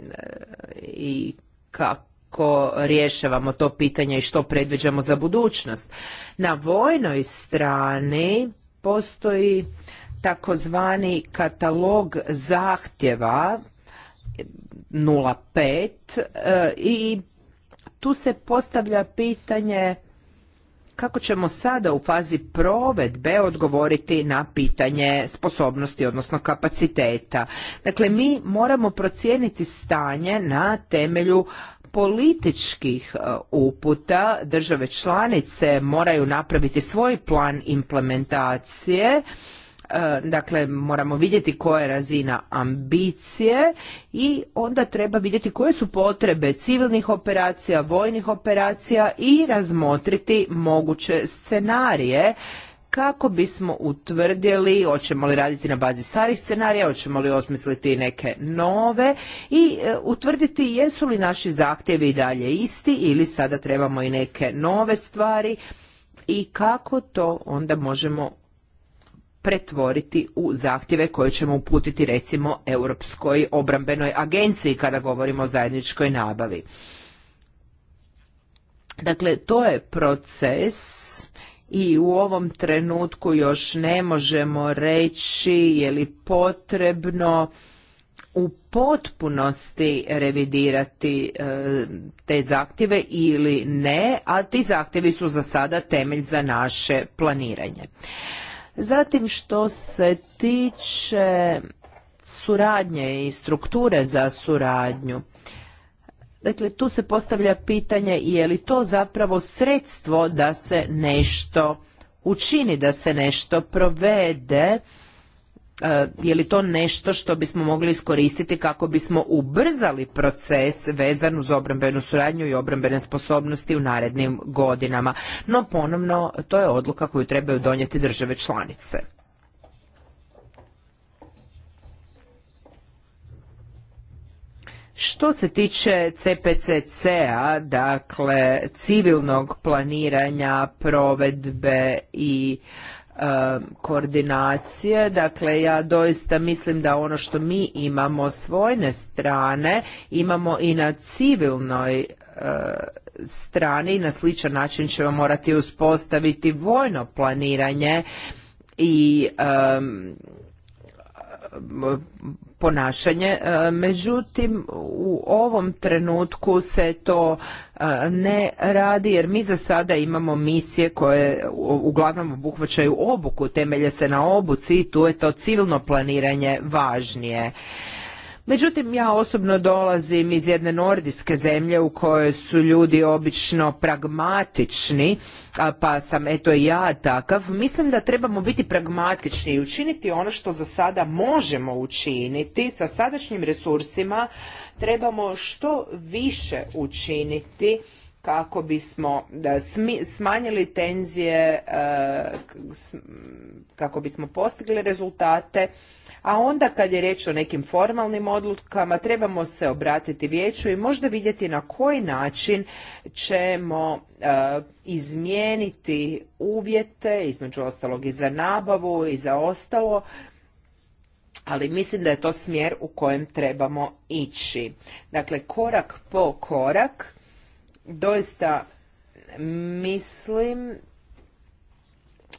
i kako rješavamo to pitanje i što predviđamo za budućnost, na vojnoj strani postoji takozvani katalog zahtjeva 05 e, i tu se postavlja pitanje kako ćemo sada u fazi provedbe odgovoriti na pitanje sposobnosti, odnosno kapaciteta. Dakle, mi moramo procijeniti stanje na temelju političkih e, uputa države članice moraju napraviti svoj plan implementacije E, dakle, moramo vidjeti koja je razina ambicije i onda treba vidjeti koje su potrebe civilnih operacija, vojnih operacija i razmotriti moguće scenarije kako bismo utvrdili hoćemo li raditi na bazi starih scenarija, hoćemo li osmisliti neke nove i e, utvrditi jesu li naši zahtjevi i dalje isti ili sada trebamo i neke nove stvari i kako to onda možemo pretvoriti u zahtjeve koje ćemo uputiti recimo Europskoj obrambenoj agenciji kada govorimo o zajedničkoj nabavi. Dakle, to je proces i u ovom trenutku još ne možemo reći je li potrebno u potpunosti revidirati e, te zahtjeve ili ne, a ti zahtjevi su za sada temelj za naše planiranje. Zatim što se tiče suradnje i strukture za suradnju. Dakle, tu se postavlja pitanje je li to zapravo sredstvo da se nešto učini, da se nešto provede E, je li to nešto što bismo mogli iskoristiti kako bismo ubrzali proces vezan uz obrambenu suradnju i obrambene sposobnosti u narednim godinama. No ponovno, to je odluka koju trebaju donijeti države članice. Što se tiče CPCC-a, dakle civilnog planiranja, provedbe i E, koordinacije. Dakle, ja doista mislim da ono što mi imamo s vojne strane imamo i na civilnoj e, strani i na sličan način ćemo morati uspostaviti vojno planiranje i e, ponašanje. E, međutim, u ovom trenutku se to e, ne radi jer mi za sada imamo misije koje uglavnom obuhvaćaju obuku, temelje se na obuci i tu je to civilno planiranje važnije. Međutim, ja osobno dolazim iz jedne nordijske zemlje u kojoj su ljudi obično pragmatični, pa sam eto i ja takav. Mislim da trebamo biti pragmatični i učiniti ono što za sada možemo učiniti sa sadašnjim resursima. Trebamo što više učiniti kako bismo smanjili tenzije, kako bismo postigli rezultate a onda kad je riječ o nekim formalnim odlukama trebamo se obratiti vijeću i možda vidjeti na koji način ćemo e, izmijeniti uvjete između ostalog i za nabavu i za ostalo ali mislim da je to smjer u kojem trebamo ići. Dakle, korak po korak, doista mislim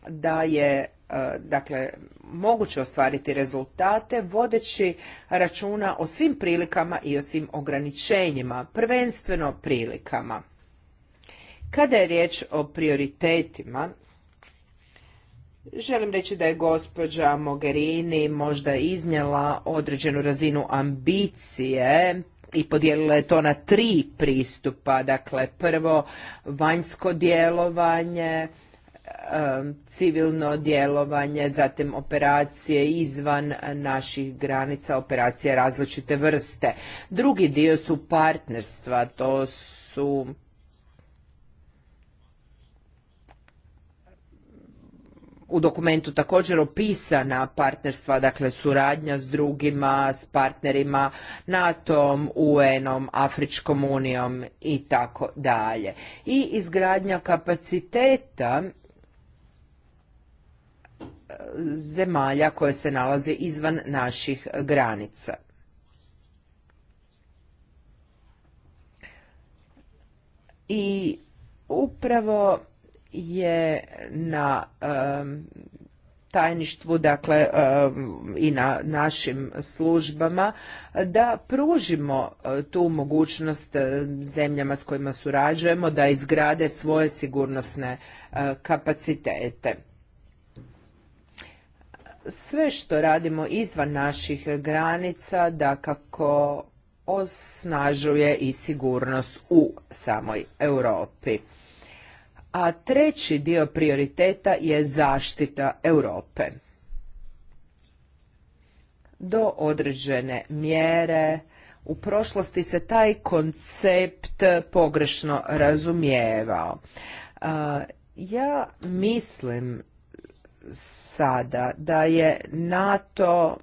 da je E, dakle moguće ostvariti rezultate vodeći računa o svim prilikama i o svim ograničenjima, prvenstveno prilikama. Kada je riječ o prioritetima, Želim reći da je gospođa Mogherini možda iznjela određenu razinu ambicije i podijelila je to na tri pristupa. Dakle, prvo vanjsko djelovanje, Um, civilno djelovanje, zatim operacije izvan naših granica, operacije različite vrste. Drugi dio su partnerstva, to su u dokumentu također opisana partnerstva, dakle suradnja s drugima, s partnerima NATO-om, UN-om, Afričkom unijom i tako dalje. I izgradnja kapaciteta zemalja koje se nalaze izvan naših granica. I upravo je na tajništvu dakle i na našim službama da pružimo e, tu mogućnost e, zemljama s kojima surađujemo da izgrade svoje sigurnosne e, kapacitete sve što radimo izvan naših granica da kako osnažuje i sigurnost u samoj Europi. A treći dio prioriteta je zaštita Europe. Do određene mjere u prošlosti se taj koncept pogrešno razumijevao. Ja mislim sada da je NATO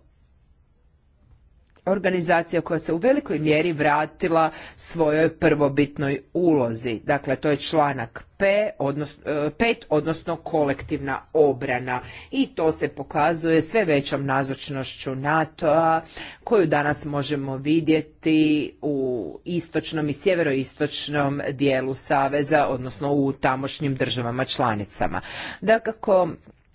organizacija koja se u velikoj mjeri vratila svojoj prvobitnoj ulozi. Dakle, to je članak 5, odnosno, e, odnosno kolektivna obrana. I to se pokazuje sve većom nazočnošću NATO-a, koju danas možemo vidjeti u istočnom i sjeveroistočnom dijelu Saveza, odnosno u tamošnjim državama članicama. Dakako,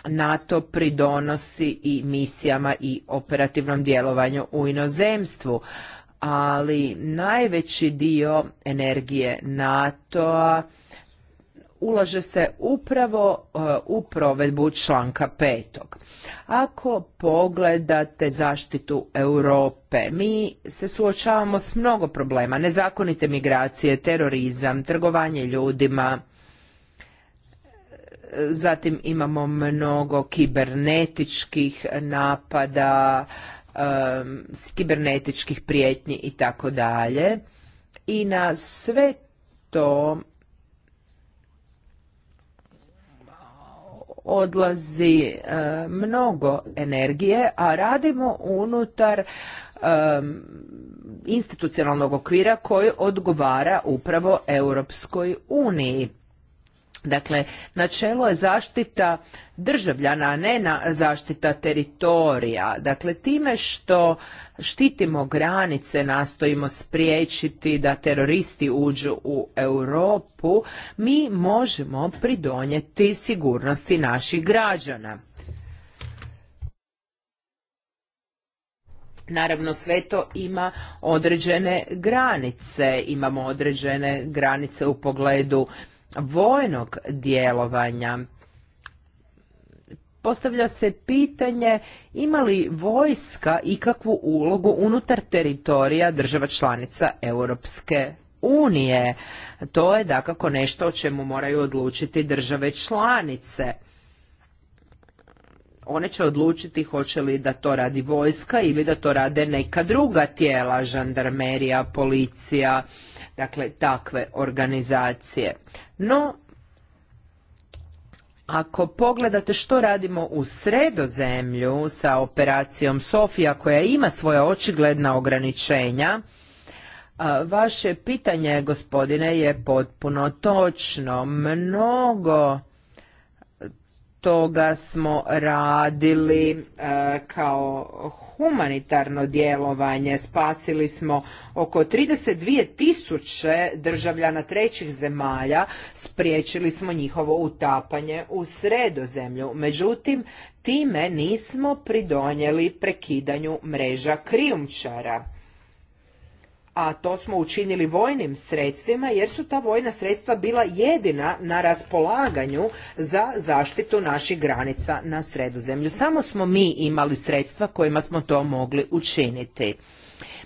NATO pridonosi i misijama i operativnom djelovanju u inozemstvu, ali najveći dio energije NATO-a ulaže se upravo e, u provedbu članka petog. Ako pogledate zaštitu Europe, mi se suočavamo s mnogo problema, nezakonite migracije, terorizam, trgovanje ljudima, Zatim imamo mnogo kibernetičkih napada, kibernetičkih prijetnji i tako dalje. I na sve to odlazi mnogo energije, a radimo unutar institucionalnog okvira koji odgovara upravo Europskoj uniji. Dakle, načelo je zaštita državljana, a ne zaštita teritorija. Dakle, time što štitimo granice, nastojimo spriječiti da teroristi uđu u Europu, mi možemo pridonijeti sigurnosti naših građana. Naravno sve to ima određene granice, imamo određene granice u pogledu vojnog djelovanja. Postavlja se pitanje ima li vojska ikakvu ulogu unutar teritorija država članica Europske unije. To je dakako nešto o čemu moraju odlučiti države članice. One će odlučiti hoće li da to radi vojska ili da to rade neka druga tijela, žandarmerija, policija, dakle takve organizacije. No, ako pogledate što radimo u sredozemlju sa operacijom Sofija koja ima svoja očigledna ograničenja, vaše pitanje gospodine je potpuno točno. Mnogo toga smo radili e, kao humanitarno djelovanje. Spasili smo oko 32 tisuće državljana trećih zemalja, spriječili smo njihovo utapanje u sredozemlju. Međutim, time nismo pridonijeli prekidanju mreža krijumčara a to smo učinili vojnim sredstvima jer su ta vojna sredstva bila jedina na raspolaganju za zaštitu naših granica na sredozemlju. Samo smo mi imali sredstva kojima smo to mogli učiniti.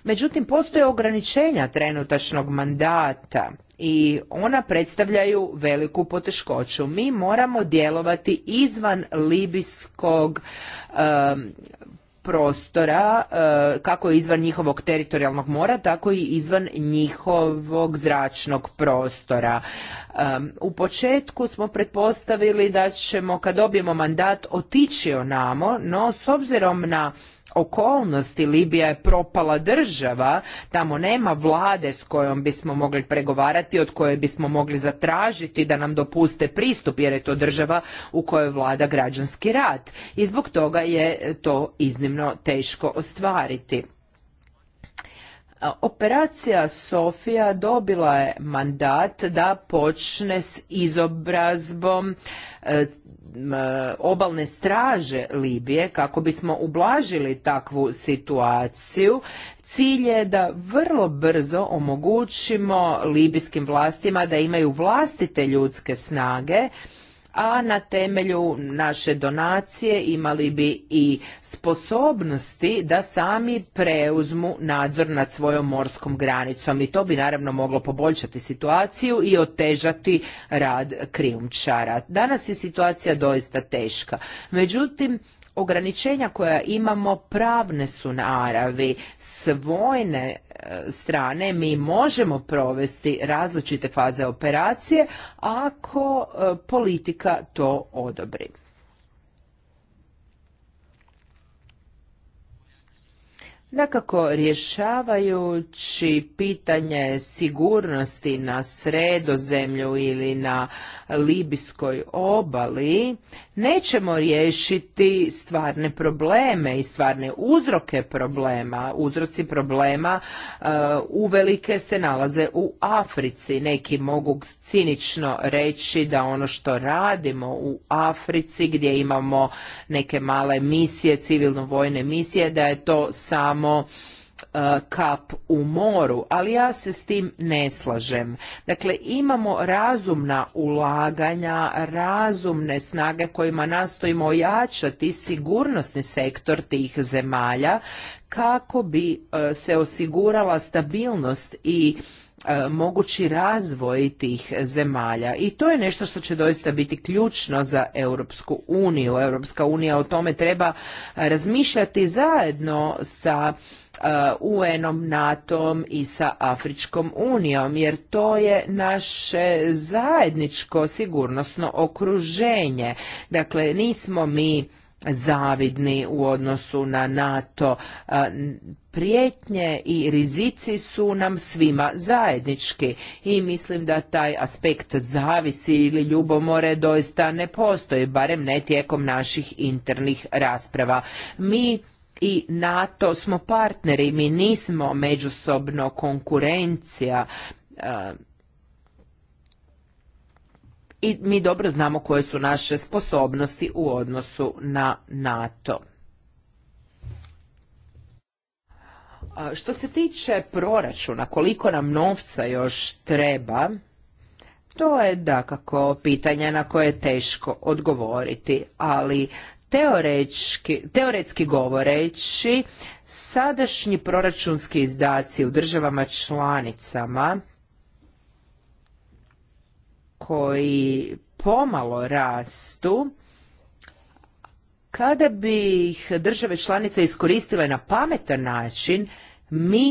Međutim, postoje ograničenja trenutačnog mandata i ona predstavljaju veliku poteškoću. Mi moramo djelovati izvan libijskog prostora e, kako izvan njihovog teritorijalnog mora tako i izvan njihovog zračnog prostora. E, u početku smo pretpostavili da ćemo kad dobijemo mandat otići onamo, no s obzirom na okolnosti Libija je propala država, tamo nema vlade s kojom bismo mogli pregovarati, od koje bismo mogli zatražiti da nam dopuste pristup jer je to država u kojoj vlada građanski rat i zbog toga je to iznimno teško ostvariti. Operacija Sofija dobila je mandat da počne s izobrazbom e, e, obalne straže Libije kako bismo ublažili takvu situaciju. Cilj je da vrlo brzo omogućimo libijskim vlastima da imaju vlastite ljudske snage a na temelju naše donacije imali bi i sposobnosti da sami preuzmu nadzor nad svojom morskom granicom i to bi naravno moglo poboljšati situaciju i otežati rad krijumčara. Danas je situacija doista teška. Međutim, ograničenja koja imamo pravne su naravi. Svojne strane mi možemo provesti različite faze operacije ako e, politika to odobri. nekako rješavajući pitanje sigurnosti na sredozemlju ili na libijskoj obali, nećemo riješiti stvarne probleme i stvarne uzroke problema. Uzroci problema e, uvelike se nalaze u Africi. Neki mogu cinično reći da ono što radimo u Africi gdje imamo neke male misije, civilno-vojne misije, da je to samo imamo e, kap u moru, ali ja se s tim ne slažem. Dakle, imamo razumna ulaganja, razumne snage kojima nastojimo ojačati sigurnosni sektor tih zemalja kako bi e, se osigurala stabilnost i E, mogući razvoj tih zemalja i to je nešto što će doista biti ključno za Europsku uniju. Europska unija o tome treba razmišljati zajedno sa e, UN-om, NATO-om i sa Afričkom unijom, jer to je naše zajedničko sigurnosno okruženje. Dakle, nismo mi zavidni u odnosu na NATO. Prijetnje i rizici su nam svima zajednički i mislim da taj aspekt zavisi ili ljubomore doista ne postoji, barem ne tijekom naših internih rasprava. Mi i NATO smo partneri, mi nismo međusobno konkurencija i mi dobro znamo koje su naše sposobnosti u odnosu na NATO. Što se tiče proračuna, koliko nam novca još treba, to je dakako pitanje na koje je teško odgovoriti, ali teoretski, teoretski govoreći, sadašnji proračunski izdaci u državama članicama koji pomalo rastu, kada bi ih države članice iskoristile na pametan način, mi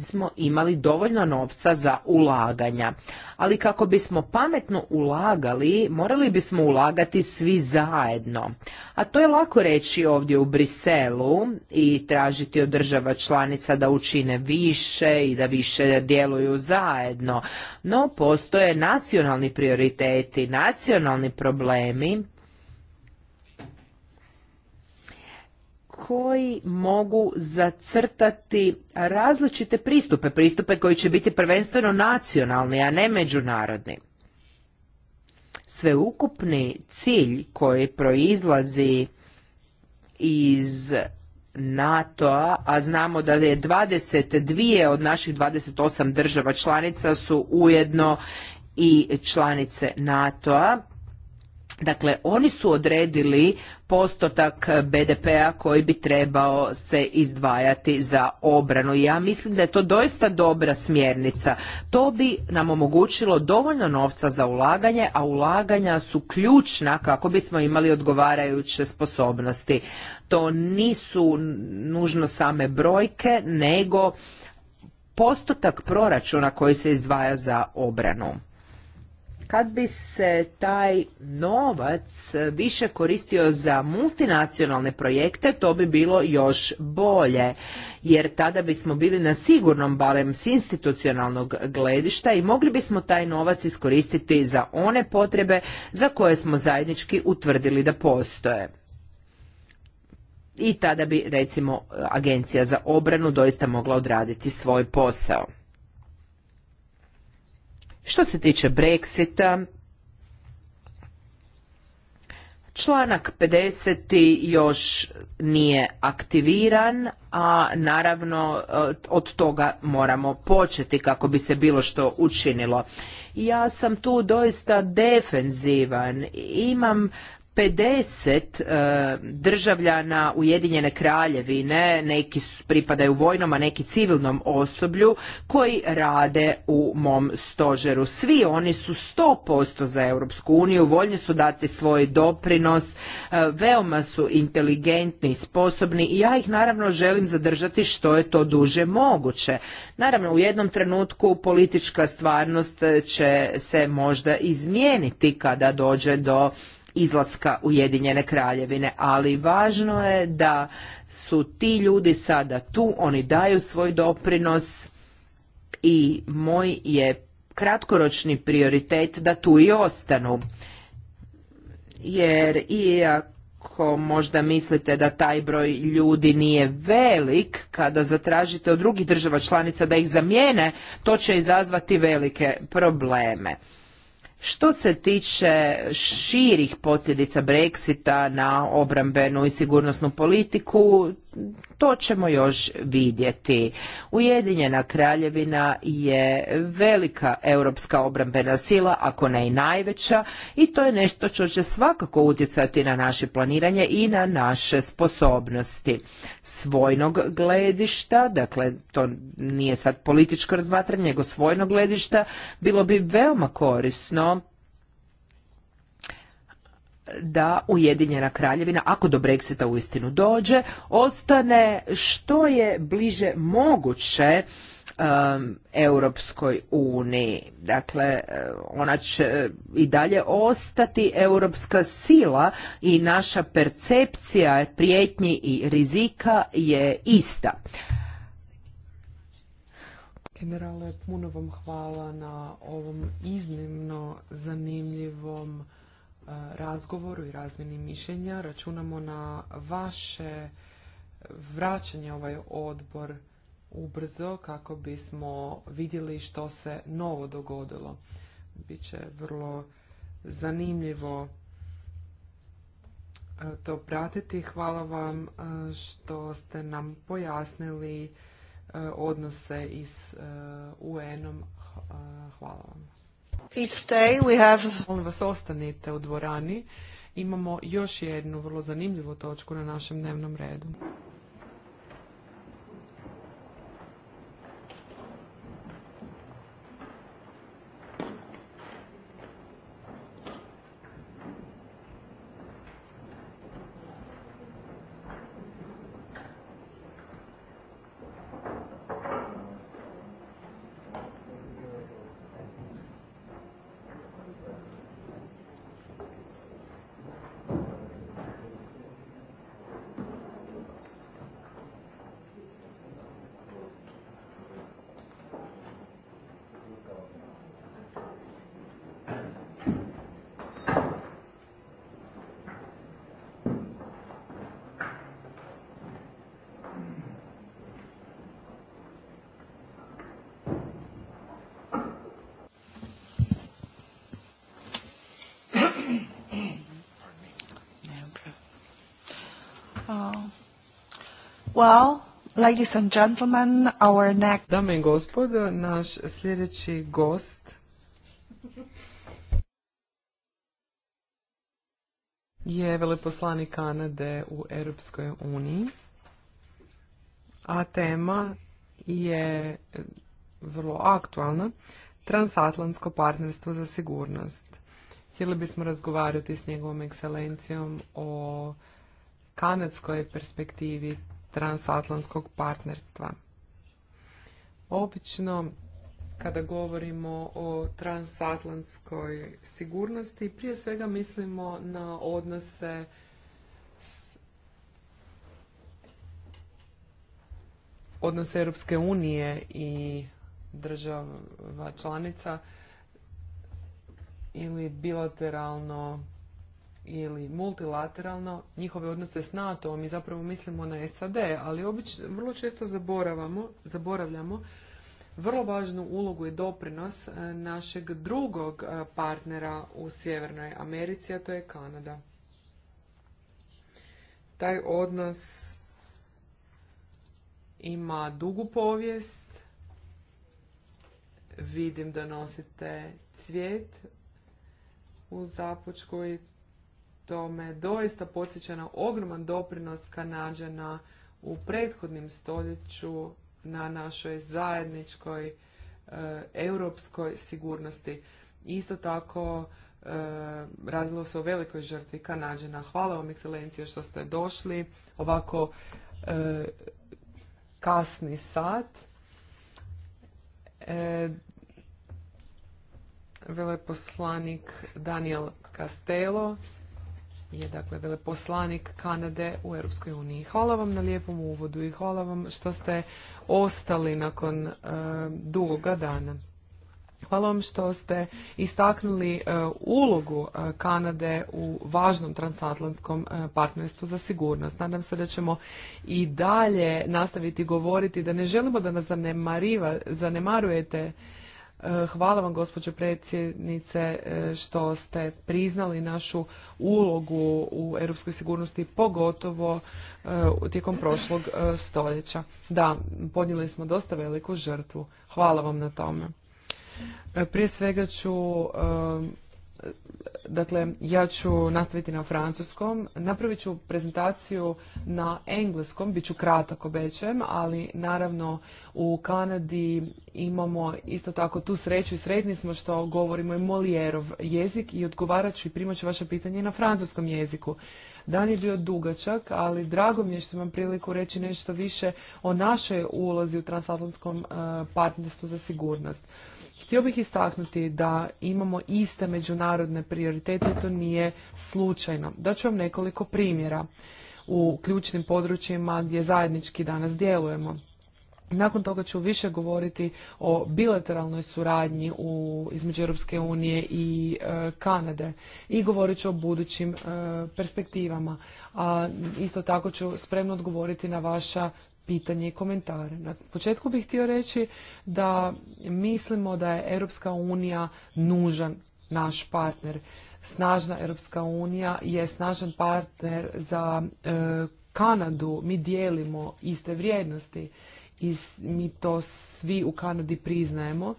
smo imali dovoljno novca za ulaganja. Ali kako bismo pametno ulagali, morali bismo ulagati svi zajedno. A to je lako reći ovdje u Briselu i tražiti od država članica da učine više i da više djeluju zajedno. No postoje nacionalni prioriteti, nacionalni problemi koji mogu zacrtati različite pristupe, pristupe koji će biti prvenstveno nacionalni, a ne međunarodni. Sveukupni cilj koji proizlazi iz NATO-a, a znamo da je 22 od naših 28 država članica su ujedno i članice NATO-a, Dakle, oni su odredili postotak BDP-a koji bi trebao se izdvajati za obranu. Ja mislim da je to doista dobra smjernica. To bi nam omogućilo dovoljno novca za ulaganje, a ulaganja su ključna kako bismo imali odgovarajuće sposobnosti. To nisu nužno same brojke, nego postotak proračuna koji se izdvaja za obranu kad bi se taj novac više koristio za multinacionalne projekte, to bi bilo još bolje, jer tada bismo bili na sigurnom barem s institucionalnog gledišta i mogli bismo taj novac iskoristiti za one potrebe za koje smo zajednički utvrdili da postoje i tada bi recimo agencija za obranu doista mogla odraditi svoj posao što se tiče Brexita, Članak 50. još nije aktiviran, a naravno eh, od toga moramo početi kako bi se bilo što učinilo. Ja sam tu doista defenzivan, imam 50 e, državljana Ujedinjene kraljevine, neki pripadaju vojnom, a neki civilnom osoblju, koji rade u mom stožeru. Svi oni su 100% za Europsku uniju, voljni su dati svoj doprinos, e, veoma su inteligentni i sposobni i ja ih naravno želim zadržati što je to duže moguće. Naravno, u jednom trenutku politička stvarnost e, će se možda izmijeniti kada dođe do izlaska Ujedinjene kraljevine, ali važno je da su ti ljudi sada tu, oni daju svoj doprinos i moj je kratkoročni prioritet da tu i ostanu. Jer iako možda mislite da taj broj ljudi nije velik, kada zatražite od drugih država članica da ih zamijene, to će izazvati velike probleme. Što se tiče širih posljedica Brexita na obrambenu i sigurnosnu politiku, to ćemo još vidjeti. Ujedinjena kraljevina je velika europska obrambena sila, ako ne i najveća, i to je nešto što će svakako utjecati na naše planiranje i na naše sposobnosti. Svojnog gledišta, dakle to nije sad političko razmatranje, nego svojnog gledišta, bilo bi veoma korisno da Ujedinjena kraljevina, ako do Brexita uistinu dođe, ostane što je bliže moguće um, Europskoj uniji. Dakle, um, ona će um, i dalje ostati europska sila i naša percepcija prijetnji i rizika je ista. Generale, puno vam hvala na ovom iznimno zanimljivom E, razgovoru i razmjeni mišljenja. Računamo na vaše vraćanje ovaj odbor ubrzo kako bismo vidjeli što se novo dogodilo. Biće vrlo zanimljivo e, to pratiti. Hvala vam e, što ste nam pojasnili odnose iz UN-om. Hvala vam. Stay, we have... Molim vas, ostanite u dvorani. Imamo još jednu vrlo zanimljivu točku na našem dnevnom redu. Oh. and Dame i gospodo, naš sljedeći gost je veleposlanik Kanade u Europskoj uniji, a tema je vrlo aktualna, transatlantsko partnerstvo za sigurnost. Htjeli bismo razgovarati s njegovom ekscelencijom o kanadskoj perspektivi transatlantskog partnerstva. Obično kada govorimo o transatlantskoj sigurnosti, prije svega mislimo na odnose odnose Europske unije i država članica ili bilateralno ili multilateralno njihove odnose s NATO-om i zapravo mislimo na SAD, ali obično, vrlo često zaboravamo, zaboravljamo vrlo važnu ulogu i doprinos e, našeg drugog e, partnera u Sjevernoj Americi, a to je Kanada. Taj odnos ima dugu povijest, vidim da nosite cvijet u započkoj tome me doista podsjeća na ogroman doprinos Kanađana u prethodnim stoljeću na našoj zajedničkoj eh, europskoj sigurnosti. Isto tako eh, radilo se o velikoj žrtvi Kanađana. Hvala vam, ekscelencije, što ste došli. Ovako e, kasni sat. Veleposlanik Daniel Castelo je dakle veleposlanik Kanade u Europskoj uniji. Hvala vam na lijepom uvodu i hvala vam što ste ostali nakon e, dugoga dana. Hvala vam što ste istaknuli e, ulogu e, Kanade u važnom transatlantskom e, partnerstvu za sigurnost. Nadam se da ćemo i dalje nastaviti govoriti da ne želimo da nas zanemarujete Eh, hvala vam, gospođo predsjednice, eh, što ste priznali našu ulogu u europskoj sigurnosti, pogotovo eh, tijekom prošlog stoljeća. Da, podnijeli smo dosta veliku žrtvu. Hvala vam na tome. Prije svega ću Dakle, ja ću nastaviti na francuskom. Napravit ću prezentaciju na engleskom, bit ću kratak obećajem, ali naravno u Kanadi imamo isto tako tu sreću i sretni smo što govorimo i Molijerov jezik i odgovarat ću i primat ću vaše pitanje na francuskom jeziku. Dan je bio dugačak, ali drago mi je što imam priliku reći nešto više o našoj ulozi u transatlantskom e, partnerstvu za sigurnost. Htio bih istaknuti da imamo iste međunarodne prioritete i to nije slučajno. Daću vam nekoliko primjera u ključnim područjima gdje zajednički danas djelujemo. Nakon toga ću više govoriti o bilateralnoj suradnji u, između Europske unije i e, Kanade i govorit ću o budućim e, perspektivama. A isto tako ću spremno odgovoriti na vaša pitanje i komentare. Na početku bih htio reći da mislimo da je Europska unija nužan naš partner. Snažna Europska unija je snažan partner za e, Kanadu. Mi dijelimo iste vrijednosti i mi to svi u Kanadi priznajemo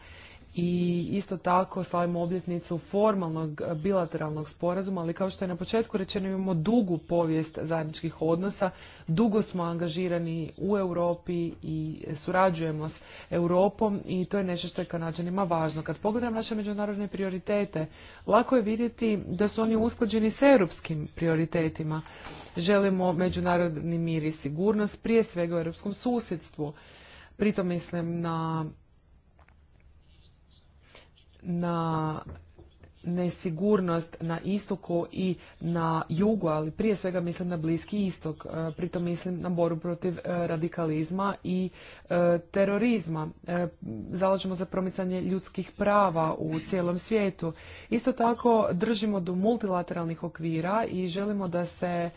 i isto tako slavimo obljetnicu formalnog e, bilateralnog sporazuma, ali kao što je na početku rečeno imamo dugu povijest zajedničkih odnosa, dugo smo angažirani u Europi i surađujemo s Europom i to je nešto što je kanađanima važno. Kad pogledam naše međunarodne prioritete, lako je vidjeti da su oni usklađeni s europskim prioritetima. Želimo međunarodni mir i sigurnost, prije svega u europskom susjedstvu. Pritom mislim na na nesigurnost na istoku i na jugu, ali prije svega mislim na Bliski istok, e, pritom mislim na boru protiv e, radikalizma i e, terorizma. Zalažemo za promicanje ljudskih prava u cijelom svijetu. Isto tako držimo do multilateralnih okvira i želimo da se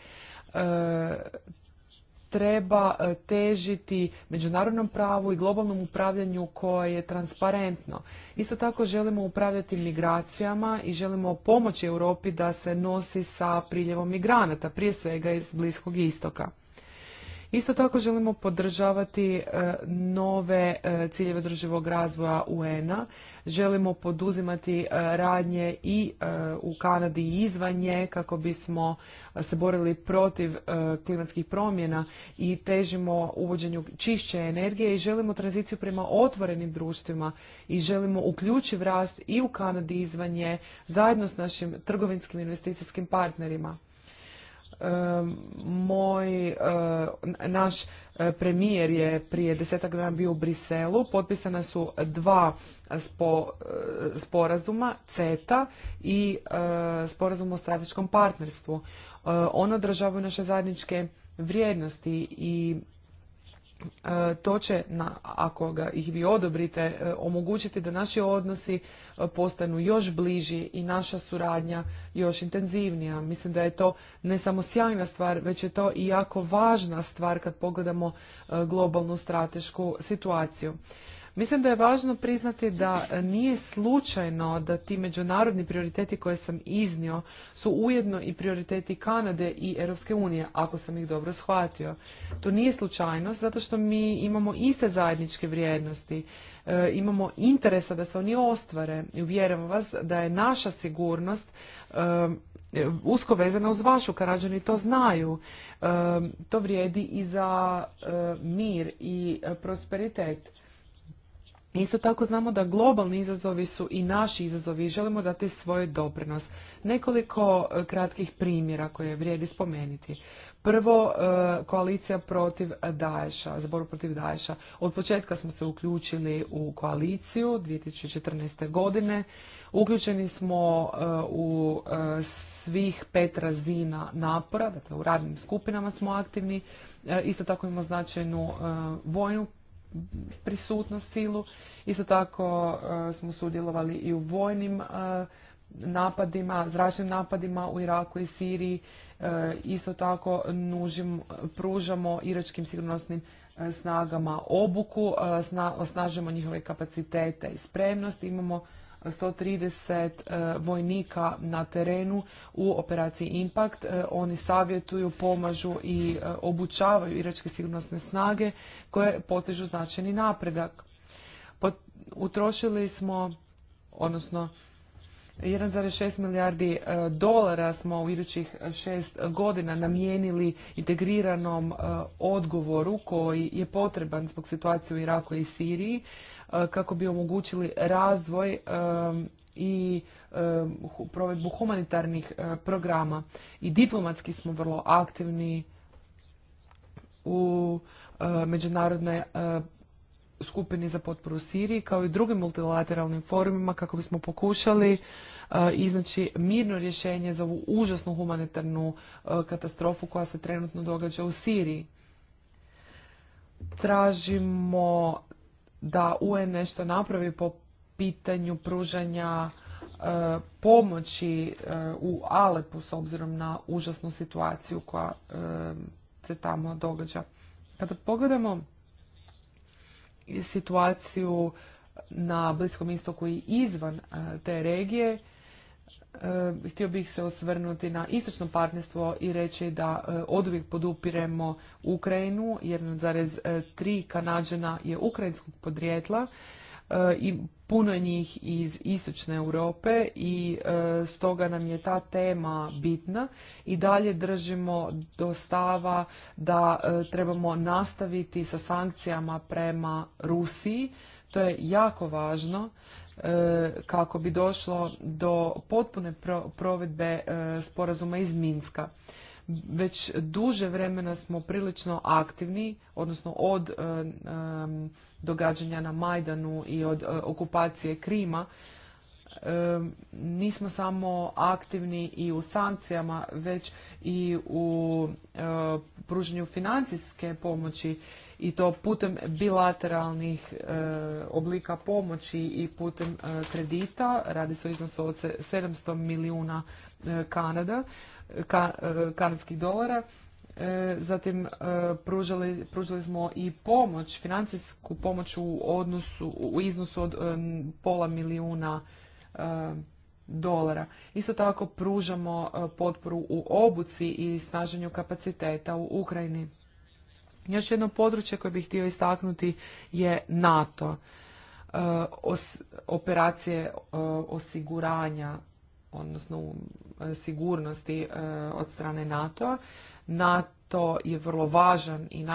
treba e, težiti međunarodnom pravu i globalnom upravljanju koje je transparentno. Isto tako želimo upravljati migracijama i želimo pomoći Europi da se nosi sa priljevom migranata, prije svega iz Bliskog istoka. Isto tako želimo podržavati e, nove e, ciljeve održivog razvoja UN-a. Želimo poduzimati e, radnje i u Kanadi i izvan nje kako bismo se borili protiv klimatskih promjena i težimo uvođenju čišće energije i želimo tranziciju prema otvorenim društvima i želimo uključiv rast i u Kanadi i izvan nje zajedno s našim trgovinskim investicijskim partnerima. E, moj, e, naš e, premijer je prije desetak dana bio u Briselu, potpisana su dva sporazuma, CETA i sporazum o strateškom partnerstvu. Ono održavaju naše zajedničke vrijednosti i E, to će, ako ga ih vi odobrite, e, omogućiti da naši odnosi e, postanu još bliži i naša suradnja još intenzivnija. Mislim da je to ne samo sjajna stvar, već je to i jako važna stvar kad pogledamo globalnu stratešku situaciju. Mislim da je važno priznati da nije slučajno da ti međunarodni prioriteti koje sam iznio su ujedno i prioriteti Kanade i Europske unije, ako sam ih dobro shvatio. To nije slučajnost zato što mi imamo iste zajedničke vrijednosti, e, imamo interesa da se oni ostvare i uvjerujem vas da je naša sigurnost e, e, usko vezana uz vašu, Karađani to znaju. to vrijedi i za mir i prosperitet Isto tako znamo da globalni izazovi su i naši izazovi i želimo dati svoj doprinos. Nekoliko e, kratkih primjera koje vrijedi spomenuti. Prvo, e, koalicija protiv Daesha, zbor protiv Daesha. Od početka smo se uključili u koaliciju 2014. godine. Uključeni smo e, u svih pet razina napora, dakle u radnim skupinama smo aktivni. Isto tako imamo značajnu vojnu prisutnost silu. Isto tako e, smo sudjelovali i u vojnim e, napadima, zračnim napadima u Iraku i Siriji. E, isto tako nužim, pružamo iračkim sigurnosnim snagama obuku, osnažujemo njihove kapacitete i spremnost. Imamo 130 e, vojnika na terenu u operaciji Impact. E, oni savjetuju, pomažu i e, obučavaju iračke sigurnosne snage koje postižu značajni napredak. Utrošili smo, odnosno 1,6 milijardi dolara smo u idućih šest godina namijenili integriranom odgovoru koji je potreban zbog situacije u Iraku i Siriji. E, kako bi omogućili razvoj e, i e, provedbu humanitarnih programa. I diplomatski smo vrlo aktivni u međunarodnoj skupini za potporu Siriji kao i drugim multilateralnim forumima kako bismo pokušali iznaći mirno rješenje za ovu užasnu humanitarnu katastrofu koja se trenutno događa u Siriji. Tražimo da UN nešto napravi po pitanju pružanja e, pomoći e, u Alepu s obzirom na užasnu situaciju koja e, se tamo događa. Kada pogledamo situaciju na Bliskom istoku i izvan te regije, E, htio bih se osvrnuti na istočno partnerstvo i reći da e, oduvijek podupiremo Ukrajinu. 1,3 e, kanađena je ukrajinskog podrijetla i puno je njih iz istočne Europe i stoga nam je ta tema bitna i dalje držimo do stava da trebamo nastaviti sa sankcijama prema Rusiji. To je jako važno E, kako bi došlo do potpune provedbe e, sporazuma iz Minska. Već duže vremena smo prilično aktivni, odnosno od e, događanja na Majdanu i od okupacije Krima, nismo samo aktivni i u sankcijama, već i u pružanju financijske pomoći i to putem bilateralnih e, oblika pomoći i putem e, kredita. Radi se o iznosu od 700 milijuna e, Kanada, kanadskih dolara. Zatim pružali pružili smo i pomoć, financijsku pomoć u, odnosu, u iznosu od pola milijuna dolara. Isto tako pružamo potporu u obuci i snaženju kapaciteta u Ukrajini. Još jedno područje koje bih htio istaknuti je NATO. E, operacije e, osiguranja, odnosno e, sigurnosti od strane nato NATO je vrlo važan i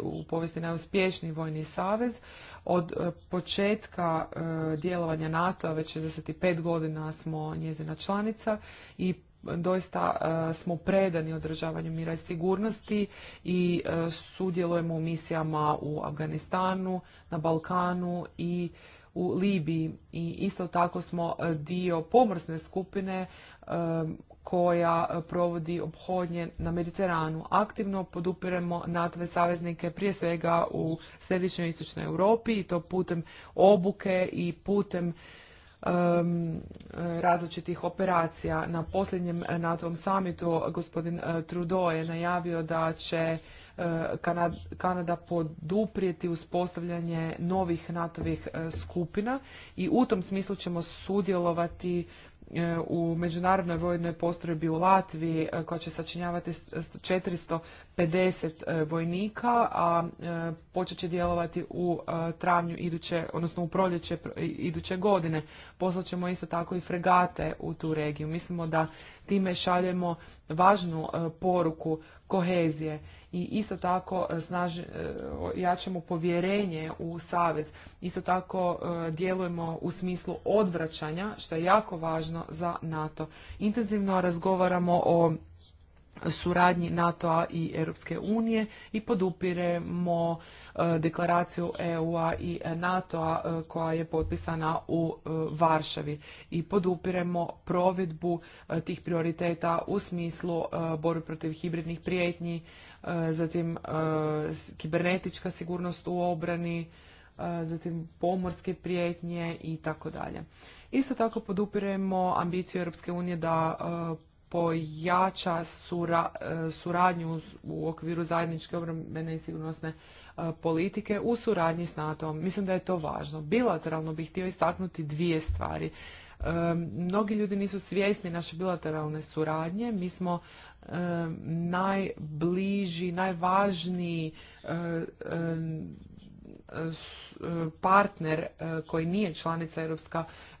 u povijesti najuspješniji vojni savez. Od početka djelovanja NATO-a, već 65 godina smo njezina članica i doista e, smo predani održavanju mira i sigurnosti i e, sudjelujemo u misijama u Afganistanu, na Balkanu i u Libiji i isto tako smo e, dio pomorsne skupine koja provodi obhodnje na Mediteranu. Aktivno podupiremo NATO saveznike prije svega u središnjoj istočnoj Europi i to putem obuke i putem različitih operacija. Na posljednjem eh, NATO-om samitu eh, gospodin eh, Trudeau je najavio da će Kanada poduprijeti uspostavljanje novih nato skupina i u tom smislu ćemo sudjelovati E, u međunarodnoj vojnoj postrojbi u Latviji e, koja će sačinjavati 450 e, vojnika, a počet će djelovati u travnju iduće, odnosno u proljeće iduće godine. Poslat ćemo isto tako i fregate u tu regiju. Mislimo da time šaljemo važnu poruku kohezije i isto tako e, e, jačemo povjerenje u savez. Isto tako e, djelujemo u smislu odvraćanja, što je jako važno za NATO. Intenzivno razgovaramo o suradnji NATO-a i Europske unije i podupiremo deklaraciju EU-a i NATO-a koja je potpisana u Varšavi i podupiremo provedbu tih prioriteta u smislu borbe protiv hibridnih prijetnji, E, zatim e, kibernetička sigurnost u obrani, e, zatim pomorske prijetnje i tako dalje. Isto tako podupiremo ambiciju Europske unije da pojača suradnju u okviru zajedničke obrambene i sigurnosne politike u suradnji s NATO-om. Mislim da je to važno. Bilateralno bih htio istaknuti dvije stvari. Mnogi ljudi nisu svjesni naše bilateralne suradnje. Mi smo najbliži, najvažniji partner koji nije članica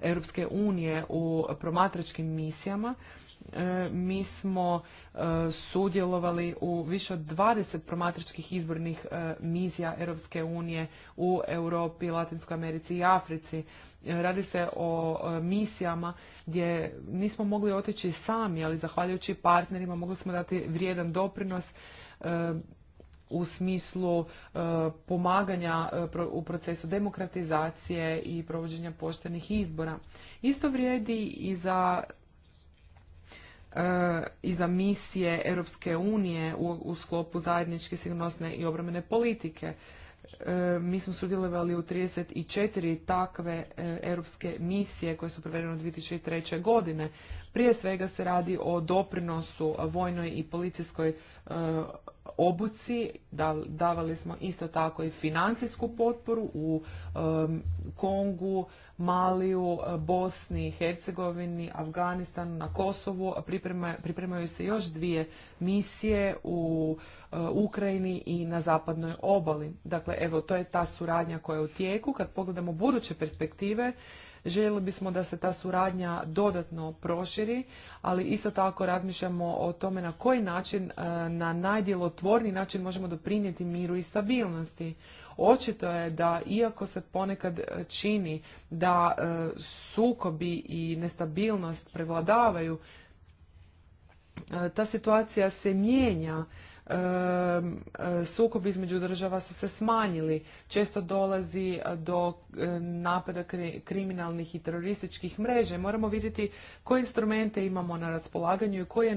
Europske unije u promatračkim misijama E, mi smo e, sudjelovali u više od 20 promatračkih izbornih e, misija Europske unije u Europi, Latinskoj Americi i Africi. Radi se o misijama gdje nismo mogli otići sami, ali zahvaljujući partnerima mogli smo dati vrijedan doprinos u smislu pomaganja u procesu demokratizacije i provođenja poštenih izbora. Isto vrijedi i za E, i za misije Europske unije u, sklopu zajedničke sigurnosne i obrambene politike. E, mi smo sudjelovali u 34 takve e, europske misije koje su provedene od 2003. godine. Prije svega se radi o doprinosu vojnoj i policijskoj e, obuci, davali smo isto tako i financijsku potporu u e, Kongu, Maliju, Bosni, Hercegovini, Afganistanu, na Kosovu, a pripremaju se još dvije misije u e, Ukrajini i na zapadnoj obali. Dakle, evo, to je ta suradnja koja je u tijeku. Kad pogledamo buduće perspektive, Željeli bismo da se ta suradnja dodatno proširi, ali isto tako razmišljamo o tome na koji način e, na najdjelotvorniji način možemo doprinijeti miru i stabilnosti. Očito je da iako se ponekad e, čini da e, sukobi i nestabilnost prevladavaju, ta situacija se mijenja sukobi između država su se smanjili. Često dolazi eh, do napada kriminalnih i terorističkih mreže. Moramo vidjeti koje instrumente imamo na raspolaganju i koji je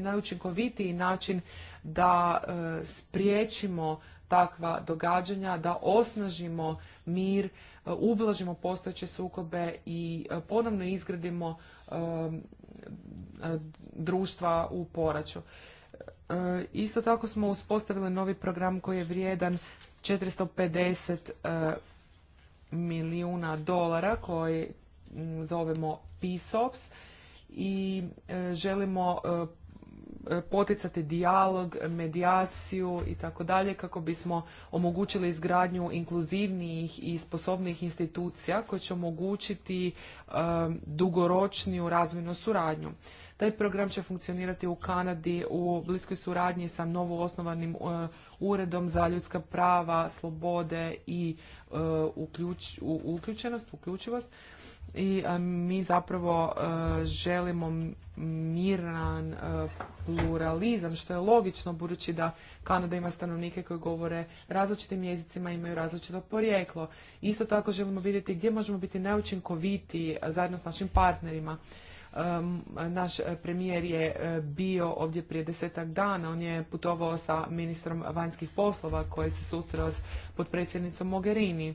naučinkovitiji način da eh, spriječimo takva događanja, da osnažimo mir, eh, ublažimo postojeće sukobe i ponovno izgradimo društva u poraću. E, isto tako smo uspostavili novi program koji je vrijedan 450 e, milijuna dolara koji zovemo PISOPS i e, želimo poticati dijalog, medijaciju i tako dalje kako bismo omogućili izgradnju inkluzivnijih i sposobnih institucija koje će omogućiti dugoročniju razvojnu suradnju. Taj program će funkcionirati u Kanadi u bliskoj suradnji sa novoosnovanim e, uredom za ljudska prava, slobode i e, uključenost, uključivost i e, mi zapravo želimo miran pluralizam, što je logično budući da Kanada ima stanovnike koji govore različitim jezicima, imaju različito porijeklo. Isto tako želimo vidjeti gdje možemo biti najučinkovitiji zajedno s našim partnerima. Naš premijer je e, bio ovdje prije desetak dana, on je putovao sa ministrom vanjskih poslova koji se susreo s potpredsjednicom Mogherini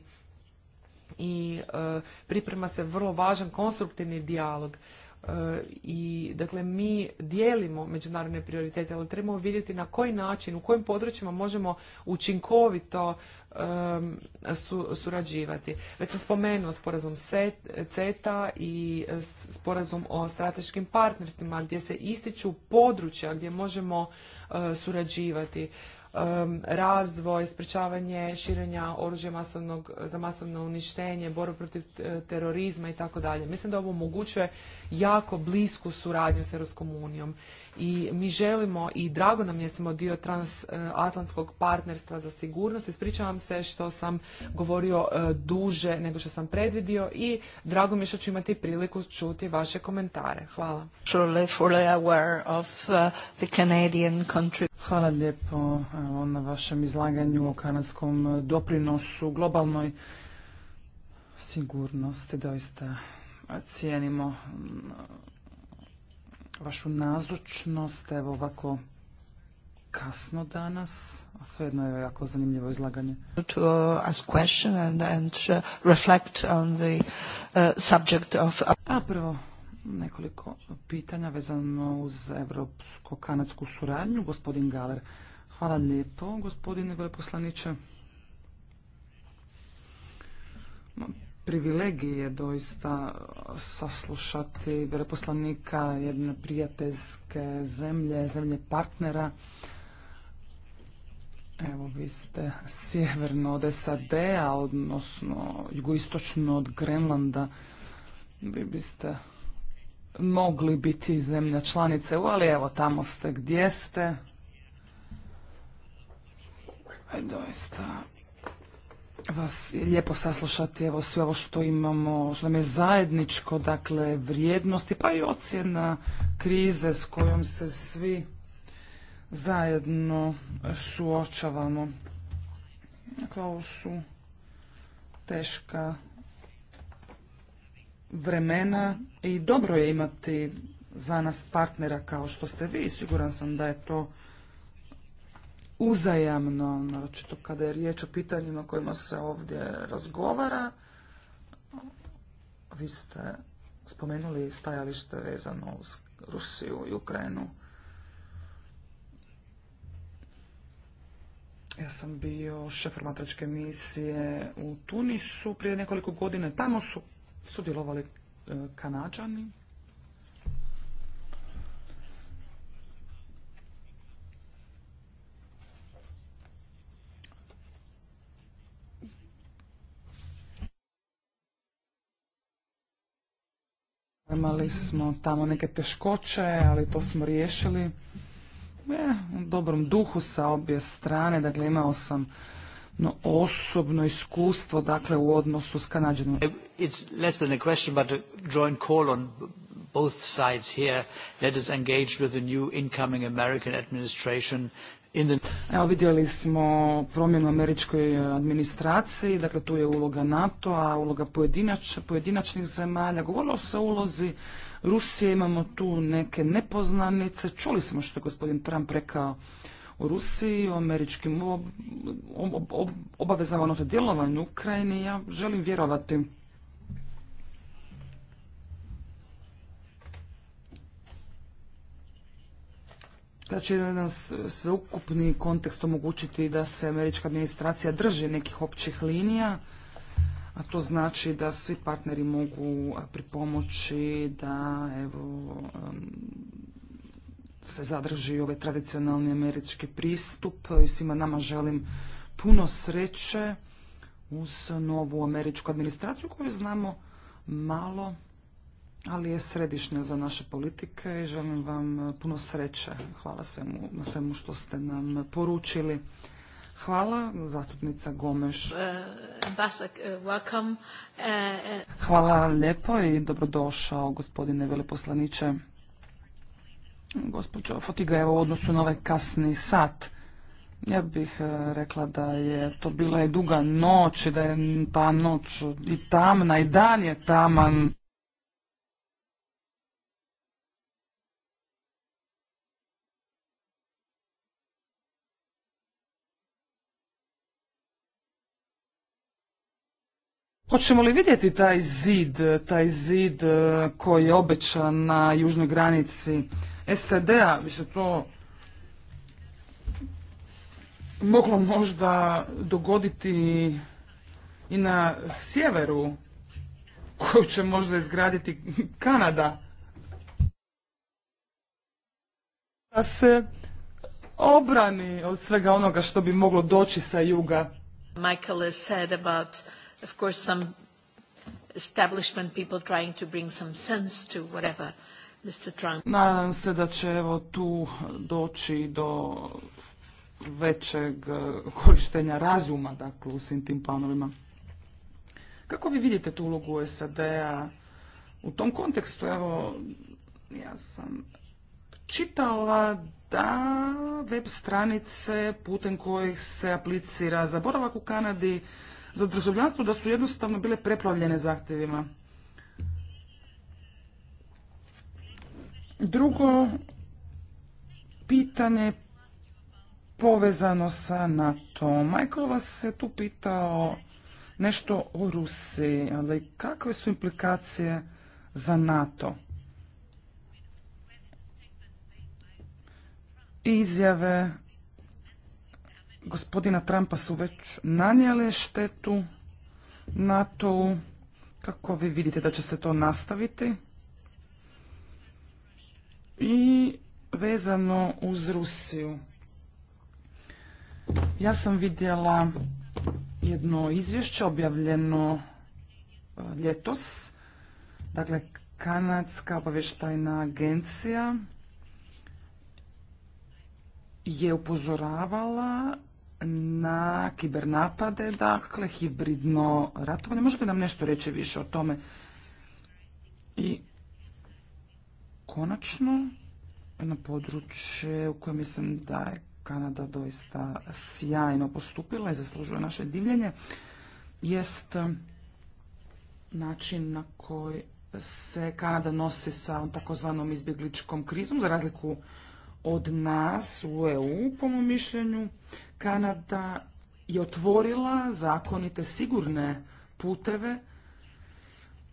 i e, priprema se vrlo važan konstruktivni dijalog e, i dakle mi dijelimo međunarodne prioritete, ali trebamo vidjeti na koji način, u kojim područjima možemo učinkovito Um, su, surađivati. Već sam spomenuo sporazum CETA i e, sporazum o strateškim partnerstvima gdje se ističu područja gdje možemo e, surađivati. Um, razvoj, sprečavanje širenja oružja masovnog, za masovno uništenje, borbu protiv e, terorizma i tako dalje. Mislim da ovo omogućuje jako blisku suradnju s Europskom unijom i mi želimo i drago nam je dio transatlantskog partnerstva za sigurnost. Ispričavam se što sam govorio e, duže nego što sam predvidio i drago mi je što ću imati priliku čuti vaše komentare. Hvala. Uh, Hvala lijepo na vašem izlaganju o kanadskom doprinosu globalnoj sigurnosti. Doista cijenimo mm, vašu nazočnost, evo ovako kasno danas, a svejedno je jako zanimljivo izlaganje. To ask question and, uh, reflect on the uh, subject of... Uh, a prvo, nekoliko pitanja vezano uz evropsko-kanadsku suradnju. Gospodin Galer, hvala lijepo, gospodine veleposlaniče. Privilegije je doista saslušati veleposlanika jedne prijateljske zemlje, zemlje partnera. Evo, vi ste sjeverno od SAD-a, odnosno jugoistočno od Grenlanda. Vi biste mogli biti zemlja članice, ali evo, tamo ste gdje ste. E, doista, vas je lijepo saslušati evo sve ovo što imamo, što nam je zajedničko, dakle vrijednosti, pa i ocjena krize s kojom se svi zajedno suočavamo. Dakle, ovo su teška vremena i dobro je imati za nas partnera kao što ste vi. Siguran sam da je to uzajamno, naročito kada je riječ o pitanjima kojima se ovdje razgovara. Vi ste spomenuli stajalište vezano uz Rusiju i Ukrajinu. Ja sam bio šef promatračke misije u Tunisu prije nekoliko godine. Tamo su sudjelovali e, Kanađani. Imali smo tamo neke teškoće, ali to smo riješili. je, u dobrom duhu sa obje strane, dakle imao sam no, osobno iskustvo dakle u odnosu s Kanadžanom. It's less than a question but a joint call on both sides here. Let us engage with the new incoming American administration Evo vidjeli smo promjenu američkoj administraciji, dakle tu je uloga NATO, a uloga pojedinačnih zemalja. Govorilo se o ulozi Rusije, imamo tu neke nepoznanice. Čuli smo što je gospodin Trump rekao o Rusiji, o američkim ob, djelovanju u Ukrajini. Ja želim vjerovati da znači, će jedan sveukupni kontekst omogućiti da se američka administracija drži nekih općih linija, a to znači da svi partneri mogu pripomoći da evo, se zadrži ovaj tradicionalni američki pristup i svima nama želim puno sreće uz novu američku administraciju koju znamo malo ali je središnja za naše politike i želim vam e, puno sreće. Hvala svemu, na svemu što ste nam poručili. Hvala, zastupnica Gomeš. Uh, uh, uh, Hvala lijepo i dobrodošao, gospodine veleposlaniče. Gospođo Fotiga, evo u odnosu na ovaj kasni sat, ja bih e, rekla da je to bila i duga noć i da je ta noć i tamna i dan je taman. Hoćemo li vidjeti taj zid, taj zid e, koji je obećan na južnoj granici SAD-a? Bi se to moglo možda dogoditi i na sjeveru koju će možda izgraditi Kanada. Da se obrani od svega onoga što bi moglo doći sa juga. Michael said about of course, some establishment people trying to bring some sense to whatever Mr. Trump. Nadam se da će evo tu doći do većeg e, korištenja razuma, dakle, u svim tim planovima. Kako vi vidite tu ulogu SAD-a u tom kontekstu? Evo, ja sam čitala da web stranice putem kojih se aplicira za boravak u Kanadi za državljanstvo da su jednostavno bile preplavljene zahtjevima. Drugo pitanje povezano sa NATO. Michael vas se tu pitao nešto o Rusiji, ali kakve su implikacije za NATO? Izjave gospodina Trumpa su već nanijele štetu NATO-u. Kako vi vidite da će se to nastaviti? I vezano uz Rusiju. Ja sam vidjela jedno izvješće objavljeno e, ljetos. Dakle, Kanadska obavještajna agencija je upozoravala na kibernapade, dakle, hibridno ratovanje. Možete nam nešto reći više o tome? I konačno, na područje u kojem mislim da je Kanada doista sjajno postupila i zaslužuje naše divljenje, jest um, način na koji se Kanada nosi sa takozvanom izbjegličkom krizom, za razliku od nas u EU, po mom mišljenju. Kanada je otvorila zakonite sigurne puteve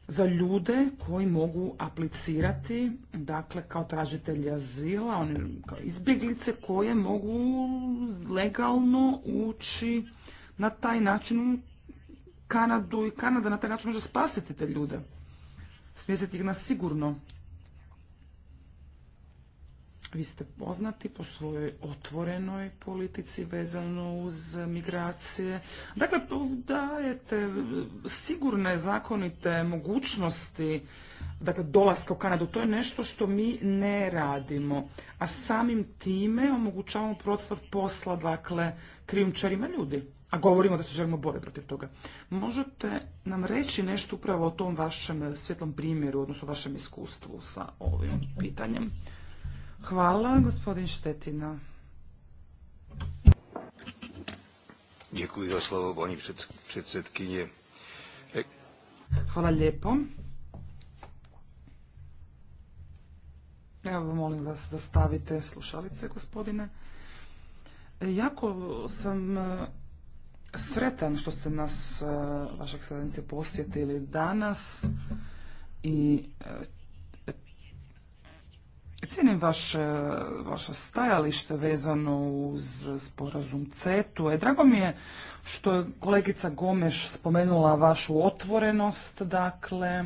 za ljude koji mogu aplicirati, dakle kao tražitelji azila, oni kao izbjeglice koje mogu legalno ući na taj način u Kanadu i Kanada na taj način može spasiti te ljude, smjestiti ih na sigurno vi ste poznati po svojoj otvorenoj politici vezano uz migracije. Dakle, dajete sigurne zakonite mogućnosti dakle, dolaska u Kanadu. To je nešto što mi ne radimo. A samim time omogućavamo prostor posla, dakle, krijumčarima ljudi. A govorimo da se želimo boriti protiv toga. Možete nam reći nešto upravo o tom vašem svjetlom primjeru, odnosno vašem iskustvu sa ovim pitanjem? Hvala, gospodin Štetina. Děkuji za slovo, paní předsedkyně. E- Hvala lijepo. Evo, molim vas da stavite slušalice, gospodine. Jako sam e, sretan što ste nas, e, vaša ekscelencija, posjetili danas i Cijenim e, vaše, stajalište vezano uz sporazum CETU. E, drago mi je što je kolegica Gomeš spomenula vašu otvorenost, dakle,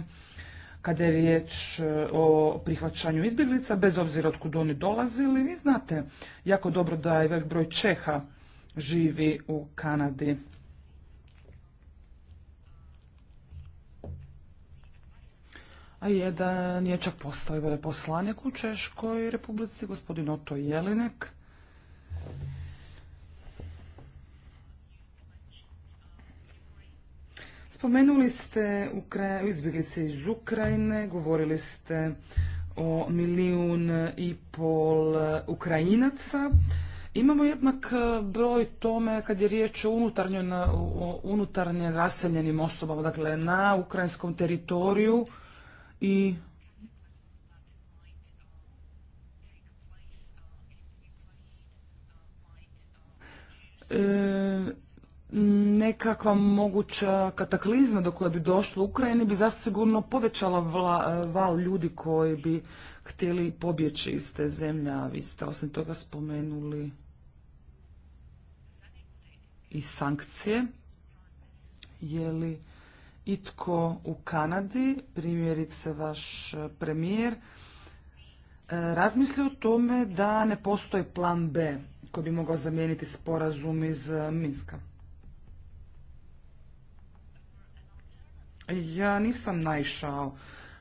kada je riječ e, o prihvaćanju izbjeglica, bez obzira od kud oni dolazili. Vi znate jako dobro da je velik broj Čeha živi u Kanadi. a jedan je čak postao i veleposlanik u Češkoj republici, gospodin Oto Jelinek. Spomenuli ste izbjeglice iz Ukrajine, govorili ste o milijun i pol Ukrajinaca. Imamo jednak broj tome kad je riječ o unutarnje, o unutarnje raseljenim osobama, dakle na ukrajinskom teritoriju i e, nekakva moguća kataklizma do koje bi došlo u Ukrajini bi zasigurno povećala val ljudi koji bi htjeli pobjeći iz te zemlje, a vi ste osim toga spomenuli i sankcije. Je li itko u Kanadi, primjerice vaš eh, premijer, eh, razmisli o tome da ne postoji plan B koji bi mogao zamijeniti sporazum iz eh, Minska. Ja nisam naišao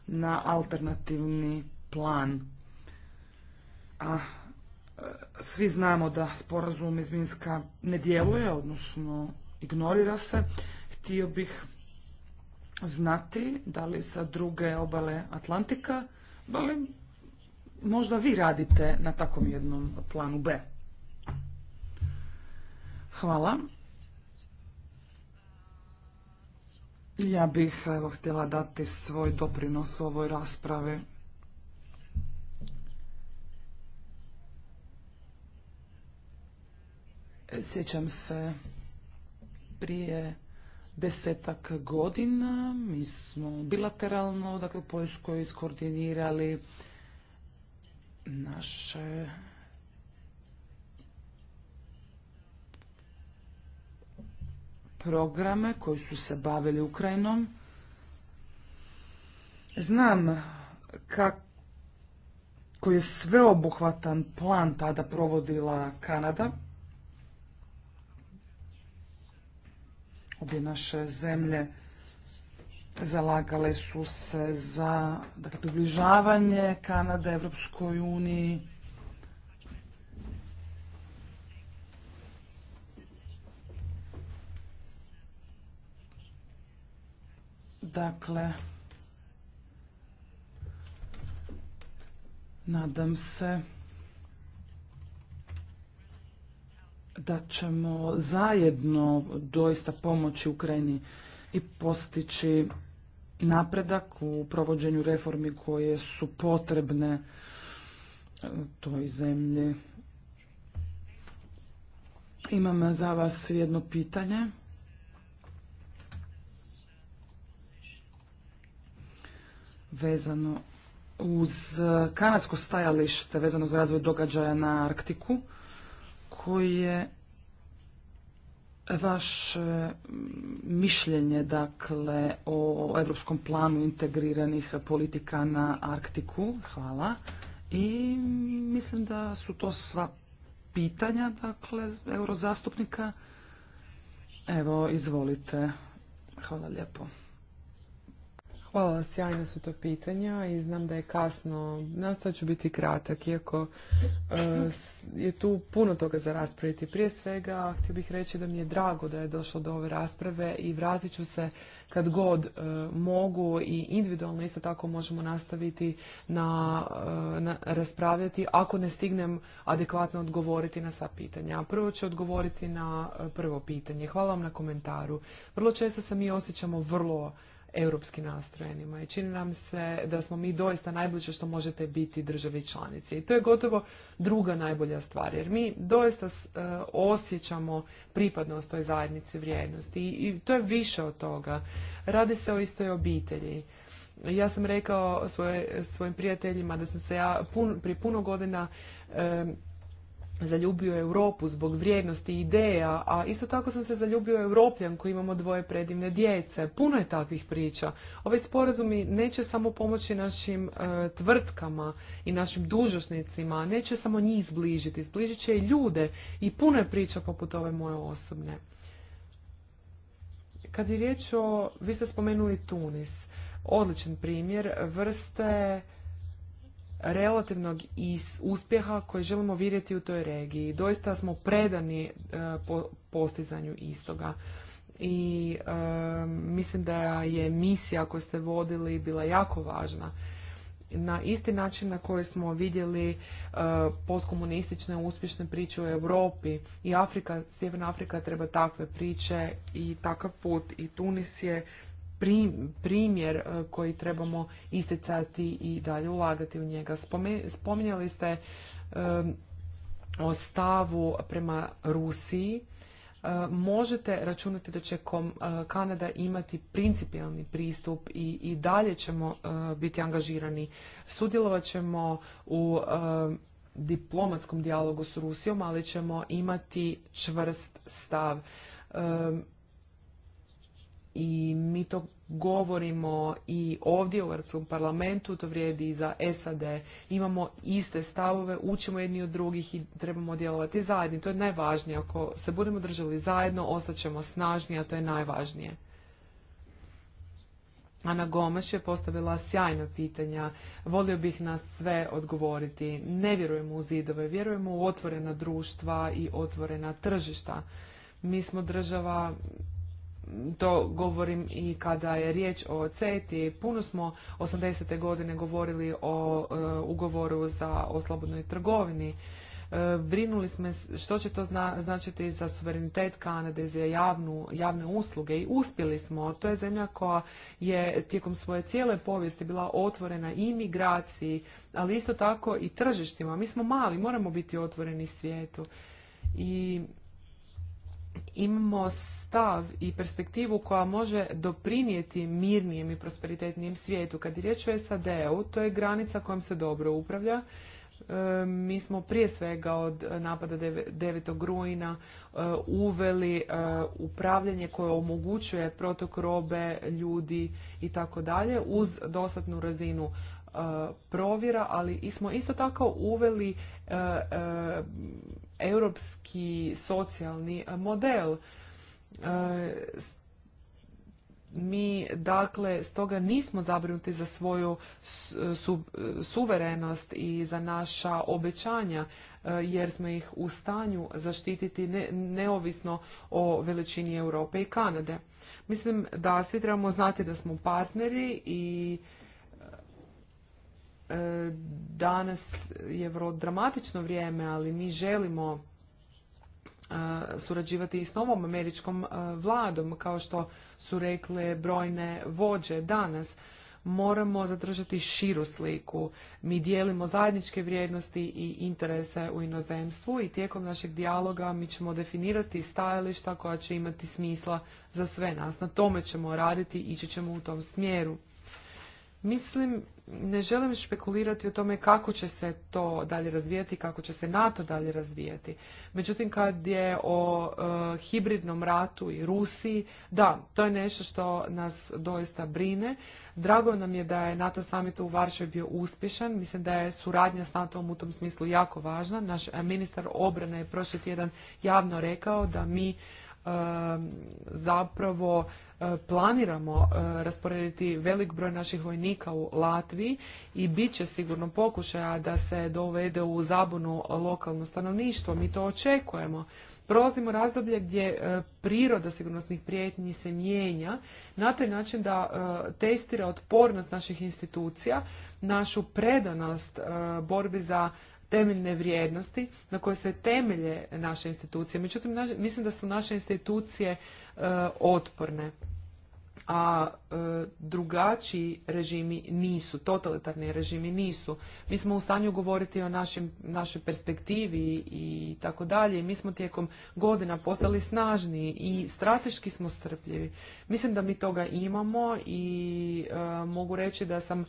na alternativni plan. A svi znamo da sporazum iz Minska ne djeluje, odnosno ignorira se. Htio bih znati da li sa druge obale Atlantika, da li možda vi radite na takvom jednom planu B. Hvala. Ja bih evo, htjela dati svoj doprinos ovoj raspravi. Sjećam se prije desetak godina. Mi smo bilateralno, dakle u Poljskoj, iskoordinirali naše programe koji su se bavili Ukrajinom. Znam kako je sveobuhvatan plan tada provodila Kanada. obje naše zemlje zalagale su se za dakle, približavanje Kanade Evropskoj uniji. Dakle, nadam se da ćemo zajedno doista pomoći Ukrajini i postići napredak u provođenju reformi koje su potrebne e, toj zemlji. Imam za vas jedno pitanje. Vezano uz kanadsko stajalište, vezano uz razvoj događaja na Arktiku koji je vaše mišljenje dakle o europskom planu integriranih politika na Arktiku. Hvala. I mislim da su to sva pitanja dakle eurozastupnika. Evo, izvolite. Hvala lijepo. Hvala, sjajna su to pitanja i znam da je kasno. Nastojat ću biti kratak, iako e, je tu puno toga za raspraviti. Prije svega, htio bih reći da mi je drago da je došlo do ove rasprave i vratit ću se kad god e, mogu i individualno isto tako možemo nastaviti na, e, na raspravljati ako ne stignem adekvatno odgovoriti na sva pitanja. Prvo ću odgovoriti na prvo pitanje. Hvala vam na komentaru. Vrlo često se mi osjećamo vrlo europski nastrojenima i čini nam se da smo mi doista najbliže što možete biti državi članici. I to je gotovo druga najbolja stvar jer mi doista e, osjećamo pripadnost toj zajednici vrijednosti i to je više od toga. Radi se o istoj obitelji. Ja sam rekao svojim prijateljima da sam se ja prije puno godina zaljubio Europu zbog vrijednosti i ideja, a isto tako sam se zaljubio Europljan koji imamo dvoje predivne djece. Puno je takvih priča. Ovaj sporazumi neće samo pomoći našim e, tvrtkama i našim dužnosnicima, neće samo njih zbližiti, zbližit će i ljude i puno je priča poput ove moje osobne. Kad je riječ o, vi ste spomenuli Tunis, odličan primjer vrste relativnog uspjeha koji želimo vidjeti u toj regiji. Doista smo predani e, postizanju istoga. I e, mislim da je misija koju ste vodili bila jako važna. Na isti način na koji smo vidjeli e, postkomunistične uspješne priče u Europi i Afrika, Sjeverna Afrika treba takve priče i takav put i Tunis je primjer e, koji trebamo isticati i dalje ulagati u njega. Spominjali ste e, o stavu prema Rusiji. E, možete računati da će Kanada imati principijalni pristup i, i dalje ćemo biti angažirani. Sudjelovat ćemo u diplomatskom dijalogu s Rusijom, ali ćemo imati čvrst stav i mi to govorimo i ovdje u Europskom parlamentu, to vrijedi i za SAD. Imamo iste stavove, učimo jedni od drugih i trebamo djelovati zajedno. To je najvažnije. Ako se budemo držali zajedno, ostaćemo snažni, a to je najvažnije. Ana Gomaš je postavila sjajna pitanja. Volio bih na sve odgovoriti. Ne vjerujemo u zidove, vjerujemo u otvorena društva i otvorena tržišta. Mi smo država to govorim i kada je riječ o CETI, puno smo 80. godine govorili o e, ugovoru za, o slobodnoj trgovini. E, brinuli smo što će to značiti za suverenitet Kanade, za javnu, javne usluge i uspjeli smo. To je zemlja koja je tijekom svoje cijele povijesti bila otvorena i migraciji, ali isto tako i tržištima. Mi smo mali, moramo biti otvoreni svijetu. I imamo stav i perspektivu koja može doprinijeti mirnijem i prosperitetnijem svijetu. Kad je riječ o SAD-u, to je granica kojom se dobro upravlja. E, mi smo prije svega od napada 9. rujna e, uveli e, upravljanje koje omogućuje protok robe, ljudi i tako dalje uz dostatnu razinu provjera, ali smo isto tako uveli europski socijalni model. E, mi, dakle, stoga nismo zabrinuti za svoju suverenost i za naša obećanja, e, jer smo ih u stanju zaštititi ne, neovisno o veličini Europe i Kanade. Mislim da svi trebamo znati da smo partneri i E, danas je vrlo dramatično vrijeme, ali mi želimo e, surađivati i s novom američkom e, vladom, kao što su rekle brojne vođe danas. Moramo zadržati širu sliku. Mi dijelimo zajedničke vrijednosti i interese u inozemstvu i tijekom našeg dijaloga mi ćemo definirati stajališta koja će imati smisla za sve nas. Na tome ćemo raditi ići ćemo u tom smjeru. Mislim ne želim špekulirati o tome kako će se to dalje razvijati, kako će se NATO dalje razvijati. Međutim, kad je o e, hibridnom ratu i Rusiji, da, to je nešto što nas doista brine. Drago nam je da je NATO summit u Varšavi bio uspješan. Mislim da je suradnja s NATO-om u tom smislu jako važna. Naš e, ministar obrane je prošli tjedan javno rekao da mi zapravo e, planiramo e, rasporediti velik broj naših vojnika u Latviji i bit će sigurno pokušaja da se dovede u zabunu lokalno stanovništvo. Mi to očekujemo. Prolazimo razdoblje gdje e, priroda sigurnosnih prijetnji se mijenja na taj način da testira otpornost naših institucija, našu predanost borbi za temeljne vrijednosti na koje se temelje naše institucije. Međutim, mislim da su naše institucije e, otporne, a e, drugačiji režimi nisu, totalitarni režimi nisu. Mi smo u stanju govoriti o našoj perspektivi i tako dalje. Mi smo tijekom godina postali snažniji i strateški smo strpljivi. Mislim da mi toga imamo i e, mogu reći da sam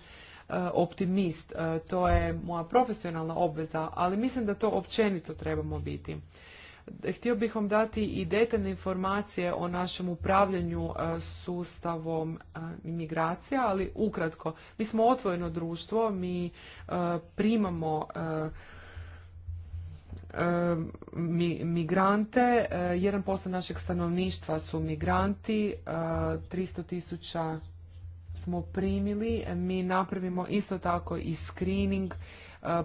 E, optimist. E, to je moja profesionalna obveza, ali mislim da to općenito trebamo biti. Htio bih vam dati i detaljne informacije o našem upravljanju e, sustavom migracija, ali ukratko. Mi smo otvoreno društvo, mi primamo migrante, 1% našeg stanovništva su migranti, 300 tisuća smo primili, mi napravimo isto tako i screening e, e,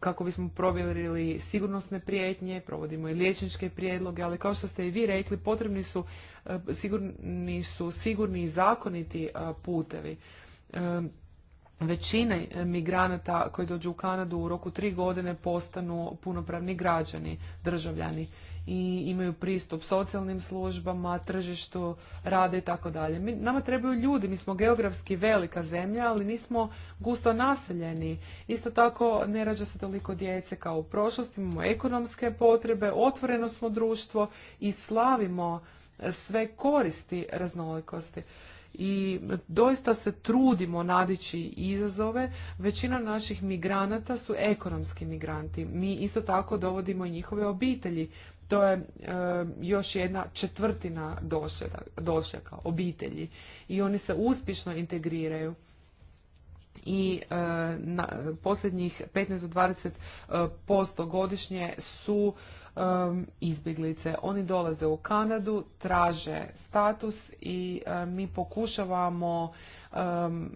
kako bismo provjerili sigurnosne prijetnje, provodimo i liječničke prijedloge, ali kao što ste i vi rekli, potrebni su e, sigurni, su sigurni i zakoniti putevi. Većina migranata koji dođu u Kanadu u roku tri godine postanu punopravni građani, državljani i imaju pristup socijalnim službama, tržištu, rade i tako dalje. Nama trebaju ljudi, mi smo geografski velika zemlja, ali nismo gusto naseljeni. Isto tako ne rađa se toliko djece kao u prošlosti, imamo ekonomske potrebe, otvoreno smo društvo i slavimo sve koristi raznolikosti i doista se trudimo nadići izazove. Većina naših migranata su ekonomski migranti. Mi isto tako dovodimo i njihove obitelji to je e, još jedna četvrtina došljaka obitelji i oni se uspješno integriraju i e, na, posljednjih 15 do 20 e, posto godišnje su izbjeglice. Oni dolaze u Kanadu, traže status i mi pokušavamo Um,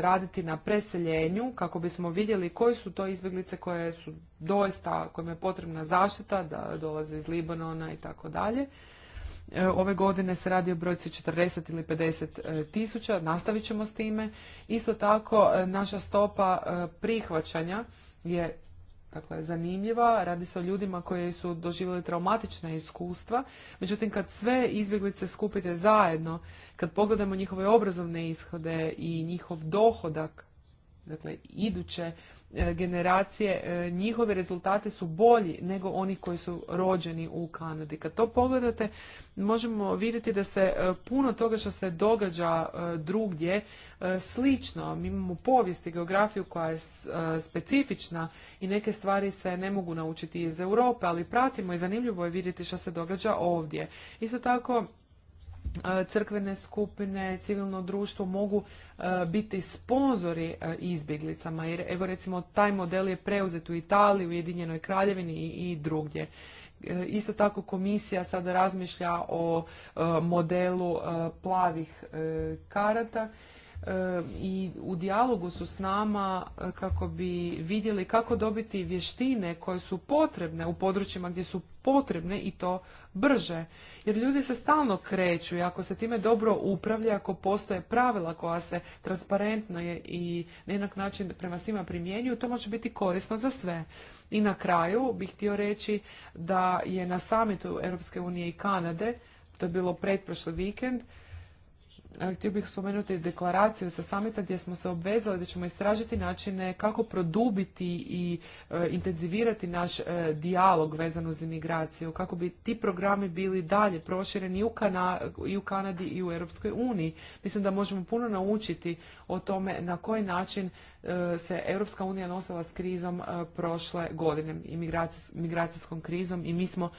raditi na preseljenju kako bismo vidjeli koji su to izbjeglice koje su doista, kojima je potrebna zaštita, da dolaze iz Libanona i tako dalje. E, ove godine se radi o brojci 40 ili 50 e, tisuća, nastavit ćemo s time. Isto tako, e, naša stopa prihvaćanja je dakle zanimljiva, radi se o ljudima koji su doživjeli traumatična iskustva, međutim kad sve izbjeglice skupite zajedno, kad pogledamo njihove obrazovne ishode i njihov dohodak, dakle iduće e, generacije, e, njihove rezultati su bolji nego oni koji su rođeni u Kanadi. Kad to pogledate, možemo vidjeti da se e, puno toga što se događa drugdje slično. Mi imamo povijest i geografiju koja je specifična i neke stvari se ne mogu naučiti iz Europe, ali pratimo i zanimljivo je vidjeti što se događa ovdje. Isto tako, E, crkvene skupine, civilno društvo mogu e, biti sponzori e, izbjeglicama. Jer evo recimo taj model je preuzet u Italiji, u Jedinjenoj kraljevini i, i drugdje. Isto tako komisija sada razmišlja o modelu plavih karata i u dijalogu su s nama e, kako bi vidjeli kako dobiti vještine koje su potrebne u područjima gdje su potrebne i to brže. Jer ljudi se stalno kreću i ako se time dobro upravlja, ako postoje pravila koja se transparentno je i na jednak način prema svima primjenjuju, to može biti korisno za sve. I na kraju bih htio reći da je na samitu Europske unije i Kanade, to je bilo pretprošli vikend, htio bih spomenuti deklaraciju sa samita gdje smo se obvezali da ćemo istražiti načine kako produbiti i e, intenzivirati naš e, dijalog vezan uz imigraciju, kako bi ti programi bili dalje prošireni i u, Kanadi i u Europskoj uniji. Mislim da možemo puno naučiti o tome na koji način e, se Europska unija nosila s krizom prošle godine, imigracijskom krizom i mi smo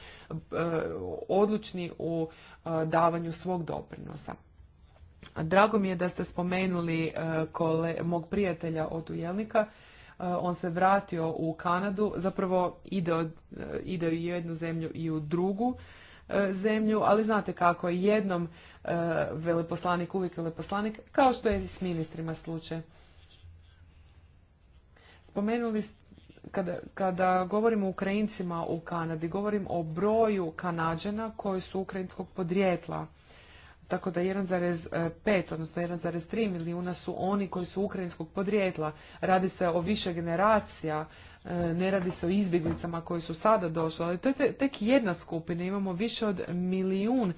odlučni u davanju svog doprinosa. Drago mi je da ste spomenuli e, kole, mog prijatelja od Ujelnika. E, on se vratio u Kanadu, zapravo ide, od, e, u jednu zemlju i u drugu zemlju, ali znate kako je jednom veleposlanik uvijek veleposlanik, kao što je i s ministrima slučaj. Spomenuli kada, kada govorimo o Ukrajincima u Kanadi, govorim o broju Kanađana koji su ukrajinskog podrijetla tako da 1,5, e, odnosno 1,3 milijuna su oni koji su ukrajinskog podrijetla. Radi se o više generacija, e, ne radi se o izbjeglicama koji su sada došli, ali to je tek jedna skupina, imamo više od milijun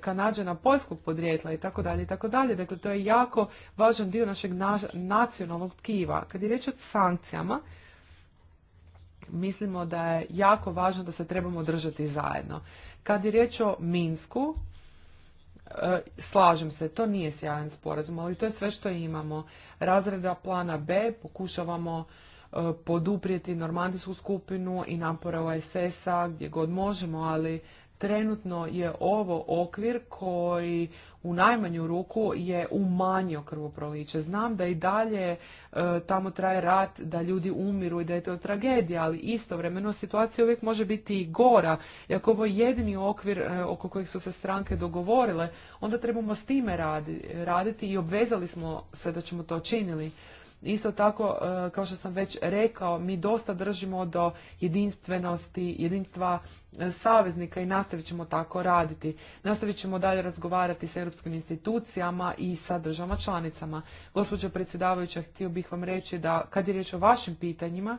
kanadžana poljskog podrijetla i tako dalje i tako dalje. Dakle, to je jako važan dio našeg nacionalnog tkiva. Kad je reč o sankcijama, mislimo da je jako važno da se trebamo držati zajedno. Kad je riječ o Minsku, E, slažem se, to nije sjajan sporazum, ali to je sve što imamo. Razreda plana B pokušavamo e, poduprijeti normandijsku skupinu i napora OSS-a gdje god možemo, ali trenutno je ovo okvir koji u najmanju ruku je umanjio krvoproliće. Znam da i dalje e, tamo traje rat, da ljudi umiru i da je to tragedija, ali istovremeno situacija uvijek može biti i gora. I ako ovo je jedini okvir e, oko kojeg su se stranke dogovorile, onda trebamo s time raditi i obvezali smo se da ćemo to činili. Isto tako, e, kao što sam već rekao, mi dosta držimo do jedinstvenosti, jedinstva e, saveznika i nastavit ćemo tako raditi. Nastavit ćemo dalje razgovarati sa europskim institucijama i sa državama članicama. Gospođo predsjedavajuća, htio bih vam reći da kad je riječ o vašim pitanjima,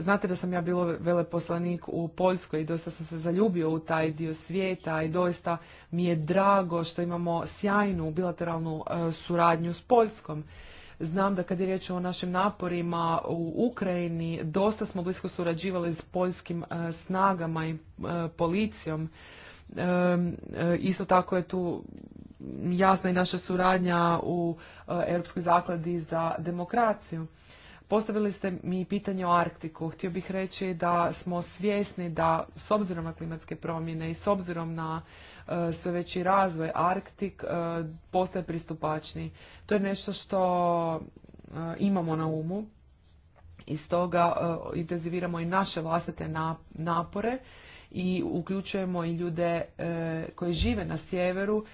Znate da sam ja bilo veleposlanik u Poljskoj i dosta sam se zaljubio u taj dio svijeta i doista mi je drago što imamo sjajnu bilateralnu e, suradnju s Poljskom. Znam da kad je riječ o našim naporima u Ukrajini, dosta smo blisko surađivali s poljskim e, snagama i e, policijom. Isto tako je tu jasna i naša suradnja u Europskoj zakladi za demokraciju. Postavili ste mi pitanje o Arktiku. Htio bih reći da smo svjesni da s obzirom na klimatske promjene i s obzirom na e, sve veći razvoj Arktik e, postaje pristupačniji. To je nešto što e, imamo na umu i stoga intenziviramo i naše vlastite napore i uključujemo i ljude koji žive na sjeveru,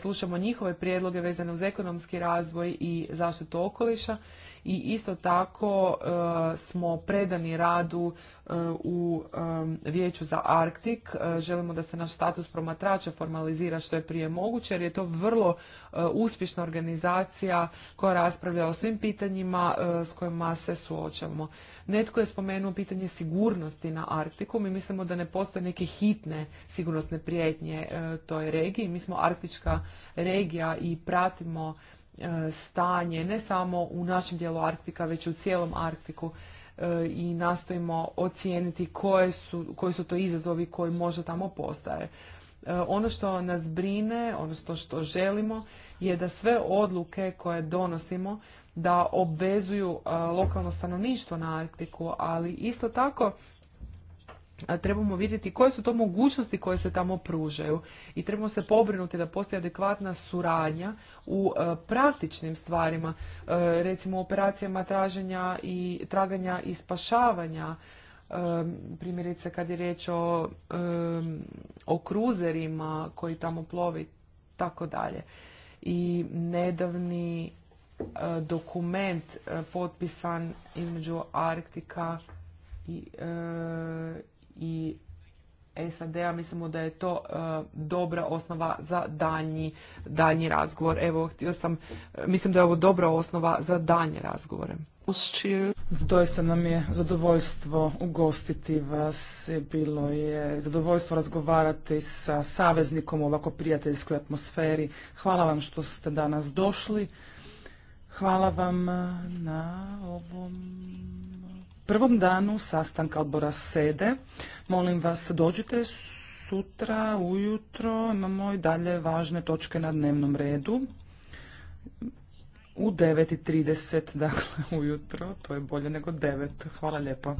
slušamo njihove prijedloge vezane uz ekonomski razvoj i zaštitu okoliša i isto tako e, smo predani radu e, u e, Vijeću za Arktik. Želimo da se naš status promatrača formalizira što je prije moguće jer je to vrlo uspješna organizacija koja raspravlja o svim pitanjima s kojima se suočavamo. Netko je spomenuo pitanje sigurnosti na Arktiku. Mi mislimo da ne postoje neke hitne sigurnosne prijetnje toj regiji. Mi smo arktička regija i pratimo E, stanje ne samo u našem dijelu Arktika, već u cijelom Arktiku e, i nastojimo ocijeniti koje su, koji su to izazovi koji možda tamo postaje. E, ono što nas brine, odnosno što želimo, je da sve odluke koje donosimo da obvezuju lokalno stanovništvo na Arktiku, ali isto tako trebamo vidjeti koje su to mogućnosti koje se tamo pružaju i trebamo se pobrinuti da postoji adekvatna suradnja u e, praktičnim stvarima, e, recimo operacijama traženja i traganja i spašavanja, e, primjerice kad je riječ o, o kruzerima koji tamo plovi, tako dalje. I nedavni dokument potpisan između Arktika i i SAD-a mislimo da je to e, dobra osnova za daljnji, daljnji razgovor. Evo, htio sam, mislim da je ovo dobra osnova za daljnje razgovore. Doista nam je zadovoljstvo ugostiti vas. Bilo je zadovoljstvo razgovarati sa saveznikom u ovako prijateljskoj atmosferi. Hvala vam što ste danas došli. Hvala vam na ovom prvom danu sastanka odbora sede. Molim vas dođite sutra ujutro, imamo i dalje važne točke na dnevnom redu. U 9.30, dakle ujutro, to je bolje nego 9. Hvala lijepo.